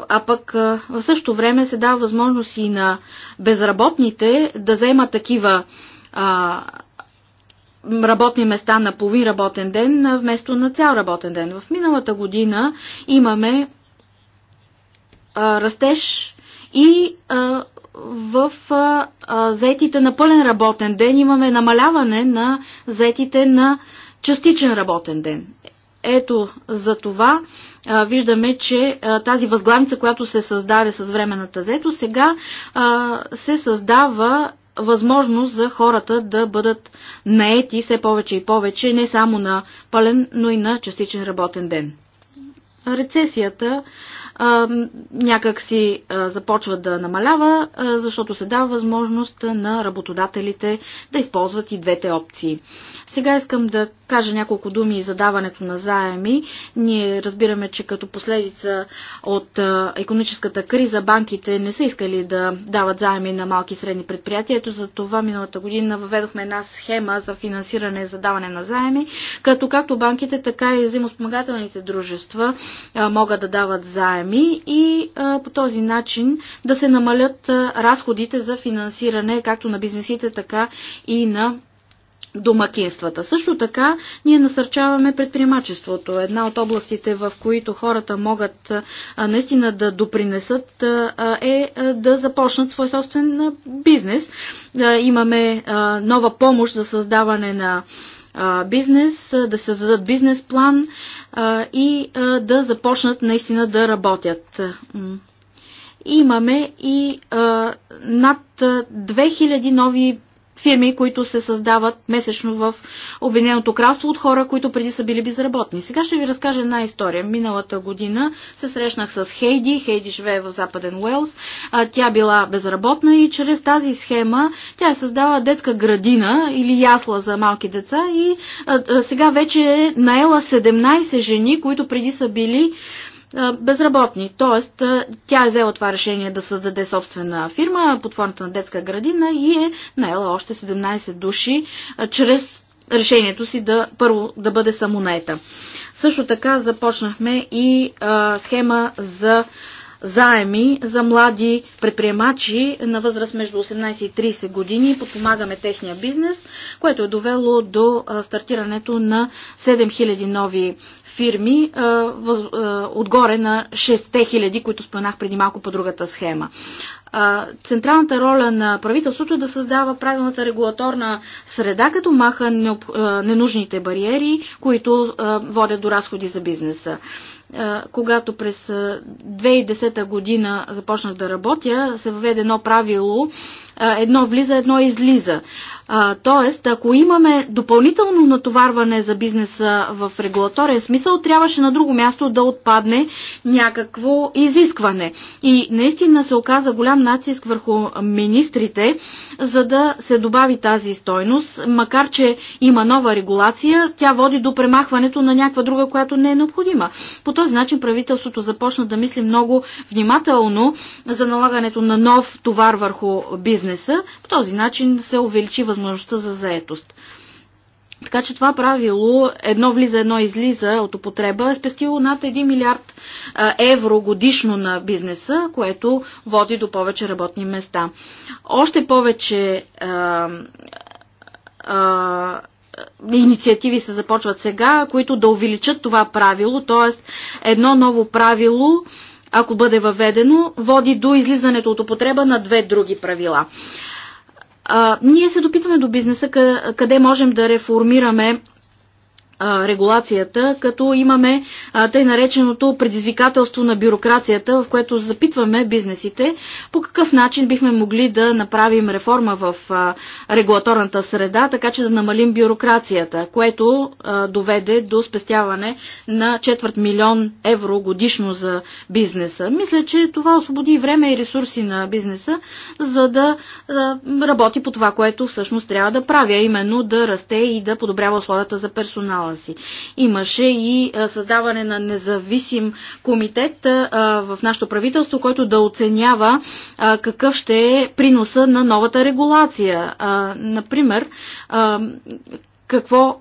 а пък в същото време се дава възможност и на безработните да вземат такива а, работни места на половин работен ден, вместо на цял работен ден. В миналата година имаме растеж и в заетите на пълен работен ден имаме намаляване на заетите на частичен работен ден. Ето за това а, виждаме, че а, тази възглавница, която се създаде с временната заето, сега а, се създава възможност за хората да бъдат наети все повече и повече, не само на пълен, но и на частичен работен ден. Рецесията някак си започва да намалява, защото се дава възможност на работодателите да използват и двете опции. Сега искам да кажа няколко думи за даването на заеми. Ние разбираме, че като последица от економическата криза банките не са искали да дават заеми на малки и средни предприятия. Ето за това миналата година въведохме една схема за финансиране за даване на заеми, като както банките, така и взаимоспомагателните дружества могат да дават заеми програми и а, по този начин да се намалят а, разходите за финансиране както на бизнесите, така и на домакинствата. Също така ние насърчаваме предприемачеството. Една от областите, в които хората могат наистина да допринесат е да започнат свой собствен бизнес. Имаме нова помощ за създаване на бизнес, да създадат бизнес план и да започнат наистина да работят. Имаме и над 2000 нови фирми, които се създават месечно в Обединеното кралство от хора, които преди са били безработни. Сега ще ви разкажа една история. Миналата година се срещнах с Хейди. Хейди живее в Западен Уелс. Тя била безработна и чрез тази схема тя е създала детска градина или ясла за малки деца и сега вече е наела 17 жени, които преди са били безработни. Тоест, тя е взела това решение да създаде собствена фирма под формата на детска градина и е наела още 17 души чрез решението си да първо да бъде самонаета. Също така започнахме и а, схема за заеми за млади предприемачи на възраст между 18 и 30 години. Подпомагаме техния бизнес, което е довело до стартирането на 7000 нови фирми а, въз, а, отгоре на 6000, които споменах преди малко по другата схема. А, централната роля на правителството е да създава правилната регулаторна среда, като маха необ, а, ненужните бариери, които а, водят до разходи за бизнеса когато през 2010 година започнах да работя, се въведе едно правило, едно влиза, едно излиза. А, тоест, ако имаме допълнително натоварване за бизнеса в регулаторен смисъл, трябваше на друго място да отпадне някакво изискване. И наистина се оказа голям натиск върху министрите, за да се добави тази стойност, макар че има нова регулация, тя води до премахването на някаква друга, която не е необходима. По този начин правителството започна да мисли много внимателно за налагането на нов товар върху бизнеса. По този начин се увеличи възможността възможността за заетост. Така че това правило, едно влиза, едно излиза от употреба, е спестило над 1 милиард евро годишно на бизнеса, което води до повече работни места. Още повече а, а, инициативи се започват сега, които да увеличат това правило, т.е. едно ново правило, ако бъде въведено, води до излизането от употреба на две други правила. А, ние се допитваме до бизнеса къде можем да реформираме регулацията, като имаме тъй нареченото предизвикателство на бюрокрацията, в което запитваме бизнесите по какъв начин бихме могли да направим реформа в регулаторната среда, така че да намалим бюрокрацията, което доведе до спестяване на четвърт милион евро годишно за бизнеса. Мисля, че това освободи време и ресурси на бизнеса, за да работи по това, което всъщност трябва да прави, а именно да расте и да подобрява условията за персонал си. Имаше и създаване на независим комитет в нашето правителство, който да оценява какъв ще е приноса на новата регулация. Например, какво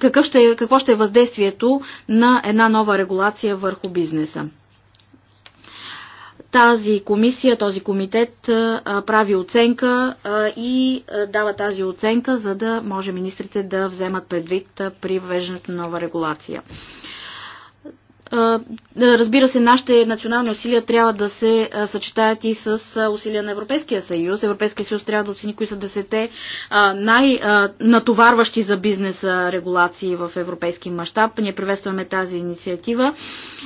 какъв ще, какво ще е въздействието на една нова регулация върху бизнеса тази комисия, този комитет прави оценка и дава тази оценка, за да може министрите да вземат предвид при въвеждането на нова регулация. Разбира се, нашите национални усилия трябва да се съчетаят и с усилия на Европейския съюз. Европейския съюз трябва да оцени кои са десете най-натоварващи за бизнеса регулации в европейски мащаб. Ние приветстваме тази инициатива.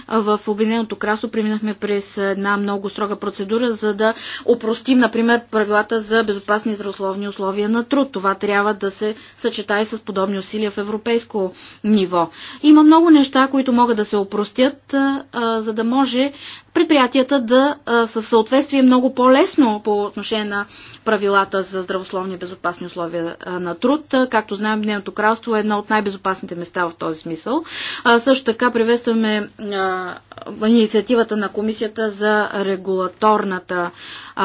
В Обединеното красо преминахме през една много строга процедура, за да опростим, например, правилата за безопасни и здравословни условия на труд. Това трябва да се съчетае с подобни усилия в европейско ниво. Има много неща, които могат да се опростят спестят, а, за да може предприятията да са в съответствие много по-лесно по отношение на правилата за здравословни и безопасни условия на труд. Както знаем, Дневното кралство е едно от най-безопасните места в този смисъл. Също така приветстваме инициативата на комисията за регулаторната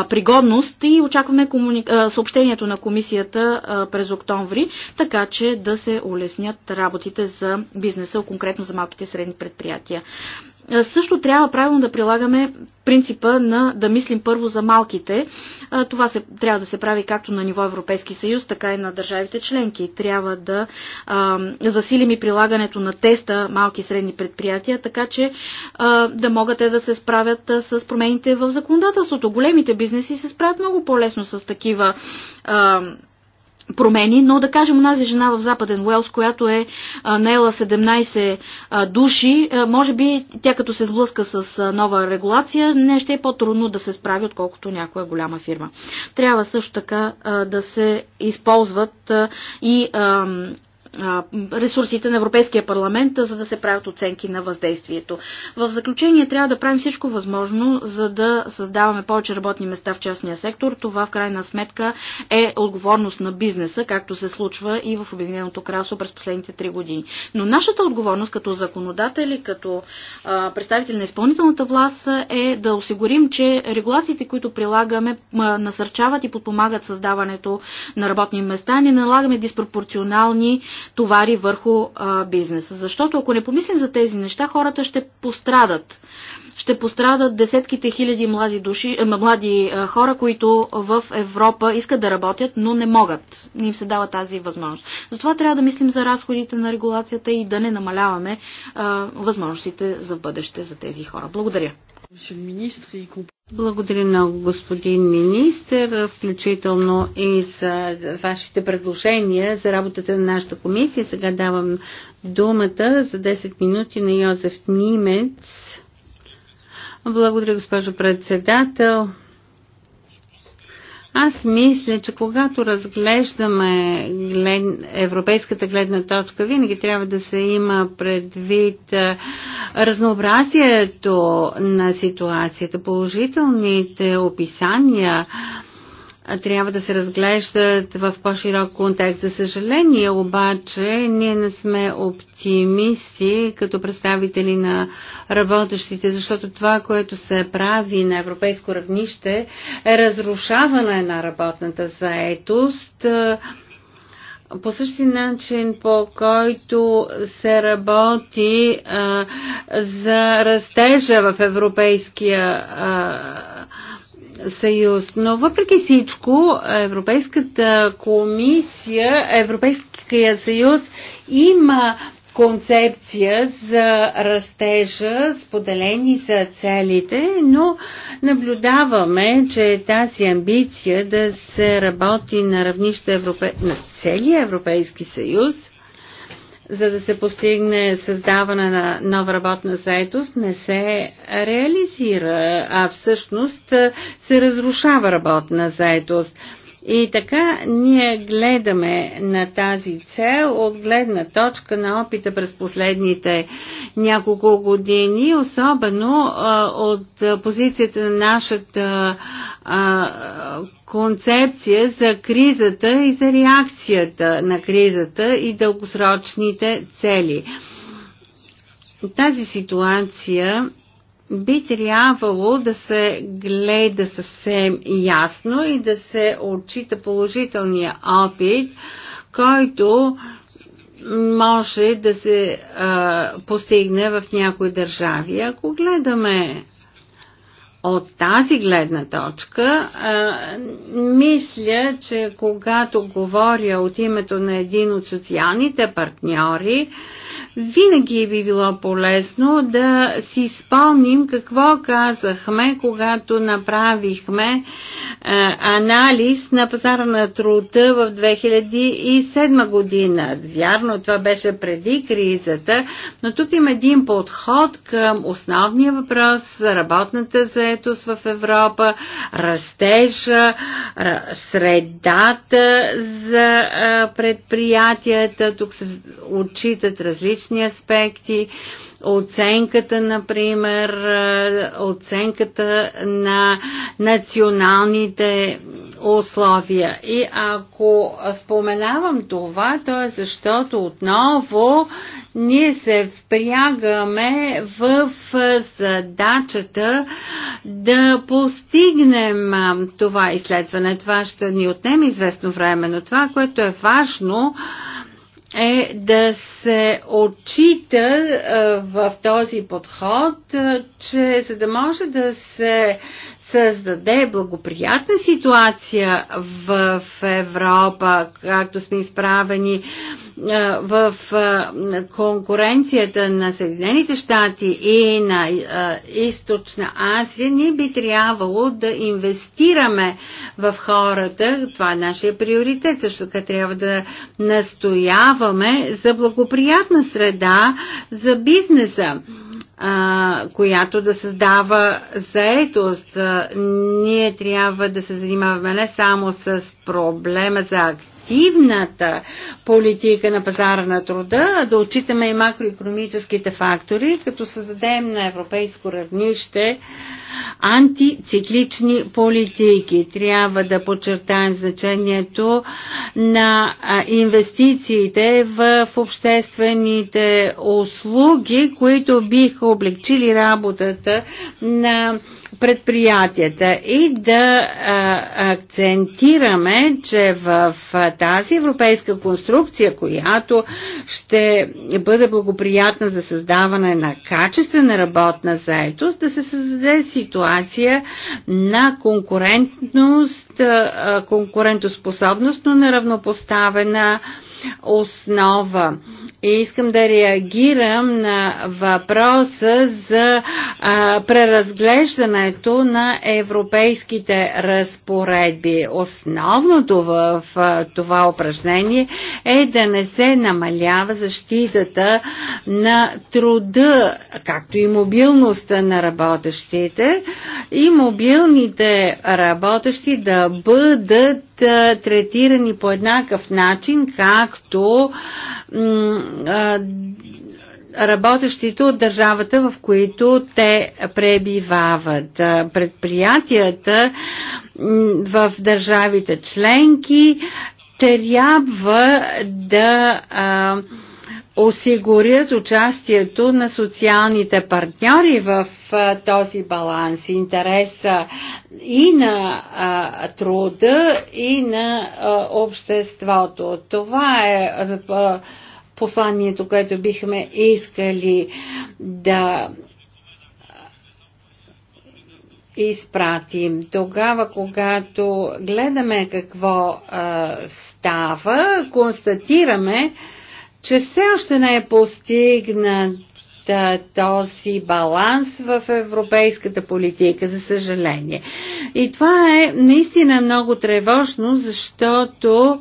пригодност и очакваме комуни... съобщението на комисията през октомври, така че да се улеснят работите за бизнеса, конкретно за малките и средни предприятия. Е, също трябва правилно да прилагаме принципа на да мислим първо за малките. Е, това се, трябва да се прави както на ниво Европейски съюз, така и на държавите членки. Трябва да а, засилим и прилагането на теста малки и средни предприятия, така че а, да могат те да се справят а, с промените в законодателството. Големите бизнеси се справят много по-лесно с такива а, промени, но да кажем унази жена в Западен Уелс, която е наела 17 души, може би тя като се сблъска с нова регулация, не ще е по-трудно да се справи, отколкото някоя голяма фирма. Трябва също така да се използват и ресурсите на Европейския парламент, за да се правят оценки на въздействието. В заключение трябва да правим всичко възможно, за да създаваме повече работни места в частния сектор. Това в крайна сметка е отговорност на бизнеса, както се случва и в Обединеното красо през последните три години. Но нашата отговорност като законодатели, като представители на изпълнителната власт е да осигурим, че регулациите, които прилагаме, насърчават и подпомагат създаването на работни места. Не налагаме диспропорционални товари върху а, бизнеса. Защото ако не помислим за тези неща, хората ще пострадат. Ще пострадат десетките хиляди млади, души, а, млади а, хора, които в Европа искат да работят, но не могат. Не им се дава тази възможност. Затова трябва да мислим за разходите на регулацията и да не намаляваме а, възможностите за бъдеще за тези хора. Благодаря. Благодаря много, господин министр, включително и за вашите предложения за работата на нашата комисия. Сега давам думата за 10 минути на Йозеф Нимец. Благодаря, госпожо председател. Аз мисля, че когато разглеждаме глед... европейската гледна точка, винаги трябва да се има предвид разнообразието на ситуацията, положителните описания трябва да се разглеждат в по-широк контекст. За съжаление обаче, ние не сме оптимисти като представители на работещите, защото това, което се прави на европейско равнище е разрушаване на работната заетост по същия начин, по който се работи а, за растежа в Европейския а, съюз. Но въпреки всичко, Европейската комисия, Европейския съюз има концепция за растежа, споделени за целите, но наблюдаваме, че тази амбиция да се работи на равнище Европе... на целия Европейски съюз за да се постигне създаване на нова работна заетост, не се реализира, а всъщност се разрушава работна заетост. И така ние гледаме на тази цел от гледна точка на опита през последните няколко години, особено а, от позицията на нашата а, концепция за кризата и за реакцията на кризата и дългосрочните цели. Тази ситуация би трябвало да се гледа съвсем ясно и да се отчита положителния опит, който може да се а, постигне в някои държави. Ако гледаме от тази гледна точка, а, мисля, че когато говоря от името на един от социалните партньори, а, винаги е би било полезно да си спомним какво казахме, когато направихме е, анализ на пазара на труда в 2007 година. Вярно, това беше преди кризата, но тук има един подход към основния въпрос за работната заетост в Европа, растежа, средата за е, предприятията. Тук се отчитат различни различни аспекти, оценката, например, е, оценката на националните условия. И ако споменавам това, то е защото отново ние се впрягаме в задачата да постигнем това изследване. Това ще ни отнеме известно време, но това, което е важно, е да се отчита в този подход, че за да може да се създаде благоприятна ситуация в Европа, както сме изправени в конкуренцията на Съединените щати и на Източна Азия, ние би трябвало да инвестираме в хората. Това е нашия приоритет. Защото така трябва да настояваме за благоприятна среда за бизнеса а, която да създава заетост. Ние трябва да се занимаваме не само с проблема за активната политика на пазара на труда, а да отчитаме и макроекономическите фактори, като създадем на европейско равнище антициклични политики. Трябва да подчертаем значението на инвестициите в обществените услуги, които биха облегчили работата на предприятията и да а, акцентираме, че в тази европейска конструкция, която ще бъде благоприятна за създаване на качествена работна заетост, да се създаде ситуация на конкурентност, конкурентоспособност, но на равнопоставена а, основа. И искам да реагирам на въпроса за а, преразглеждането на европейските разпоредби. Основното в а, това упражнение е да не се намалява защитата на труда, както и мобилността на работещите и мобилните работещи да бъдат третирани по еднакъв начин, както работещите от държавата, в които те пребивават. Предприятията в държавите членки трябва да а, осигурят участието на социалните партньори в този баланс, интереса и на а, труда, и на а, обществото. Това е а, посланието, което бихме искали да изпратим. Тогава, когато гледаме какво а, става, констатираме, а, че все още не е постигнат този баланс в европейската политика, за съжаление. И това е наистина много тревожно, защото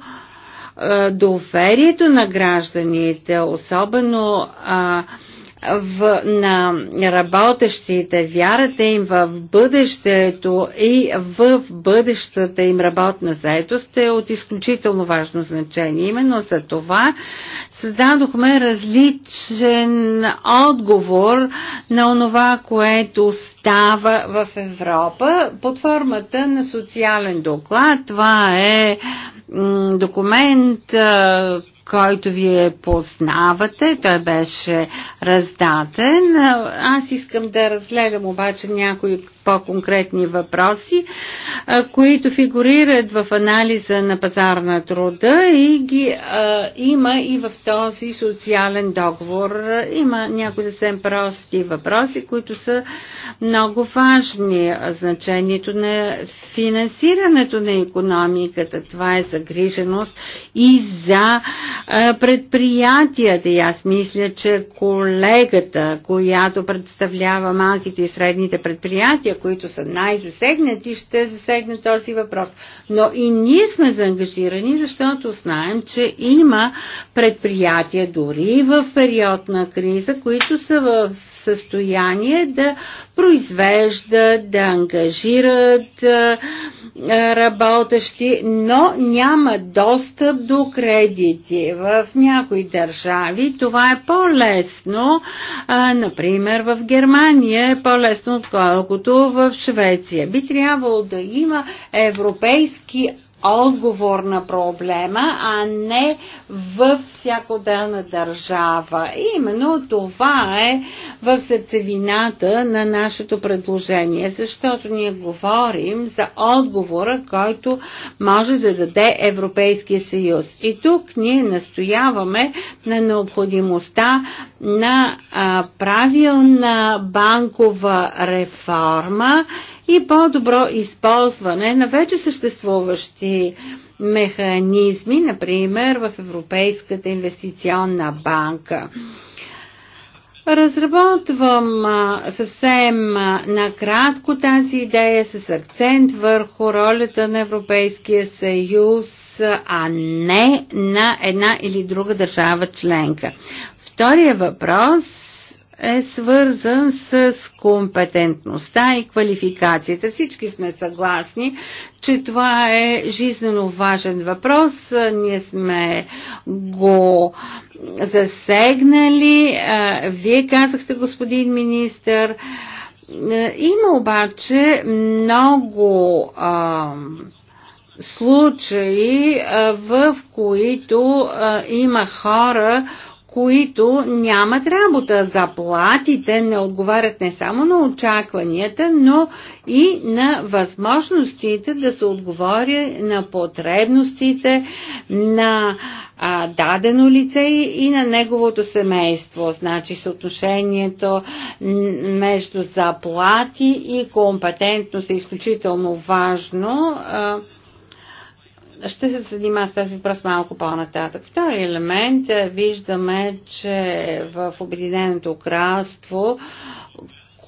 доверието на гражданите, особено а, в, на работещите, вярата им в бъдещето и в бъдещата им работна заедост е от изключително важно значение. Именно за това създадохме различен отговор на онова, което става в Европа под формата на социален доклад. Това е документ, който вие познавате. Той беше раздаден. Аз искам да разгледам обаче някои по-конкретни въпроси, които фигурират в анализа на пазар на труда и ги а, има и в този социален договор. Има някои съвсем прости въпроси, които са много важни. Значението на финансирането на економиката, това е загриженост и за а, предприятията. И аз мисля, че колегата, която представлява малките и средните предприятия, които са най-засегнати, ще засегнат този въпрос. Но и ние сме заангажирани, защото знаем, че има предприятия дори в период на криза, които са в състояние да произвеждат, да ангажират работещи, но няма достъп до кредити. В някои държави това е по-лесно, например в Германия е по-лесно, отколкото в Швеция. Би трябвало да има европейски отговор на проблема, а не във всяка държава. И именно това е в сърцевината на нашето предложение, защото ние говорим за отговора, който може да даде Европейския съюз. И тук ние настояваме на необходимостта на правилна банкова реформа и по-добро използване на вече съществуващи механизми, например в Европейската инвестиционна банка. Разработвам съвсем накратко тази идея с акцент върху ролята на Европейския съюз, а не на една или друга държава членка. Втория въпрос е свързан с компетентността и квалификацията. Всички сме съгласни, че това е жизненно важен въпрос. Ние сме го засегнали. Вие казахте, господин министър, има обаче много а, случаи, а, в които а, има хора, които нямат работа. Заплатите не отговарят не само на очакванията, но и на възможностите да се отговори на потребностите на а, дадено лице и на неговото семейство. Значи съотношението между заплати и компетентност е изключително важно. А, ще се занимава с този въпрос малко по-нататък. Втори елемент, е, виждаме, че в Обединеното кралство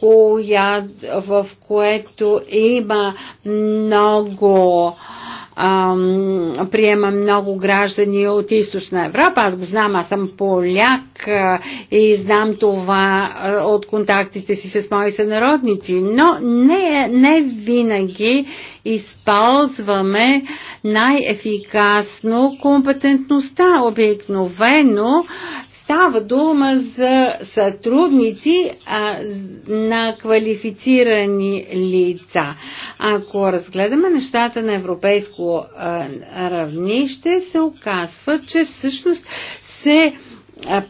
коя, в което има много ам, приема много граждани от източна Европа. Аз го знам, аз съм поляк а, и знам това а, от контактите си с мои сънародници, но не, не винаги използваме най-ефикасно компетентността. Обикновено Става дума за сътрудници а, на квалифицирани лица. Ако разгледаме нещата на европейско а, равнище, се оказва, че всъщност се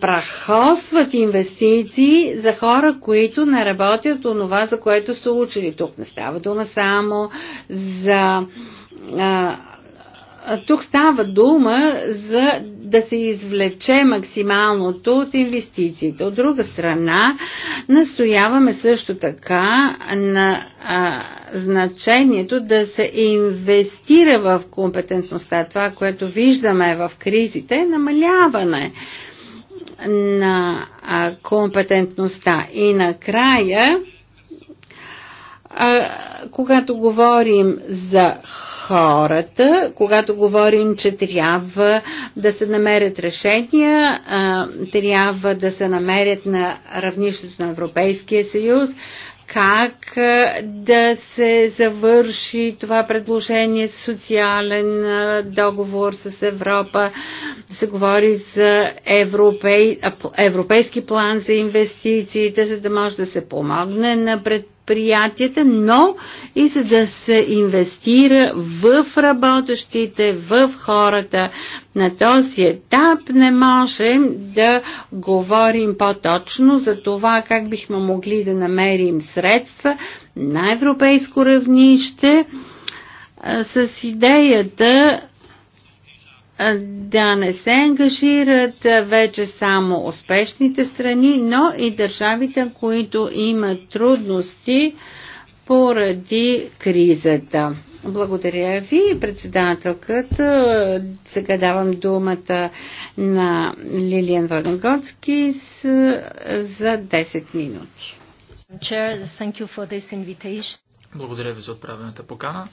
прахосват инвестиции за хора, които не работят онова, за което са учили. Тук не става дума само за тук става дума за да се извлече максималното от инвестициите. От друга страна, настояваме също така на а, значението да се инвестира в компетентността. Това, което виждаме в кризите, е намаляване на а, компетентността. И накрая, а, когато говорим за хората, когато говорим, че трябва да се намерят решения, трябва да се намерят на равнището на Европейския съюз, как да се завърши това предложение с социален договор с Европа, да се говори за европей, европейски план за инвестициите, за да може да се помогне на предприятията предприятията, но и за да се инвестира в работещите, в хората. На този етап не можем да говорим по-точно за това как бихме могли да намерим средства на европейско равнище с идеята да не се ангажират вече само успешните страни, но и държавите, които имат трудности поради кризата. Благодаря ви, председателката. Сега давам думата на Лилиан Воденгоцки за 10 минути. Благодаря ви за отправената покана.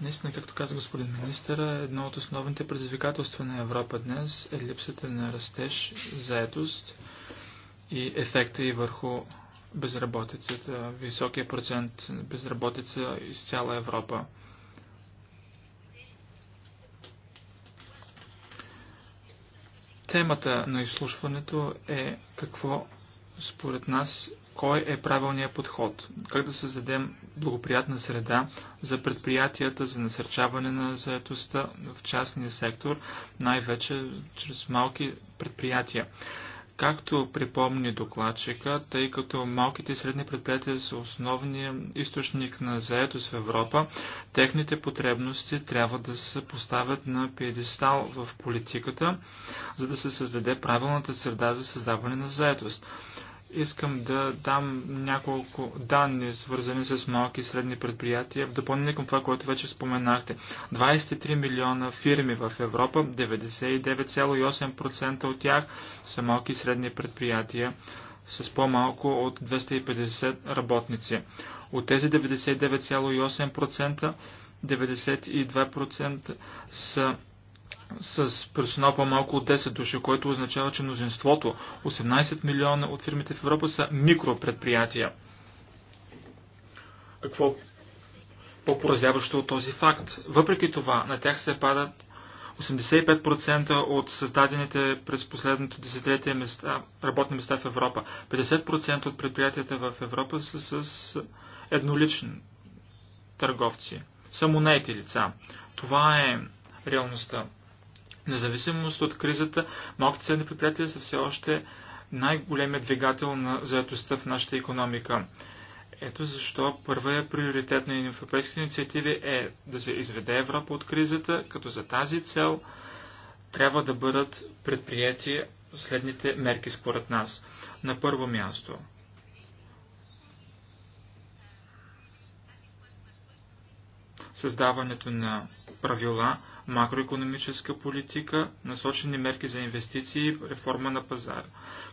Наистина, както каза господин министър, едно от основните предизвикателства на Европа днес е липсата на растеж, заетост и ефекта и върху безработицата, високия процент безработица из цяла Европа. Темата на изслушването е какво според нас кой е правилният подход, как да създадем благоприятна среда за предприятията за насърчаване на заетостта в частния сектор, най-вече чрез малки предприятия. Както припомни докладчика, тъй като малките и средни предприятия са основният източник на заетост в Европа, техните потребности трябва да се поставят на пиедестал в политиката, за да се създаде правилната среда за създаване на заетост. Искам да дам няколко данни, свързани с малки и средни предприятия, в допълнение към това, което вече споменахте. 23 милиона фирми в Европа, 99,8% от тях са малки и средни предприятия с по-малко от 250 работници. От тези 99,8%, 92% са с персонал по-малко от 10 души, което означава, че мнозинството 18 милиона от фирмите в Европа са микропредприятия. Какво по-поразяващо от този факт? Въпреки това, на тях се падат 85% от създадените през последното десетилетие места, работни места в Европа. 50% от предприятията в Европа са с еднолични търговци, самонаети лица. Това е реалността. Независимост от кризата, малките средни предприятия са все още най-големият двигател на заедостта в нашата економика. Ето защо първия приоритет на европейските инициативи е да се изведе Европа от кризата, като за тази цел трябва да бъдат предприяти следните мерки според нас. На първо място създаването на правила, макроекономическа политика, насочени мерки за инвестиции и реформа на пазара.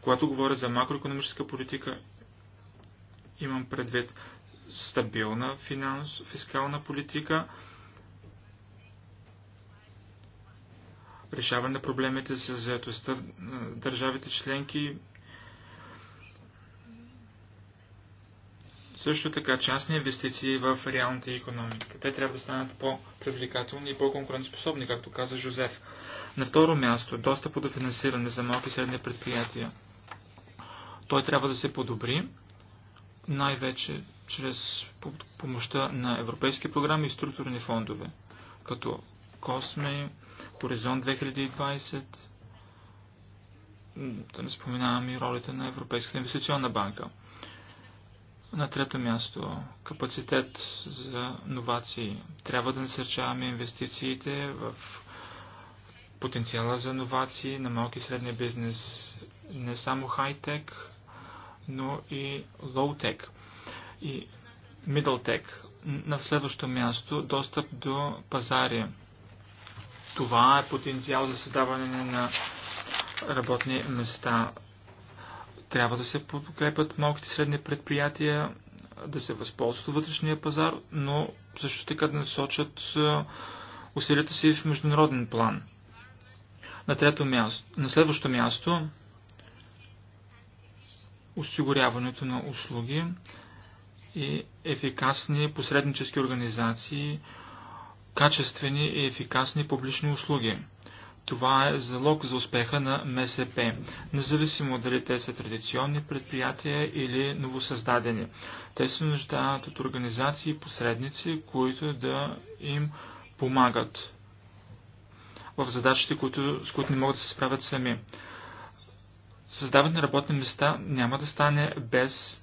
Когато говоря за макроекономическа политика, имам предвид стабилна финанс, фискална политика, решаване на проблемите с заедостта в държавите членки, Също така частни инвестиции в реалната економика. Те трябва да станат по-привлекателни и по-конкурентоспособни, както каза Жозеф. На второ място, доста до финансиране за малки и средни предприятия. Той трябва да се подобри, най-вече чрез помощта на европейски програми и структурни фондове, като Косме, Хоризонт 2020, да не споменавам и ролята на Европейската инвестиционна банка. На трето място, капацитет за новации. Трябва да насърчаваме инвестициите в потенциала за новации на малки и средния бизнес. Не само хай-тек, но и лоу-тек и middle тек На следващо място, достъп до пазари. Това е потенциал за създаване на работни места. Трябва да се подкрепят малките и средни предприятия, да се възползват от вътрешния пазар, но също така да насочат усилията си в международен план. На, трето място, на следващо място осигуряването на услуги и ефикасни посреднически организации, качествени и ефикасни публични услуги – това е залог за успеха на МСП, независимо дали те са традиционни предприятия или новосъздадени. Те се нуждаят от организации и посредници, които да им помагат в задачите, които, с които не могат да се справят сами. Създаването на работни места няма да стане без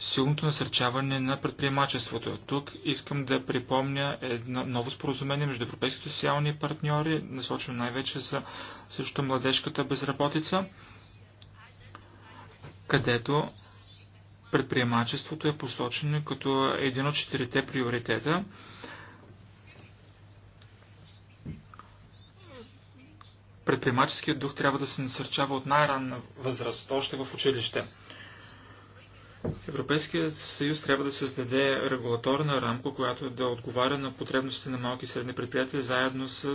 силното насърчаване на предприемачеството. Тук искам да припомня едно ново споразумение между европейските социални партньори, насочено най-вече за също младежката безработица, където предприемачеството е посочено като един от четирите приоритета. Предприемаческият дух трябва да се насърчава от най-ранна възраст, още в училище. Европейският съюз трябва да създаде регулаторна рамка, която да отговаря на потребностите на малки и средни предприятия, заедно с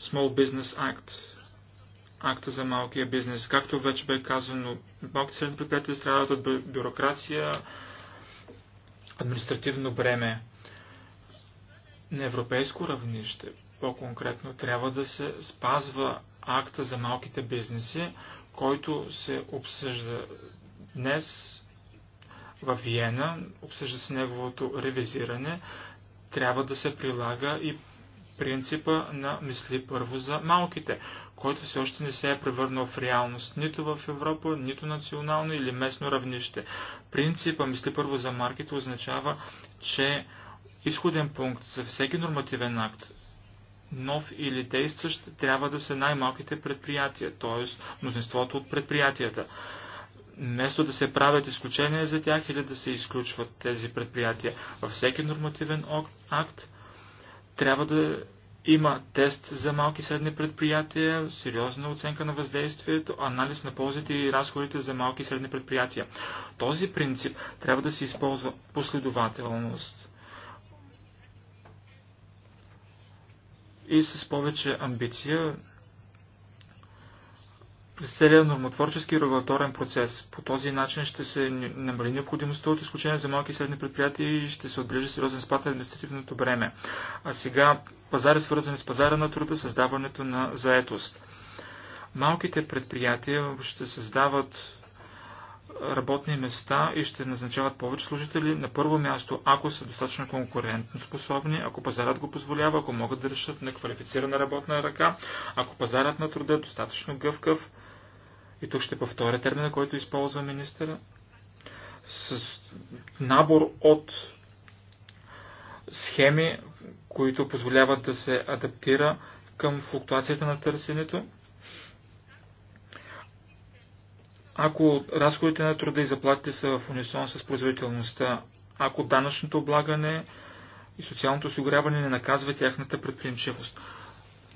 Small Business Act, акта за малкия бизнес. Както вече бе казано, малки и средни предприятия страдат от бюрокрация, административно бреме. На европейско равнище, по-конкретно, трябва да се спазва акта за малките бизнеси, който се обсъжда Днес в Виена обсъжда се неговото ревизиране. Трябва да се прилага и принципа на мисли първо за малките, който все още не се е превърнал в реалност нито в Европа, нито национално или местно равнище. Принципа мисли първо за марките означава, че изходен пункт за всеки нормативен акт, нов или действащ, трябва да са най-малките предприятия, т.е. мнозинството от предприятията вместо да се правят изключения за тях или да се изключват тези предприятия. Във всеки нормативен акт трябва да има тест за малки и средни предприятия, сериозна оценка на въздействието, анализ на ползите и разходите за малки и средни предприятия. Този принцип трябва да се използва последователност и с повече амбиция за целият нормотворчески и регулаторен процес. По този начин ще се намали необходимостта от изключение за малки и средни предприятия и ще се отбележи сериозен спад на административното бреме. А сега пазари свързани с пазара на труда, създаването на заетост. Малките предприятия ще създават работни места и ще назначават повече служители на първо място, ако са достатъчно конкурентно способни, ако пазарът го позволява, ако могат да решат на квалифицирана работна ръка, ако пазарът на труда е достатъчно гъвкав, и тук ще повторя термина, който използва министъра, с набор от схеми, които позволяват да се адаптира към флуктуацията на търсенето. Ако разходите на труда и заплатите са в унисон с производителността, ако данъчното облагане и социалното осигуряване не наказва тяхната предприемчивост.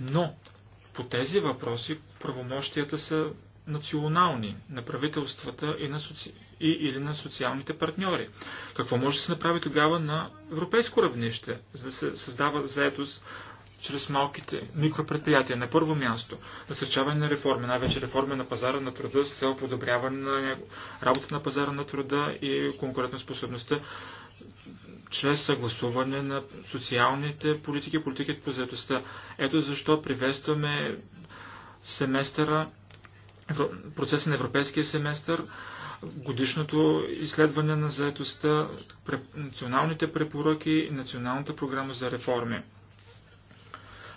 Но по тези въпроси правомощията са национални, на правителствата и, на соци... и или на социалните партньори. Какво може да се направи тогава на европейско равнище, за да се създава заетост чрез малките микропредприятия? На първо място, насърчаване на реформи, най-вече реформи на пазара на труда с цел подобряване на работа на пазара на труда и конкурентоспособността чрез съгласуване на социалните политики, политиките по заедостта. Ето защо приветстваме семестъра процеса на европейския семестър, годишното изследване на заедостта, националните препоръки и националната програма за реформи.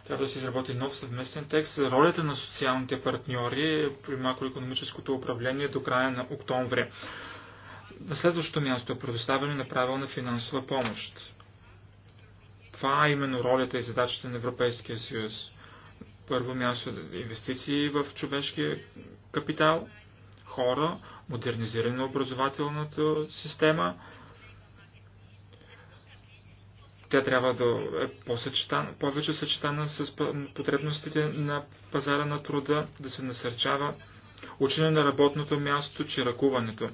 Трябва да се изработи нов съвместен текст за ролята на социалните партньори е при макроекономическото управление до края на октомври. На следващото място е предоставяне на правилна финансова помощ. Това е именно ролята и задачата на Европейския съюз първо място инвестиции в човешкия капитал, хора, модернизиране на образователната система. Тя трябва да е по повече съчетана с потребностите на пазара на труда, да се насърчава учене на работното място, чиракуването,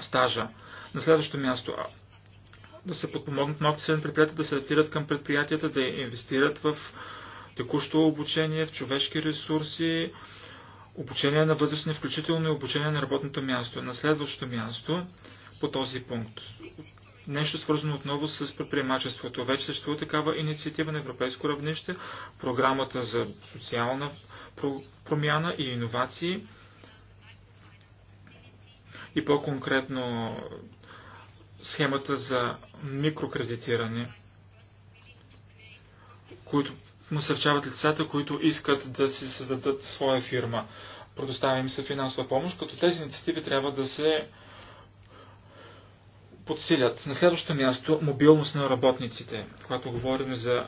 стажа. На следващо място да се подпомогнат малките средни предприятия да се адаптират към предприятията, да инвестират в текущо обучение в човешки ресурси, обучение на възрастни, включително и обучение на работното място. На следващото място по този пункт. Нещо свързано отново с предприемачеството. Вече съществува такава инициатива на европейско равнище, програмата за социална промяна и иновации и по-конкретно схемата за микрокредитиране, които насърчават лицата, които искат да си създадат своя фирма. Предоставя им се финансова помощ, като тези инициативи трябва да се подсилят. На следващото място мобилност на работниците. Когато говорим за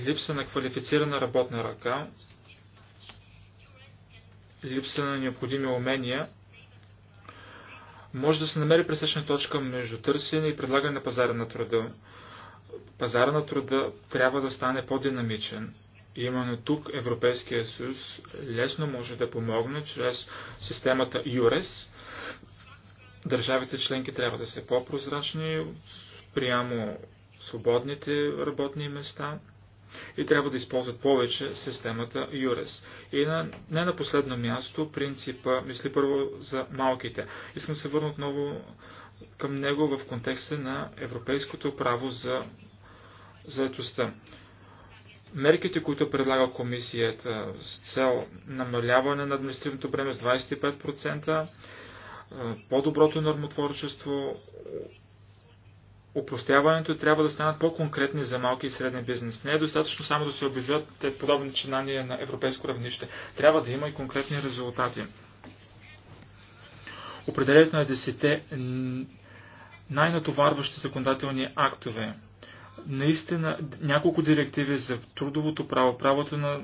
липса на квалифицирана работна ръка, липса на необходими умения, може да се намери пресечна точка между търсене и предлагане на пазара на труда пазара на труда трябва да стане по-динамичен. И именно тук Европейския съюз лесно може да помогне чрез системата ЮРЕС. Държавите членки трябва да са по-прозрачни прямо свободните работни места и трябва да използват повече системата ЮРЕС. И на, не на последно място принципа, мисли първо за малките. Искам да се върна отново към него в контекста на европейското право за заедостта. Мерките, които предлага комисията с цел намаляване на административното бреме с 25%, по-доброто нормотворчество, упростяването трябва да станат по-конкретни за малки и средни бизнес. Не е достатъчно само да се обижат подобни начинания на европейско равнище. Трябва да има и конкретни резултати определението на десете най-натоварващи законодателни актове. Наистина, няколко директиви за трудовото право, правото на,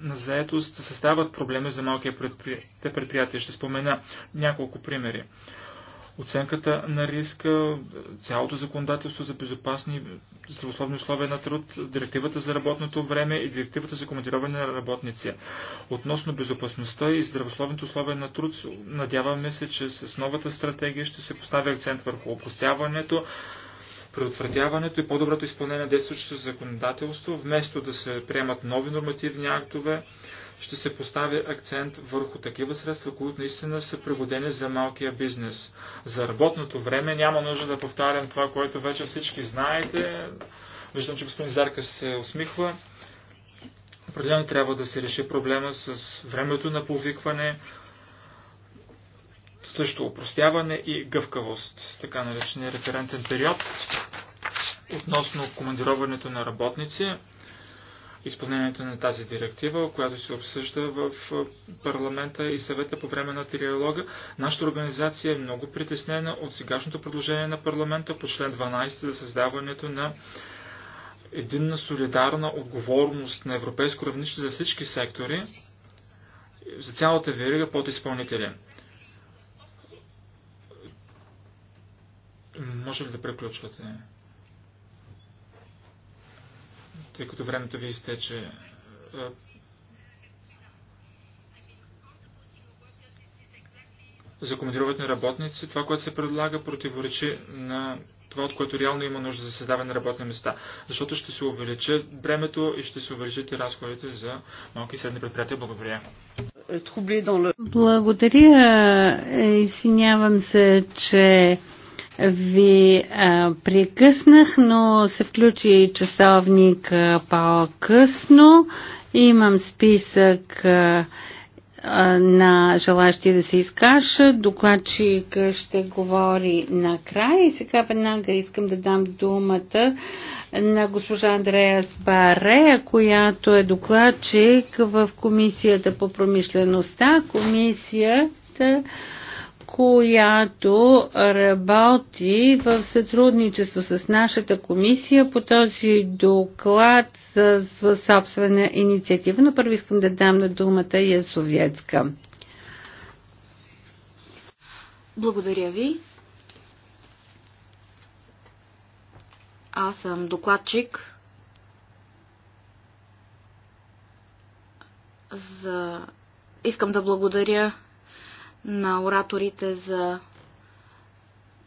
на заетост съставят проблеми за малкия предприятие. Ще спомена няколко примери оценката на риска, цялото законодателство за безопасни здравословни условия на труд, директивата за работното време и директивата за командироване на работници. Относно безопасността и здравословните условия на труд, надяваме се, че с новата стратегия ще се постави акцент върху опростяването, предотвратяването и по-доброто изпълнение на действащото законодателство, вместо да се приемат нови нормативни актове, ще се постави акцент върху такива средства, които наистина са пригодени за малкия бизнес. За работното време няма нужда да повтарям това, което вече всички знаете. Виждам, че господин Зарка се усмихва. Определено трябва да се реши проблема с времето на повикване, също упростяване и гъвкавост, така наречения референтен период. Относно командироването на работници, изпълнението на тази директива, която се обсъжда в парламента и съвета по време на триалога. Нашата организация е много притеснена от сегашното предложение на парламента по член 12 за създаването на единна солидарна отговорност на европейско равнище за всички сектори, за цялата верига под изпълнители. Може ли да преключвате? тъй като времето ви изтече. Е, за командировът на работници, това, което се предлага, противоречи на това, от което реално има нужда за създаване на работни места. Защото ще се увеличи бремето и ще се увеличат и разходите за малки и средни предприятия. Благодаря. Е, е Благодаря. Извинявам се, че ви а, прекъснах, но се включи часовник по-късно. Имам списък а, а, на желащи да се изкажат. Докладчик ще говори накрая и сега веднага искам да дам думата на госпожа Андреас Барея, която е докладчик в Комисията по промишлеността. Комисията която работи в сътрудничество с нашата комисия по този доклад с, собствена инициатива. Но първо искам да дам на думата и Ясовецка. Благодаря ви. Аз съм докладчик за... Искам да благодаря на ораторите за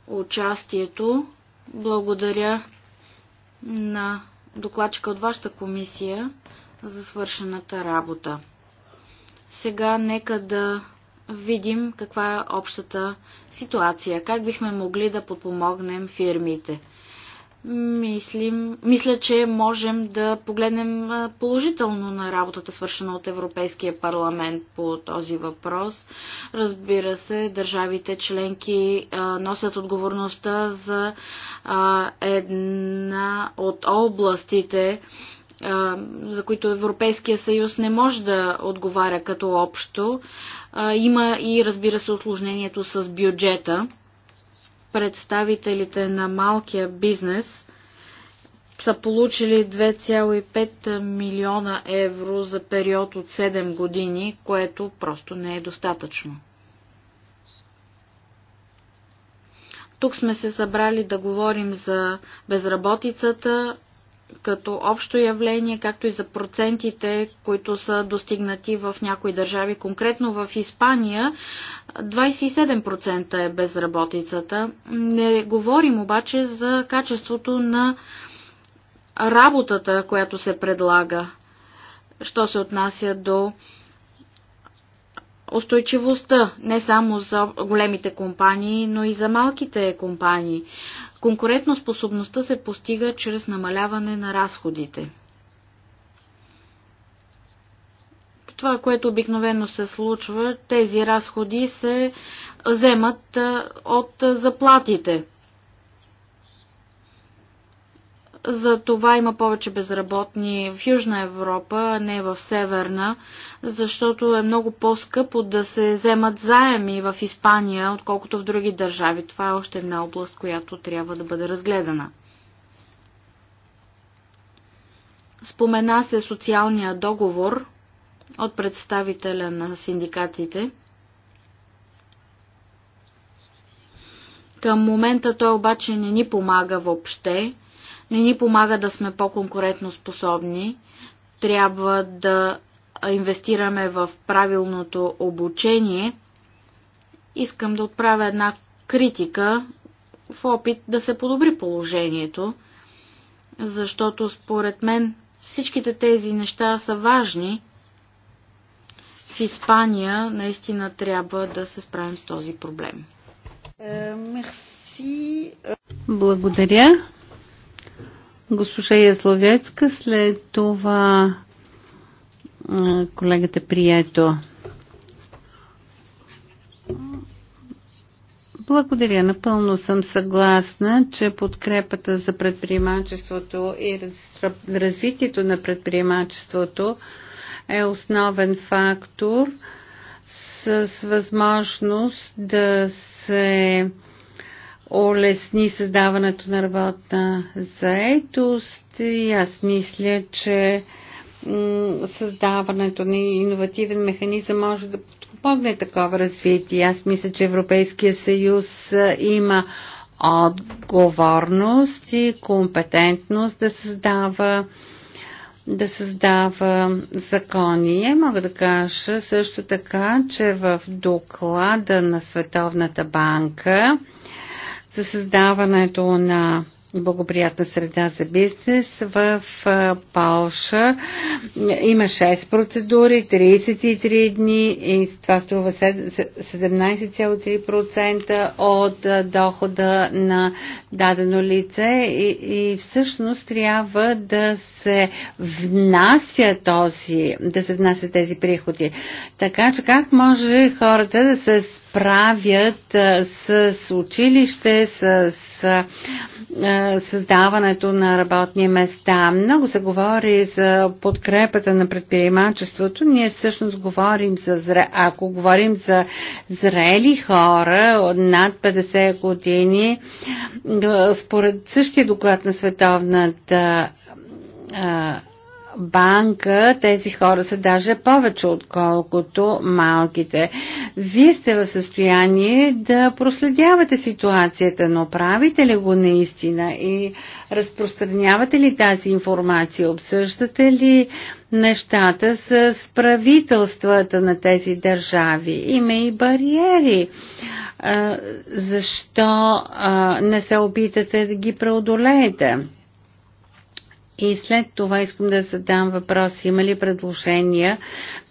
участието. Благодаря на докладчика от вашата комисия за свършената работа. Сега нека да видим каква е общата ситуация, как бихме могли да подпомогнем фирмите мислим, мисля, че можем да погледнем положително на работата, свършена от Европейския парламент по този въпрос. Разбира се, държавите членки носят отговорността за една от областите, за които Европейския съюз не може да отговаря като общо. Има и, разбира се, осложнението с бюджета представителите на малкия бизнес са получили 2,5 милиона евро за период от 7 години, което просто не е достатъчно. Тук сме се събрали да говорим за безработицата като общо явление, както и за процентите, които са достигнати в някои държави. Конкретно в Испания 27% е безработицата. Не говорим обаче за качеството на работата, която се предлага, що се отнася до устойчивостта не само за големите компании, но и за малките компании. Конкурентноспособността се постига чрез намаляване на разходите. Това, което обикновено се случва, тези разходи се вземат от заплатите. За това има повече безработни в Южна Европа, а не в Северна, защото е много по-скъпо да се вземат заеми в Испания, отколкото в други държави. Това е още една област, която трябва да бъде разгледана. Спомена се социалния договор от представителя на синдикатите. Към момента той обаче не ни помага въобще не ни помага да сме по-конкурентно способни. Трябва да инвестираме в правилното обучение. Искам да отправя една критика в опит да се подобри положението, защото според мен всичките тези неща са важни. В Испания наистина трябва да се справим с този проблем. Е, Благодаря госпожа Ясловецка, след това колегата Прието. Благодаря. Напълно съм съгласна, че подкрепата за предприемачеството и развитието на предприемачеството е основен фактор с възможност да се улесни създаването на работна заетост и аз мисля, че създаването на иновативен механизъм може да подпомогне такова развитие. Аз мисля, че Европейския съюз има отговорност и компетентност да създава да създава закони. Я мога да кажа също така, че в доклада на Световната банка за създаването на благоприятна среда за бизнес. В Полша има 6 процедури, 33 дни и това струва 17,3% от дохода на дадено лице и, и всъщност трябва да се внася този, да се внася тези приходи. Така че как може хората да се правят с училище, с създаването на работни места. Много се говори за подкрепата на предприемачеството. Ние всъщност говорим за, зре... ако говорим за зрели хора от над 50 години, според същия доклад на Световната банка тези хора са даже повече, отколкото малките. Вие сте в състояние да проследявате ситуацията, но правите ли го наистина и разпространявате ли тази информация, обсъждате ли нещата с правителствата на тези държави? Има и бариери. Защо не се опитате да ги преодолеете? И след това искам да задам въпрос, има ли предложения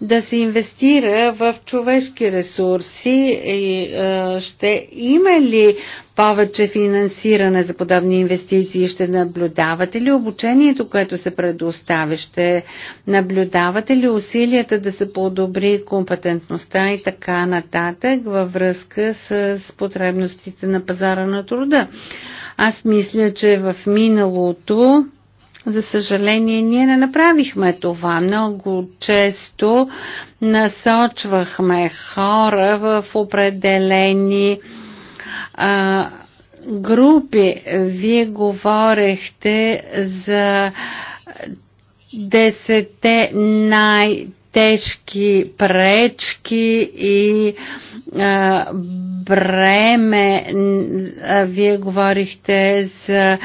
да се инвестира в човешки ресурси и е, ще има ли повече финансиране за подобни инвестиции? Ще наблюдавате ли обучението, което се предоставя? Ще наблюдавате ли усилията да се подобри компетентността и така нататък във връзка с потребностите на пазара на труда? Аз мисля, че в миналото за съжаление, ние не направихме това. Много често насочвахме хора в определени а, групи. Вие говорехте за десете най-тежки пречки и бреме. Вие говорихте за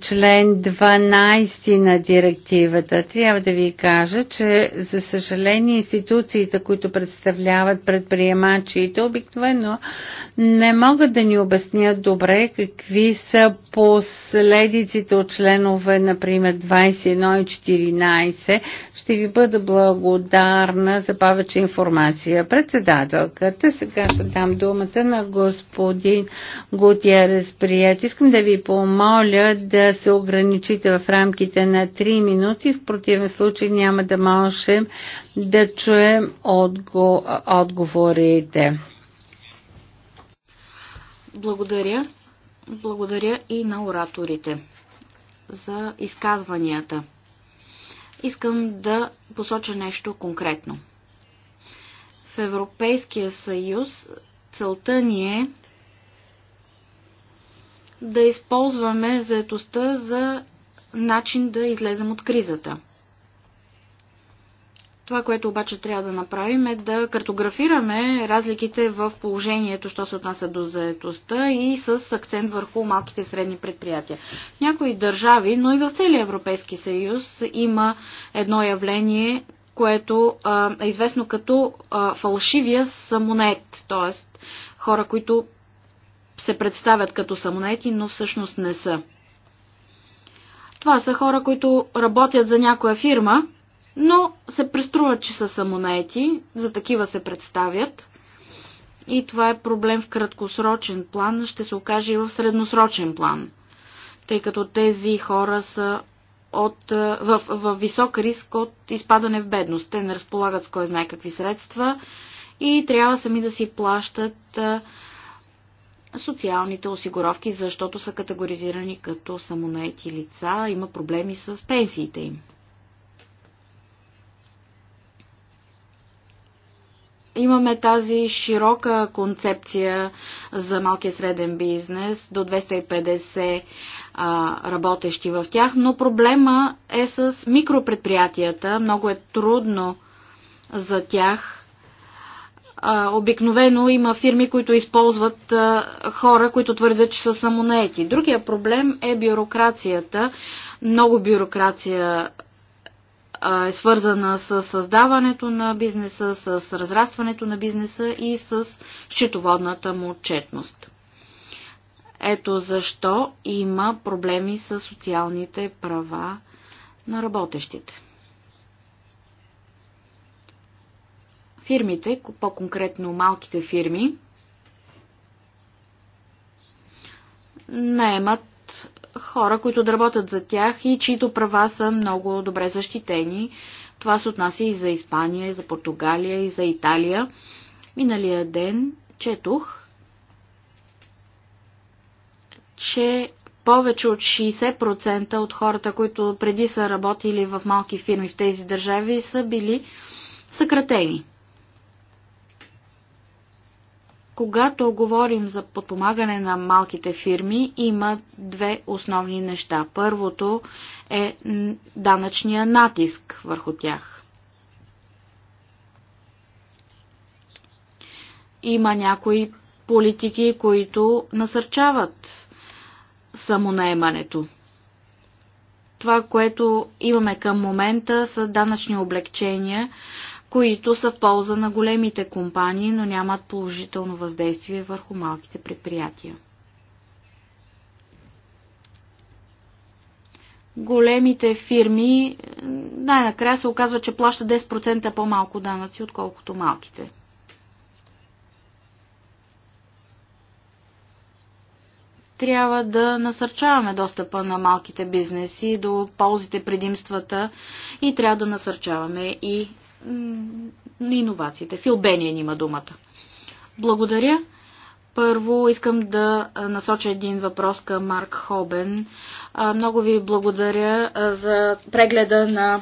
член 12 на директивата. Трябва да ви кажа, че за съжаление институциите, които представляват предприемачите, обикновено не могат да ни обяснят добре какви са последиците от членове, например 21 и 14. Ще ви бъда благодарна за повече информация. Председателката комисията. Сега ще дам думата на господин Гутиерес Прият. Искам да ви помоля да се ограничите в рамките на 3 минути. В противен случай няма да можем да чуем отго... отговорите. Благодаря. Благодаря и на ораторите за изказванията. Искам да посоча нещо конкретно в Европейския съюз целта ни е да използваме заетостта за начин да излезем от кризата. Това, което обаче трябва да направим е да картографираме разликите в положението, що се отнася до заетостта и с акцент върху малките и средни предприятия. Някои държави, но и в целия Европейски съюз има едно явление, което а, е известно като а, фалшивия самонет, т.е. хора, които се представят като самонети, но всъщност не са. Това са хора, които работят за някоя фирма, но се преструват, че са самонети, за такива се представят. И това е проблем в краткосрочен план, ще се окаже и в средносрочен план, тъй като тези хора са от, е, в, в висок риск от изпадане в бедност. Те не разполагат с кой знае какви средства и трябва сами да си плащат е, социалните осигуровки, защото са категоризирани като самонаети лица, има проблеми с пенсиите им. имаме тази широка концепция за малкия среден бизнес до 250 а, работещи в тях, но проблема е с микропредприятията. Много е трудно за тях. А, обикновено има фирми, които използват а, хора, които твърдят, че са самонаети. Другия проблем е бюрокрацията. Много бюрокрация е свързана с създаването на бизнеса, с разрастването на бизнеса и с счетоводната му отчетност. Ето защо има проблеми с социалните права на работещите. Фирмите, по-конкретно малките фирми, наемат хора, които да работят за тях и чието права са много добре защитени. Това се отнася и за Испания, и за Португалия, и за Италия. Миналия ден четох, че повече от 60% от хората, които преди са работили в малки фирми в тези държави, са били съкратени. Когато говорим за подпомагане на малките фирми, има две основни неща. Първото е данъчния натиск върху тях. Има някои политики, които насърчават самонаемането. Това, което имаме към момента са данъчни облегчения, които са в полза на големите компании, но нямат положително въздействие върху малките предприятия. Големите фирми най-накрая се оказва, че плащат 10% по-малко данъци, отколкото малките. трябва да насърчаваме достъпа на малките бизнеси до ползите, предимствата и трябва да насърчаваме и иновациите. Филбения има думата. Благодаря. Първо искам да насоча един въпрос към Марк Хобен. Много ви благодаря за прегледа на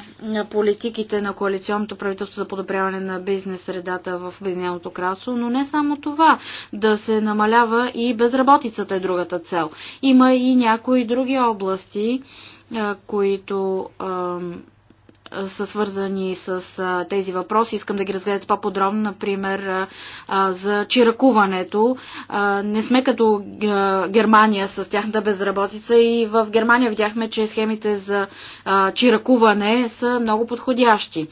политиките на коалиционното правителство за подобряване на бизнес средата в Обединеното кралство, но не само това. Да се намалява и безработицата е другата цел. Има и някои други области, които са свързани с тези въпроси. Искам да ги разгледате по-подробно, например за чиракуването. Не сме като Германия с тяхната безработица и в Германия видяхме, че схемите за чиракуване са много подходящи.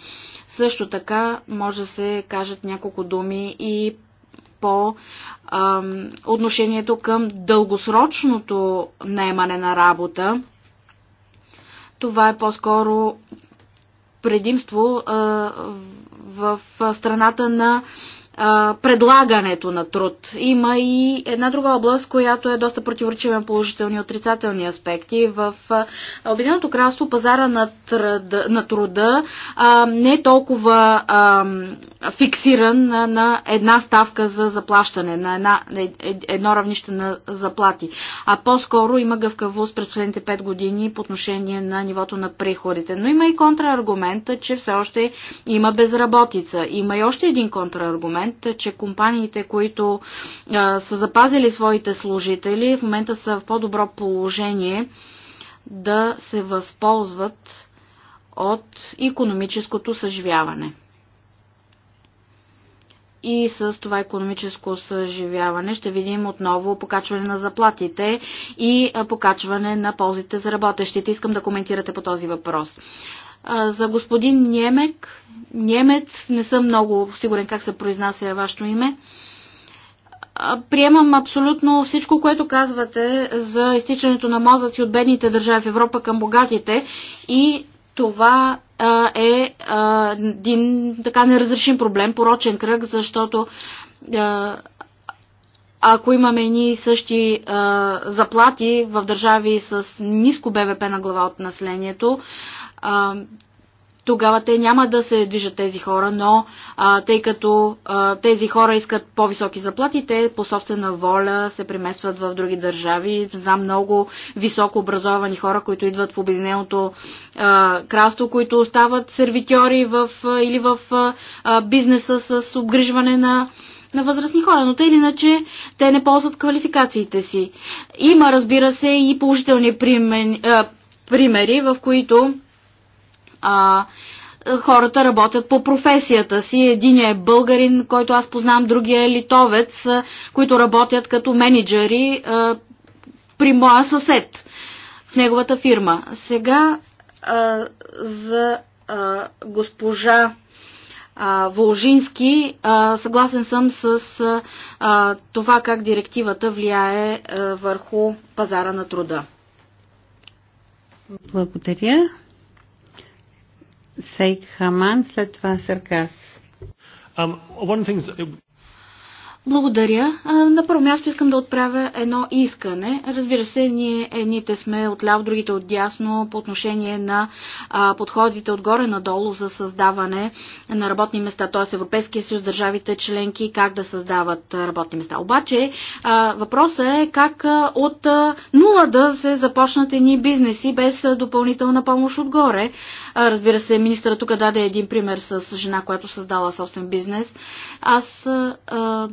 Също така може да се кажат няколко думи и по ам, отношението към дългосрочното наемане на работа. Това е по-скоро предимство в страната на а, предлагането на труд. Има и една друга област, която е доста противоречива на положителни и отрицателни аспекти. В Обединеното кралство пазара на, тръд, на труда а, не е толкова а, фиксиран на, на една ставка за заплащане, на една, едно равнище на заплати, а по-скоро има гъвкавост през последните 5 години по отношение на нивото на приходите. Но има и контраргумента, че все още има безработица. Има и още един контраргумент момент, че компаниите, които а, са запазили своите служители, в момента са в по-добро положение да се възползват от економическото съживяване. И с това економическо съживяване ще видим отново покачване на заплатите и покачване на ползите за работещите. Искам да коментирате по този въпрос. А, за господин Немек, Немец, не съм много сигурен как се произнася вашето име. приемам абсолютно всичко, което казвате за изтичането на мозъци от бедните държави в Европа към богатите и това а, е а, един така неразрешим проблем, порочен кръг, защото а, ако имаме ние същи а, заплати в държави с ниско БВП на глава от населението, а, тогава те няма да се движат тези хора, но а, тъй като а, тези хора искат по-високи заплати, те по собствена воля се преместват в други държави. Знам много високо образовани хора, които идват в Обединеното а, кралство, които остават сервитьори в, а, или в а, бизнеса с обгрижване на на възрастни хора, но те или иначе те не ползват квалификациите си. Има, разбира се, и положителни примери, в които а, е, хората работят по професията си. Един е българин, който аз познавам, другия е литовец, е, които работят като менеджери а, е, при моя съсед в неговата фирма. Сега а, за а, госпожа а, Волжински, а, съгласен съм с а, това как директивата влияе а, върху пазара на труда. Благодаря. Сейк Хаман, след това Саркас. Um, one благодаря. На първо място искам да отправя едно искане. Разбира се, ние е, едните сме от ляво, другите от дясно по отношение на подходите отгоре надолу за създаване на работни места, т.е. Европейския съюз, държавите членки, как да създават работни места. Обаче въпросът е как от нула да се започнат едни бизнеси без допълнителна помощ отгоре. разбира се, министра тук даде един пример с жена, която създала собствен бизнес. Аз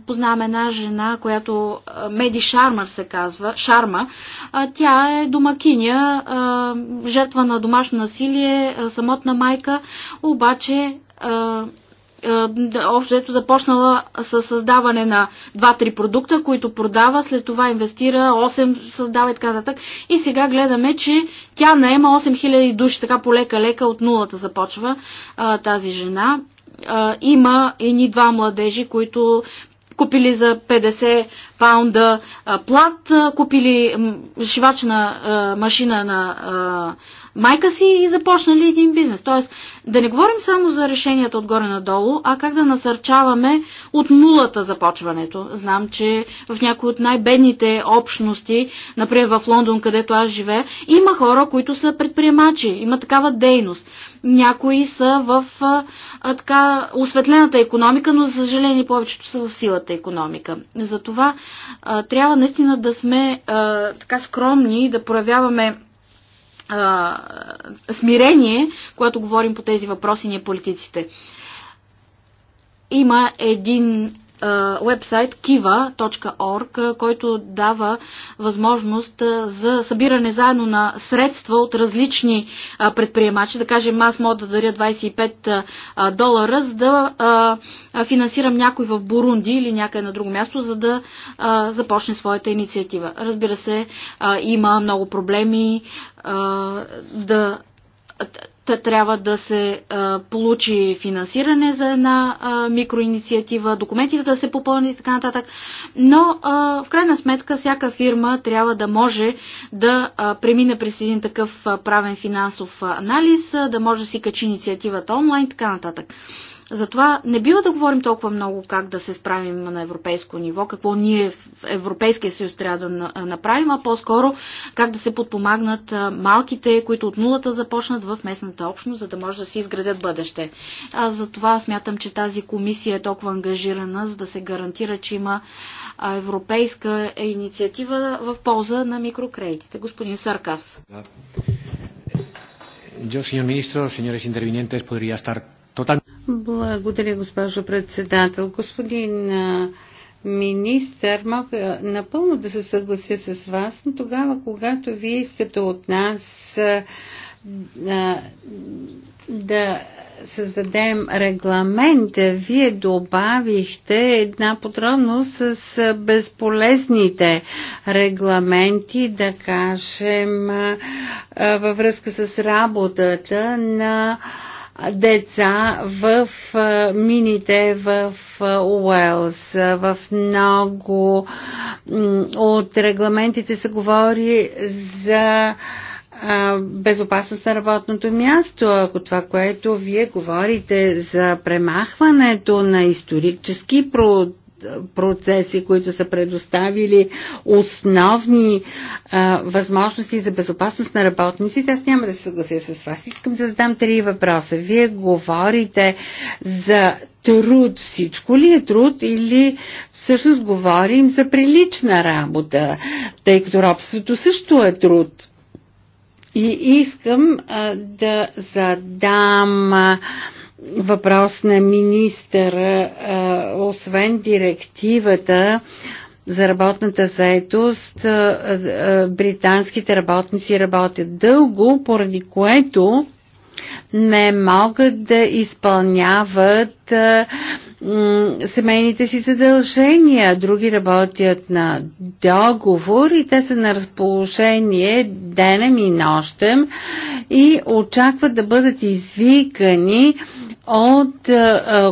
познавам познавам една жена, която Меди Шармар се казва, Шарма. Тя е домакиня, жертва на домашно насилие, самотна майка, обаче общо ето започнала с създаване на 2-3 продукта, които продава, след това инвестира 8, създава и така нататък. И сега гледаме, че тя наема 8000 души, така полека-лека от нулата започва тази жена. има едни два младежи, които купили за 50 паунда плат, купили шивачна машина на майка си и започнали един бизнес. Тоест, да не говорим само за решенията отгоре надолу, а как да насърчаваме от нулата започването. Знам, че в някои от най-бедните общности, например в Лондон, където аз живея, има хора, които са предприемачи, има такава дейност. Някои са в а, така осветлената економика, но за съжаление повечето са в силата економика. Затова а, трябва наистина да сме а, така скромни и да проявяваме а, смирение, когато говорим по тези въпроси ние политиците. Има един вебсайт kiva.org, който дава възможност за събиране заедно на средства от различни предприемачи. Да кажем, аз мога да даря 25 долара, за да финансирам някой в Бурунди или някъде на друго място, за да започне своята инициатива. Разбира се, има много проблеми да трябва да се а, получи финансиране за една а, микроинициатива, документите да се попълнят и така нататък. Но а, в крайна сметка всяка фирма трябва да може да а, премине през един такъв а, правен финансов анализ, а, да може да си качи инициативата онлайн и така нататък. Затова не бива да говорим толкова много как да се справим на европейско ниво, какво ние в Европейския съюз трябва да направим, а по-скоро как да се подпомагнат малките, които от нулата започнат в местната общност, за да може да си изградят бъдеще. А за това смятам, че тази комисия е толкова ангажирана, за да се гарантира, че има европейска инициатива в полза на микрокредитите. Господин Саркас. Yo, señor ministro, señores intervinientes, podría estar благодаря, госпожо председател. Господин министър, мога напълно да се съглася с вас, но тогава, когато вие искате от нас да, да създадем регламент, вие добавихте една подробност с безполезните регламенти, да кажем, във връзка с работата на деца в мините в Уелс. В много от регламентите се говори за безопасност на работното място, ако това, което вие говорите за премахването на исторически продукти, процеси, които са предоставили основни а, възможности за безопасност на работниците. Аз няма да се съглася с вас. Искам да задам три въпроса. Вие говорите за труд. Всичко ли е труд или всъщност говорим за прилична работа, тъй като робството също е труд? И искам а, да задам а, въпрос на министъра, освен директивата за работната заетост, британските работници работят дълго, поради което не могат да изпълняват семейните си задължения. Други работят на договор и те са на разположение денем и нощем и очакват да бъдат извикани от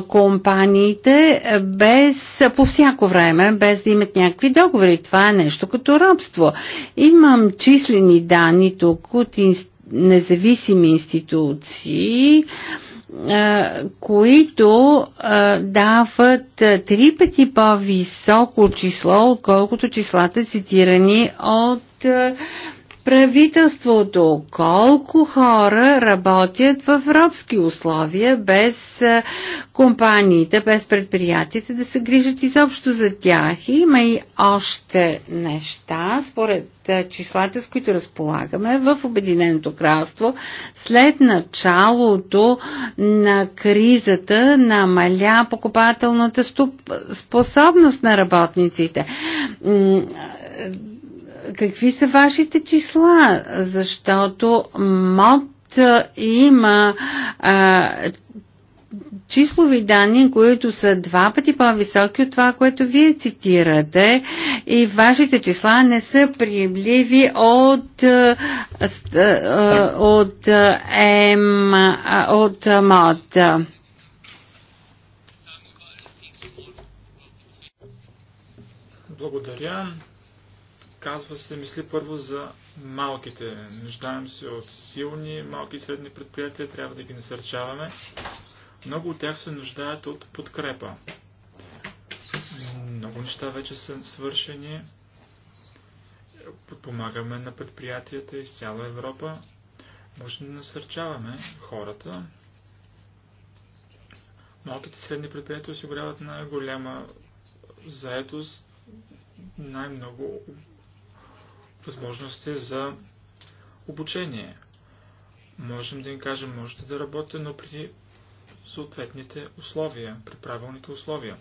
компаниите без, по всяко време, без да имат някакви договори. Това е нещо като робство. Имам числени данни тук от инст... независими институции, които дават три пъти по-високо число, отколкото числата цитирани от правителството, колко хора работят в робски условия без компаниите, без предприятията да се грижат изобщо за тях. Има и още неща, според числата, с които разполагаме в Обединеното кралство. След началото на кризата намаля покупателната способност на работниците какви са вашите числа? Защото МОД има а, числови данни, които са два пъти по-високи от това, което вие цитирате и вашите числа не са приемливи от, от, от, от МОД. Благодаря казва се, мисли първо за малките. Нуждаем се от силни малки и средни предприятия, трябва да ги насърчаваме. Много от тях се нуждаят от подкрепа. Много неща вече са свършени. Подпомагаме на предприятията из цяла Европа. Може да насърчаваме хората. Малките и средни предприятия осигуряват най-голяма заетост, най-много възможности за обучение. Можем да им кажем, можете да работите, но при съответните условия, при правилните условия.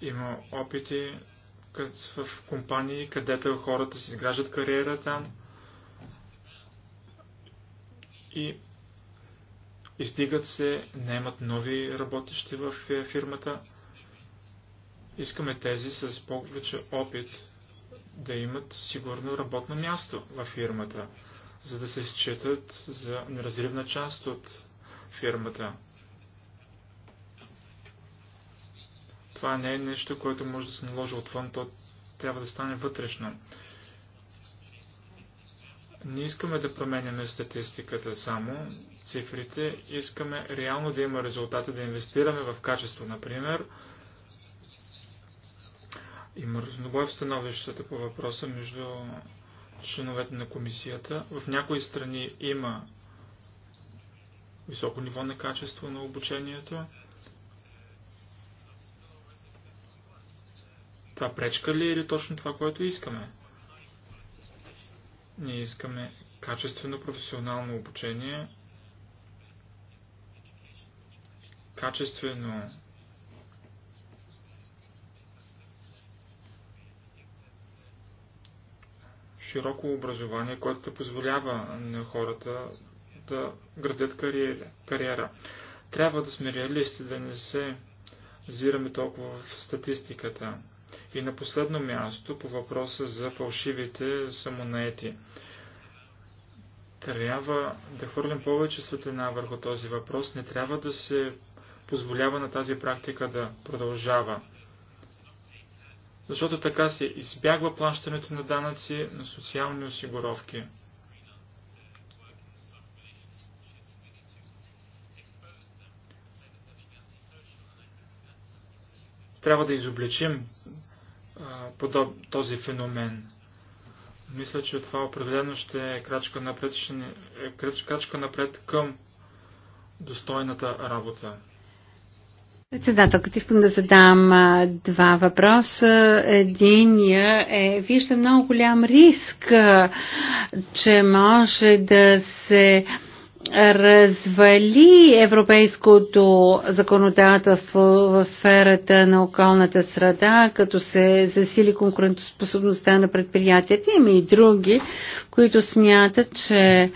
Има опити в компании, където хората си изграждат кариера там и Издигат се, наемат нови работещи в е, фирмата. Искаме тези с повече опит да имат сигурно работно място в фирмата, за да се считат за неразривна част от фирмата. Това не е нещо, което може да се наложи отвън, то трябва да стане вътрешно. Не искаме да променяме статистиката само, цифрите. Искаме реално да има резултати, да инвестираме в качество, например. Има разнобой в становищата по въпроса между членовете на комисията. В някои страни има високо ниво на качество на обучението. Това пречка ли е или точно това, което искаме? Ние искаме качествено професионално обучение, качествено широко образование, което да позволява на хората да градят кариера. кариера. Трябва да сме реалисти, да не се взираме толкова в статистиката. И на последно място по въпроса за фалшивите самонаети. Трябва да хвърлим повече светлина върху този въпрос. Не трябва да се позволява на тази практика да продължава. Защото така се избягва плащането на данъци на социални осигуровки. трябва да изобличим подоб, този феномен. Мисля, че това определено ще е крачка напред, ще не, крач, крачка напред към достойната работа. Председателката, искам да задам а, два въпроса. Единия е, вижда много голям риск, а, че може да се а, развали европейското законодателство в сферата на околната среда, като се засили конкурентоспособността на предприятията. Има и други, които смятат, че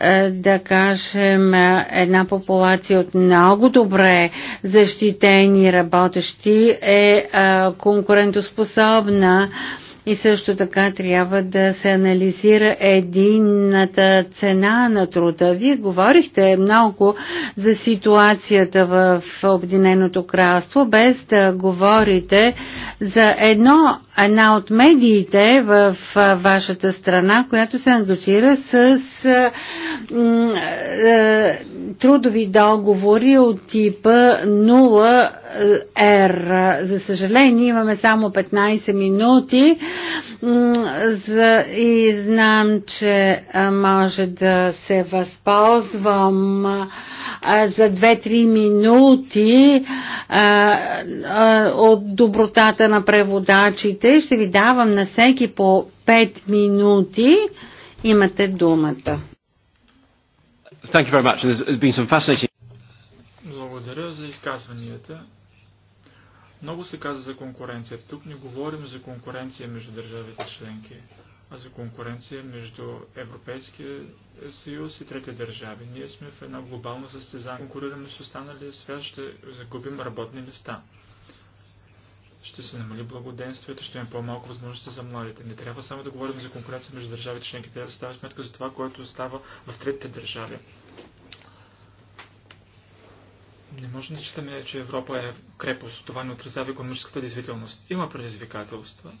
е, да кажем, една популация от много добре защитени работещи е, е конкурентоспособна и също така трябва да се анализира единната цена на труда. Вие говорихте много за ситуацията в Обединеното кралство, без да говорите за едно една от медиите в вашата страна, която се ангажира с трудови договори от типа 0R. За съжаление, имаме само 15 минути за, и знам, че може да се възползвам за 2-3 минути от добротата на преводачите искате, ще ви давам на всеки по 5 минути. Имате думата. Fascinating... Благодаря за изказванията. Много се каза за конкуренцията. Тук не говорим за конкуренция между държавите членки, а за конкуренция между Европейския съюз и трети държави. Ние сме в една глобална състезание. Конкурираме с останали свят, ще загубим работни места ще се намали благоденствието, ще има по-малко възможности за младите. Не трябва само да говорим за конкуренция между държавите членки, трябва да става сметка за това, което става в третите държави. Не може да считаме, че Европа е крепост. Това не отразява економическата действителност. Има предизвикателства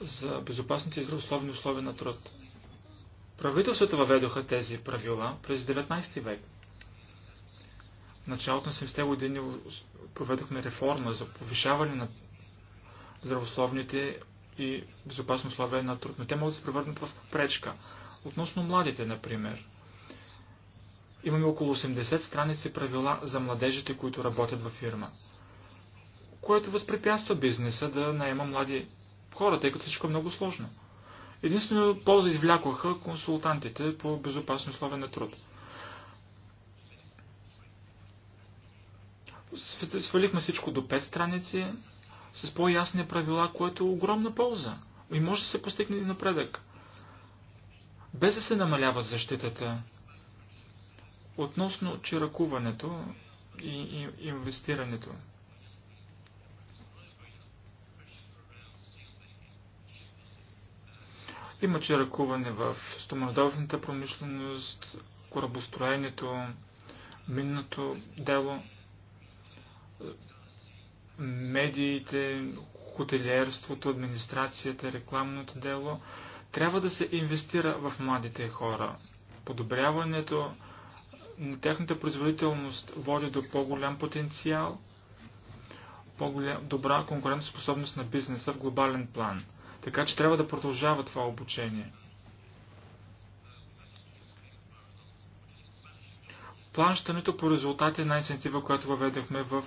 за безопасните и здравословни условия на труд. Правителствата въведоха тези правила през 19 век началото на 70-те години проведохме реформа за повишаване на здравословните и безопасни условия на труд, но те могат да се превърнат в пречка. Относно младите, например, имаме около 80 страници правила за младежите, които работят във фирма, което възпрепятства бизнеса да наема млади хора, тъй като всичко е много сложно. Единствено полза извлякоха консултантите по безопасни условия на труд – свалихме всичко до 5 страници с по-ясни правила, което е огромна полза. И може да се постигне и напредък. Без да се намалява защитата относно чиракуването и, и инвестирането. Има чиракуване в стоманодовната промишленост, корабостроението, минното дело – медиите, хотелиерството, администрацията, рекламното дело, трябва да се инвестира в младите хора. Подобряването на тяхната производителност води до по-голям потенциал, по-добра конкурентоспособност на бизнеса в глобален план. Така че трябва да продължава това обучение. Плащането по резултат е най инициатива, която въведохме в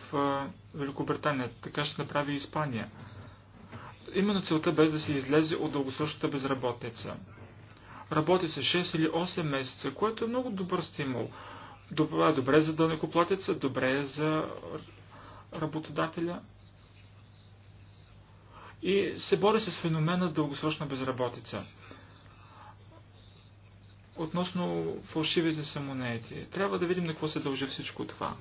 Великобритания. Така ще направи и Испания. Именно целта бе да се излезе от дългосрочната безработница. Работи се 6 или 8 месеца, което е много добър стимул. Добре, е добре за дълнекоплатеца, добре за работодателя. И се бори с феномена дългосрочна безработица. Относно фалшивите самонети, трябва да видим на какво се дължи всичко това.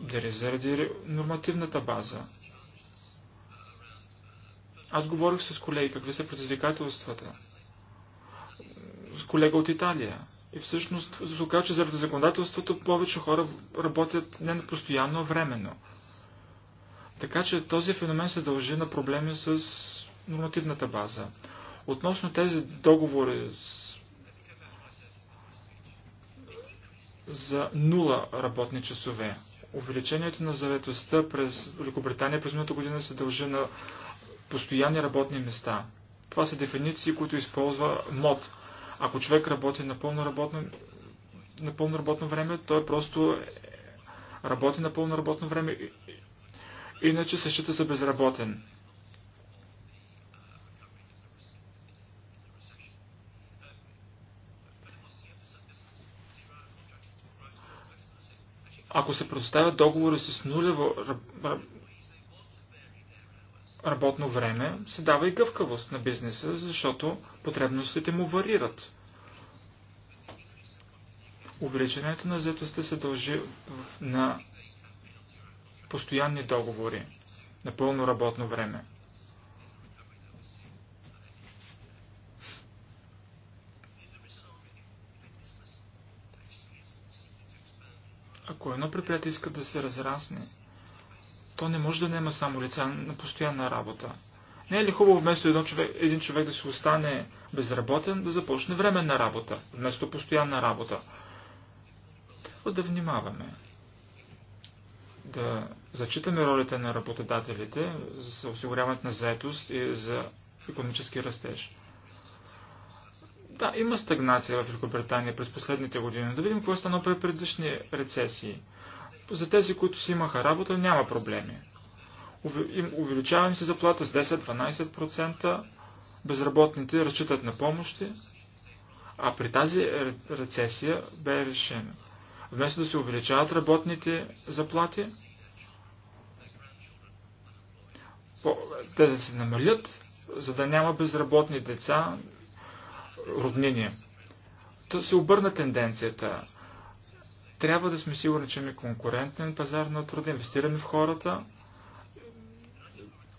Дали заради нормативната база. Аз говорих с колеги какви са предизвикателствата. С колега от Италия. И всъщност се че заради законодателството повече хора работят не на постоянно, а временно. Така че този феномен се дължи на проблеми с нормативната база. Относно тези договори за нула работни часове, увеличението на заветостта през Великобритания през миналата година се дължи на постоянни работни места. Това са дефиниции, които използва МОД. Ако човек работи на пълно работно, на пълно работно време, той просто работи на пълно работно време, иначе се счита за безработен. Ако се предоставят договори с нулево работно време, се дава и гъвкавост на бизнеса, защото потребностите му варират. Увеличението на заетостта се дължи на постоянни договори на пълно работно време. Ако едно предприятие иска да се разрасне, то не може да нема само лица на постоянна работа. Не е ли хубаво вместо един човек, един човек да се остане безработен, да започне временна работа, вместо постоянна работа? Трябва да внимаваме, да зачитаме ролите на работодателите за осигуряването на заетост и за економически растеж. Да, има стагнация в Великобритания през последните години. Да видим какво е станало при предишни рецесии. За тези, които си имаха работа, няма проблеми. Увеличаваме се заплата с 10-12%, безработните разчитат на помощи, а при тази рецесия бе решено. Вместо да се увеличават работните заплати, те да се намалят, за да няма безработни деца, роднини. То се обърна тенденцията. Трябва да сме сигурни, че ми конкурентен пазар на труда, инвестираме в хората,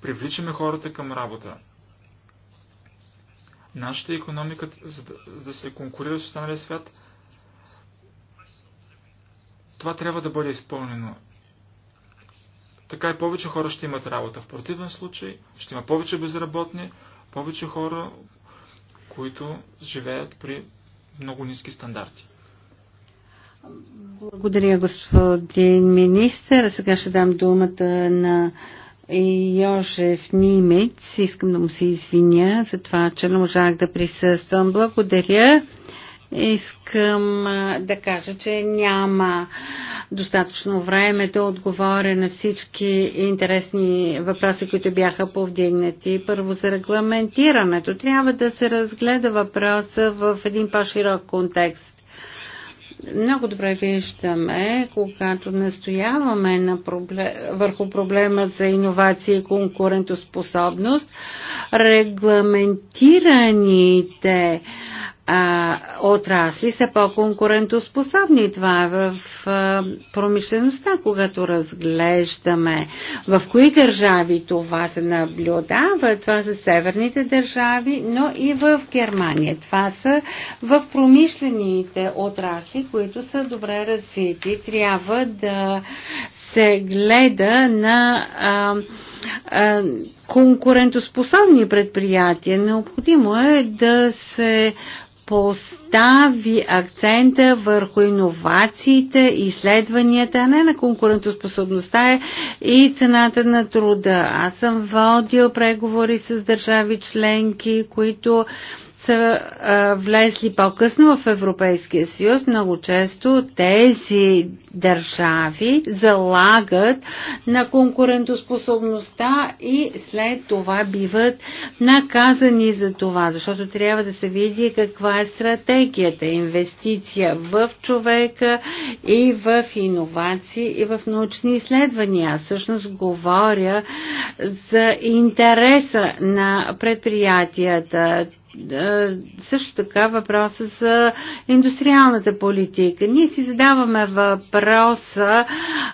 привличаме хората към работа. Нашата економика, за да, за да се конкурира с останалия свят, това трябва да бъде изпълнено. Така и повече хора ще имат работа. В противен случай ще има повече безработни, повече хора които живеят при много ниски стандарти. Благодаря, господин министър. Сега ще дам думата на Йожев Нимец. Искам да му се извиня за това, че не можах да присъствам. Благодаря. Искам да кажа, че няма достатъчно време да отговоря на всички интересни въпроси, които бяха повдигнати. Първо за регламентирането. Трябва да се разгледа въпроса в един по-широк контекст много добре виждаме, когато настояваме на проблем, върху проблема за иновация и конкурентоспособност, регламентираните а, отрасли са по-конкурентоспособни. Това е в а, промишлеността, когато разглеждаме в кои държави това се наблюдава. Това са северните държави, но и в Германия. Това са в промишлените отрасли, които са добре развити. Трябва да се гледа на а, а, конкурентоспособни предприятия. Необходимо е да се постави акцента върху иновациите, изследванията, а не на конкурентоспособността е и цената на труда. Аз съм водил преговори с държави членки, които са а, влезли по-късно в Европейския съюз, много често тези държави залагат на конкурентоспособността и след това биват наказани за това, защото трябва да се види каква е стратегията, инвестиция в човека и в иновации и в научни изследвания. Аз всъщност говоря за интереса на предприятията също така въпроса за индустриалната политика. Ние си задаваме въпроса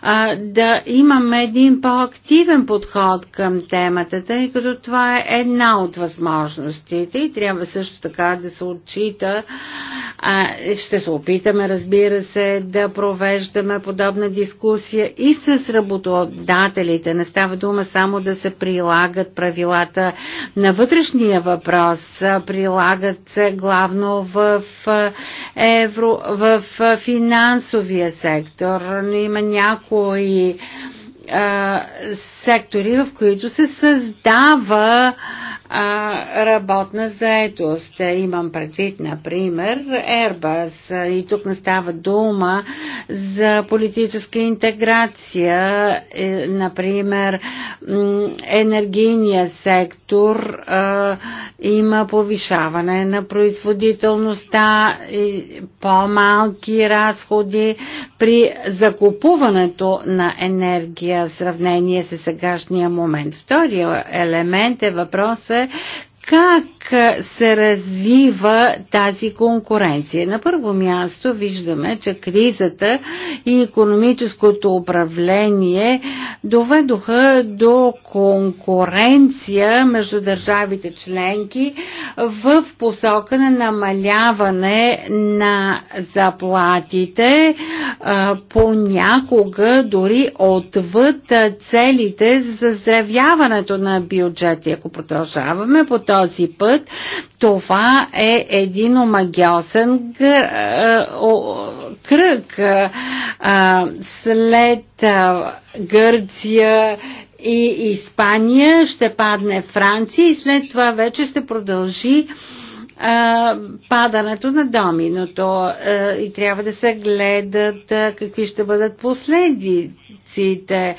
а, да имаме един по-активен подход към темата, тъй като това е една от възможностите и трябва също така да се отчита. А, ще се опитаме, разбира се, да провеждаме подобна дискусия и с работодателите. Не става дума само да се прилагат правилата на вътрешния въпрос, прилагат се главно в, е, евро, в е, финансовия сектор. Има някои сектори, в които се създава а, работна заетост. Имам предвид, например, Airbus. И тук не става дума за политическа интеграция, е, например, енергийния сектор а, има повишаване на производителността, по-малки разходи при закупуването на енергия в сравнение с сегашния момент. Втория елемент е въпросът как се развива тази конкуренция. На първо място виждаме, че кризата и економическото управление доведоха до конкуренция между държавите членки в посока на намаляване на заплатите, понякога дори отвъд целите за заздравяването на бюджети. Ако продължаваме по този този път. Това е един омагиосен е, кръг. Е, след е, Гърция и Испания ще падне Франция и след това вече ще продължи а, падането на доминото а, и трябва да се гледат а, какви ще бъдат последиците.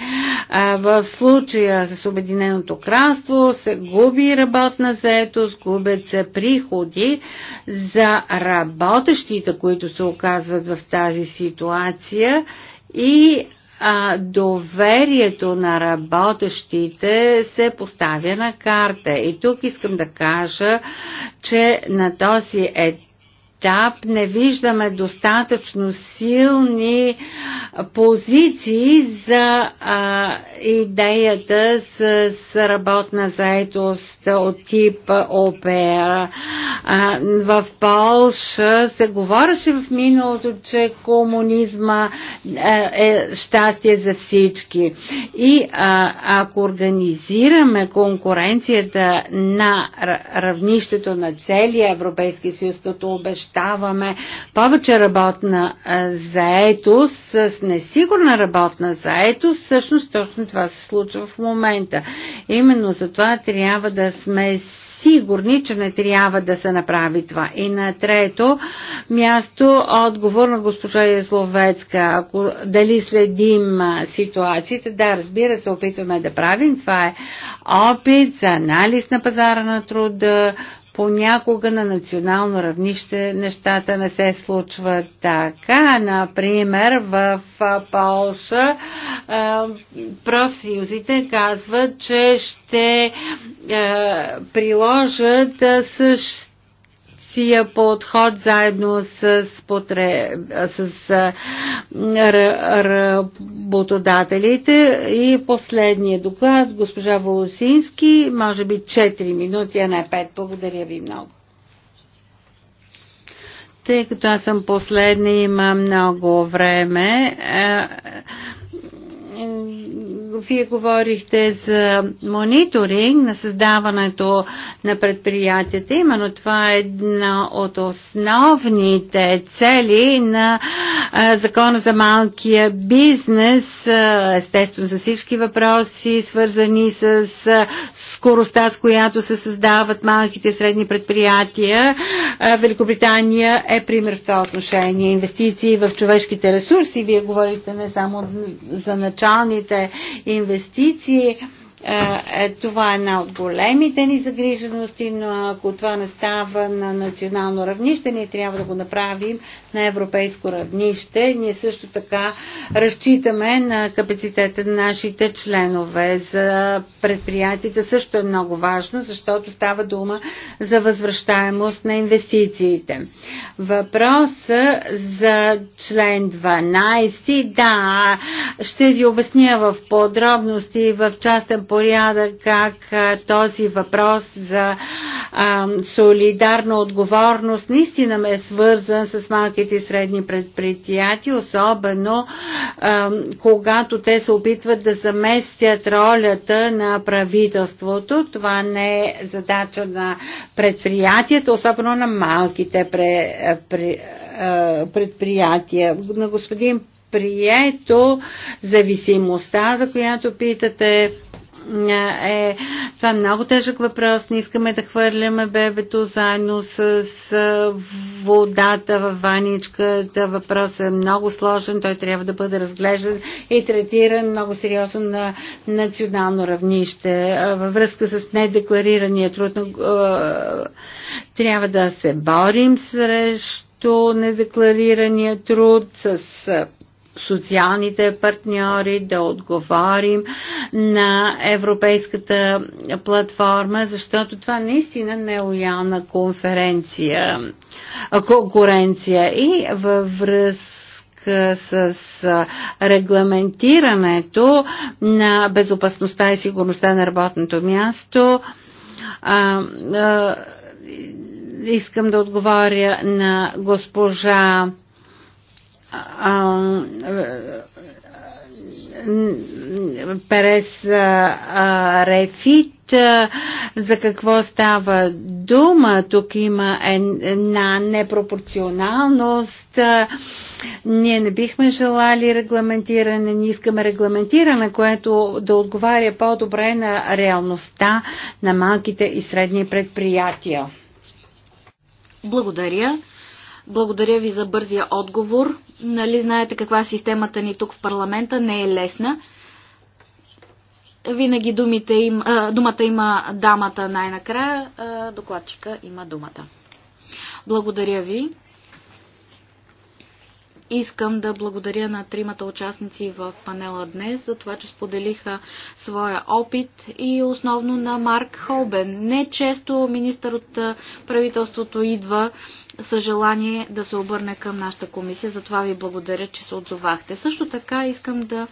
А, в случая с Обединеното кралство се губи работна заетост, губят се приходи за работещите, които се оказват в тази ситуация и а, доверието на работещите се поставя на карта. И тук искам да кажа, че на този етап етап не виждаме достатъчно силни позиции за а, идеята с, с работна заетост от тип ОПР. А, в Полша се говореше в миналото, че комунизма а, е щастие за всички. И а, ако организираме конкуренцията на равнището на целия Европейски съюз като обещание, ставаме повече работна заетост с несигурна работна заетост, всъщност точно това се случва в момента. Именно за това трябва да сме сигурни, че не трябва да се направи това. И на трето място отговор на госпожа Язловецка. Ако дали следим ситуацията, да, разбира се, опитваме да правим. Това е опит за анализ на пазара на труда, понякога на национално равнище нещата не се случват така. Например, в Полша профсъюзите казват, че ще приложат същ комисия подход заедно с, потре, с работодателите. И последния доклад, госпожа Волосински, може би 4 минути, а не 5. Благодаря ви много. Тъй като аз съм последна, имам много време вие говорихте за мониторинг на създаването на предприятията. Именно това е една от основните цели на Закона за малкия бизнес. Естествено, за всички въпроси, свързани с скоростта, с която се създават малките и средни предприятия. Великобритания е пример в това отношение. Инвестиции в човешките ресурси. Вие говорите не само за началните инвестиции е, е, това е една от големите ни загрижености, но ако това не става на национално равнище, ние трябва да го направим на европейско равнище. Ние също така разчитаме на капацитета на нашите членове. За предприятията също е много важно, защото става дума за възвръщаемост на инвестициите. Въпрос за член 12. Да, ще ви обясня в подробности в частен порядък как този въпрос за а, солидарна отговорност наистина ме е свързан с малките и средни предприятия, особено а, когато те се опитват да заместят ролята на правителството. Това не е задача на предприятията, особено на малките предприятия. На господин прието зависимостта, за която питате, е, това е много тежък въпрос. Не искаме да хвърляме бебето заедно с водата във ваничката. Въпросът е много сложен. Той трябва да бъде разглеждан и третиран много сериозно на национално равнище. Е, във връзка с недекларирания труд е, трябва да се борим срещу недекларирания труд с социалните партньори, да отговорим на европейската платформа, защото това наистина не е лоялна конференция, конкуренция и във връзка с регламентирането на безопасността и сигурността на работното място. А, а, искам да отговоря на госпожа Перес Рефит за какво става дума. Тук има една непропорционалност. Ние не бихме желали регламентиране, не искаме регламентиране, което да отговаря по-добре на реалността на малките и средни предприятия. Благодаря. Благодаря ви за бързия отговор. Нали знаете каква е системата ни тук в парламента? Не е лесна. Винаги думите им, а, думата има дамата най-накрая, докладчика има думата. Благодаря ви. Искам да благодаря на тримата участници в панела днес за това, че споделиха своя опит и основно на Марк Холбен. Не често министър от правителството идва с желание да се обърне към нашата комисия. Затова ви благодаря, че се отзовахте. Също така искам да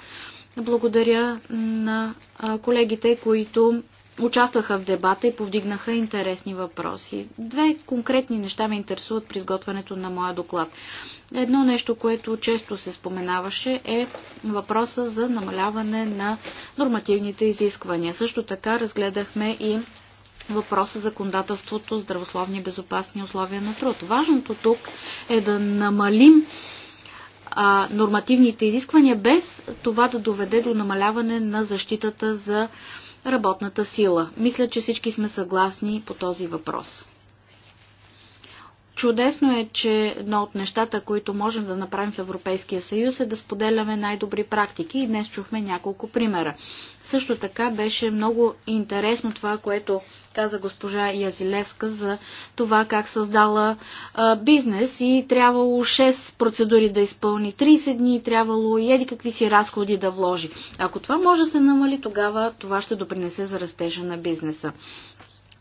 благодаря на колегите, които участваха в дебата и повдигнаха интересни въпроси. Две конкретни неща ме интересуват при изготвянето на моя доклад. Едно нещо, което често се споменаваше е въпроса за намаляване на нормативните изисквания. Също така разгледахме и въпроса за кондателството, здравословни и безопасни условия на труд. Важното тук е да намалим а, нормативните изисквания без това да доведе до намаляване на защитата за а, работната сила. Мисля, че всички сме съгласни по този въпрос. Чудесно е, че едно от нещата, които можем да направим в Европейския съюз е да споделяме най-добри практики и днес чухме няколко примера. Също така беше много интересно това, което каза госпожа Язилевска за това как създала а, бизнес и трябвало 6 процедури да изпълни 30 дни, трябвало и еди какви си разходи да вложи. Ако това може да се намали, тогава това ще допринесе за растежа на бизнеса.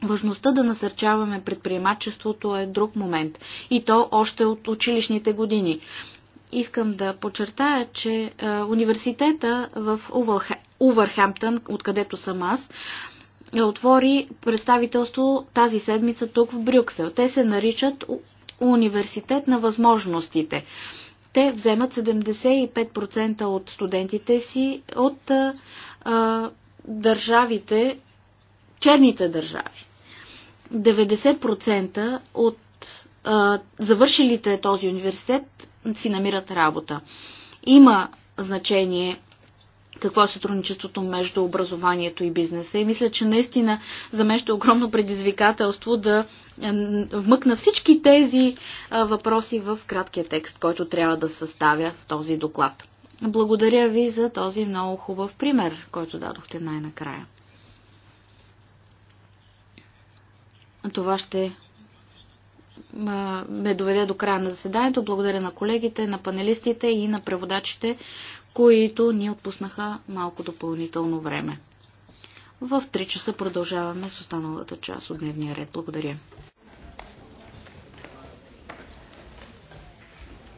Важността да насърчаваме предприемачеството е друг момент и то още от училищните години. Искам да подчертая, че е, университета в Увърхемптън, откъдето съм аз, отвори представителство тази седмица тук в Брюксел. Те се наричат Университет на възможностите. Те вземат 75% от студентите си от е, е държавите, черните държави. 90% от а, завършилите този университет си намират работа. Има значение какво е сътрудничеството между образованието и бизнеса. И мисля, че наистина за мен ще е огромно предизвикателство да вмъкна всички тези въпроси в краткия текст, който трябва да съставя в този доклад. Благодаря ви за този много хубав пример, който дадохте най-накрая. Това ще ме доведе до края на заседанието. Благодаря на колегите, на панелистите и на преводачите, които ни отпуснаха малко допълнително време. В 3 часа продължаваме с останалата част от дневния ред. Благодаря.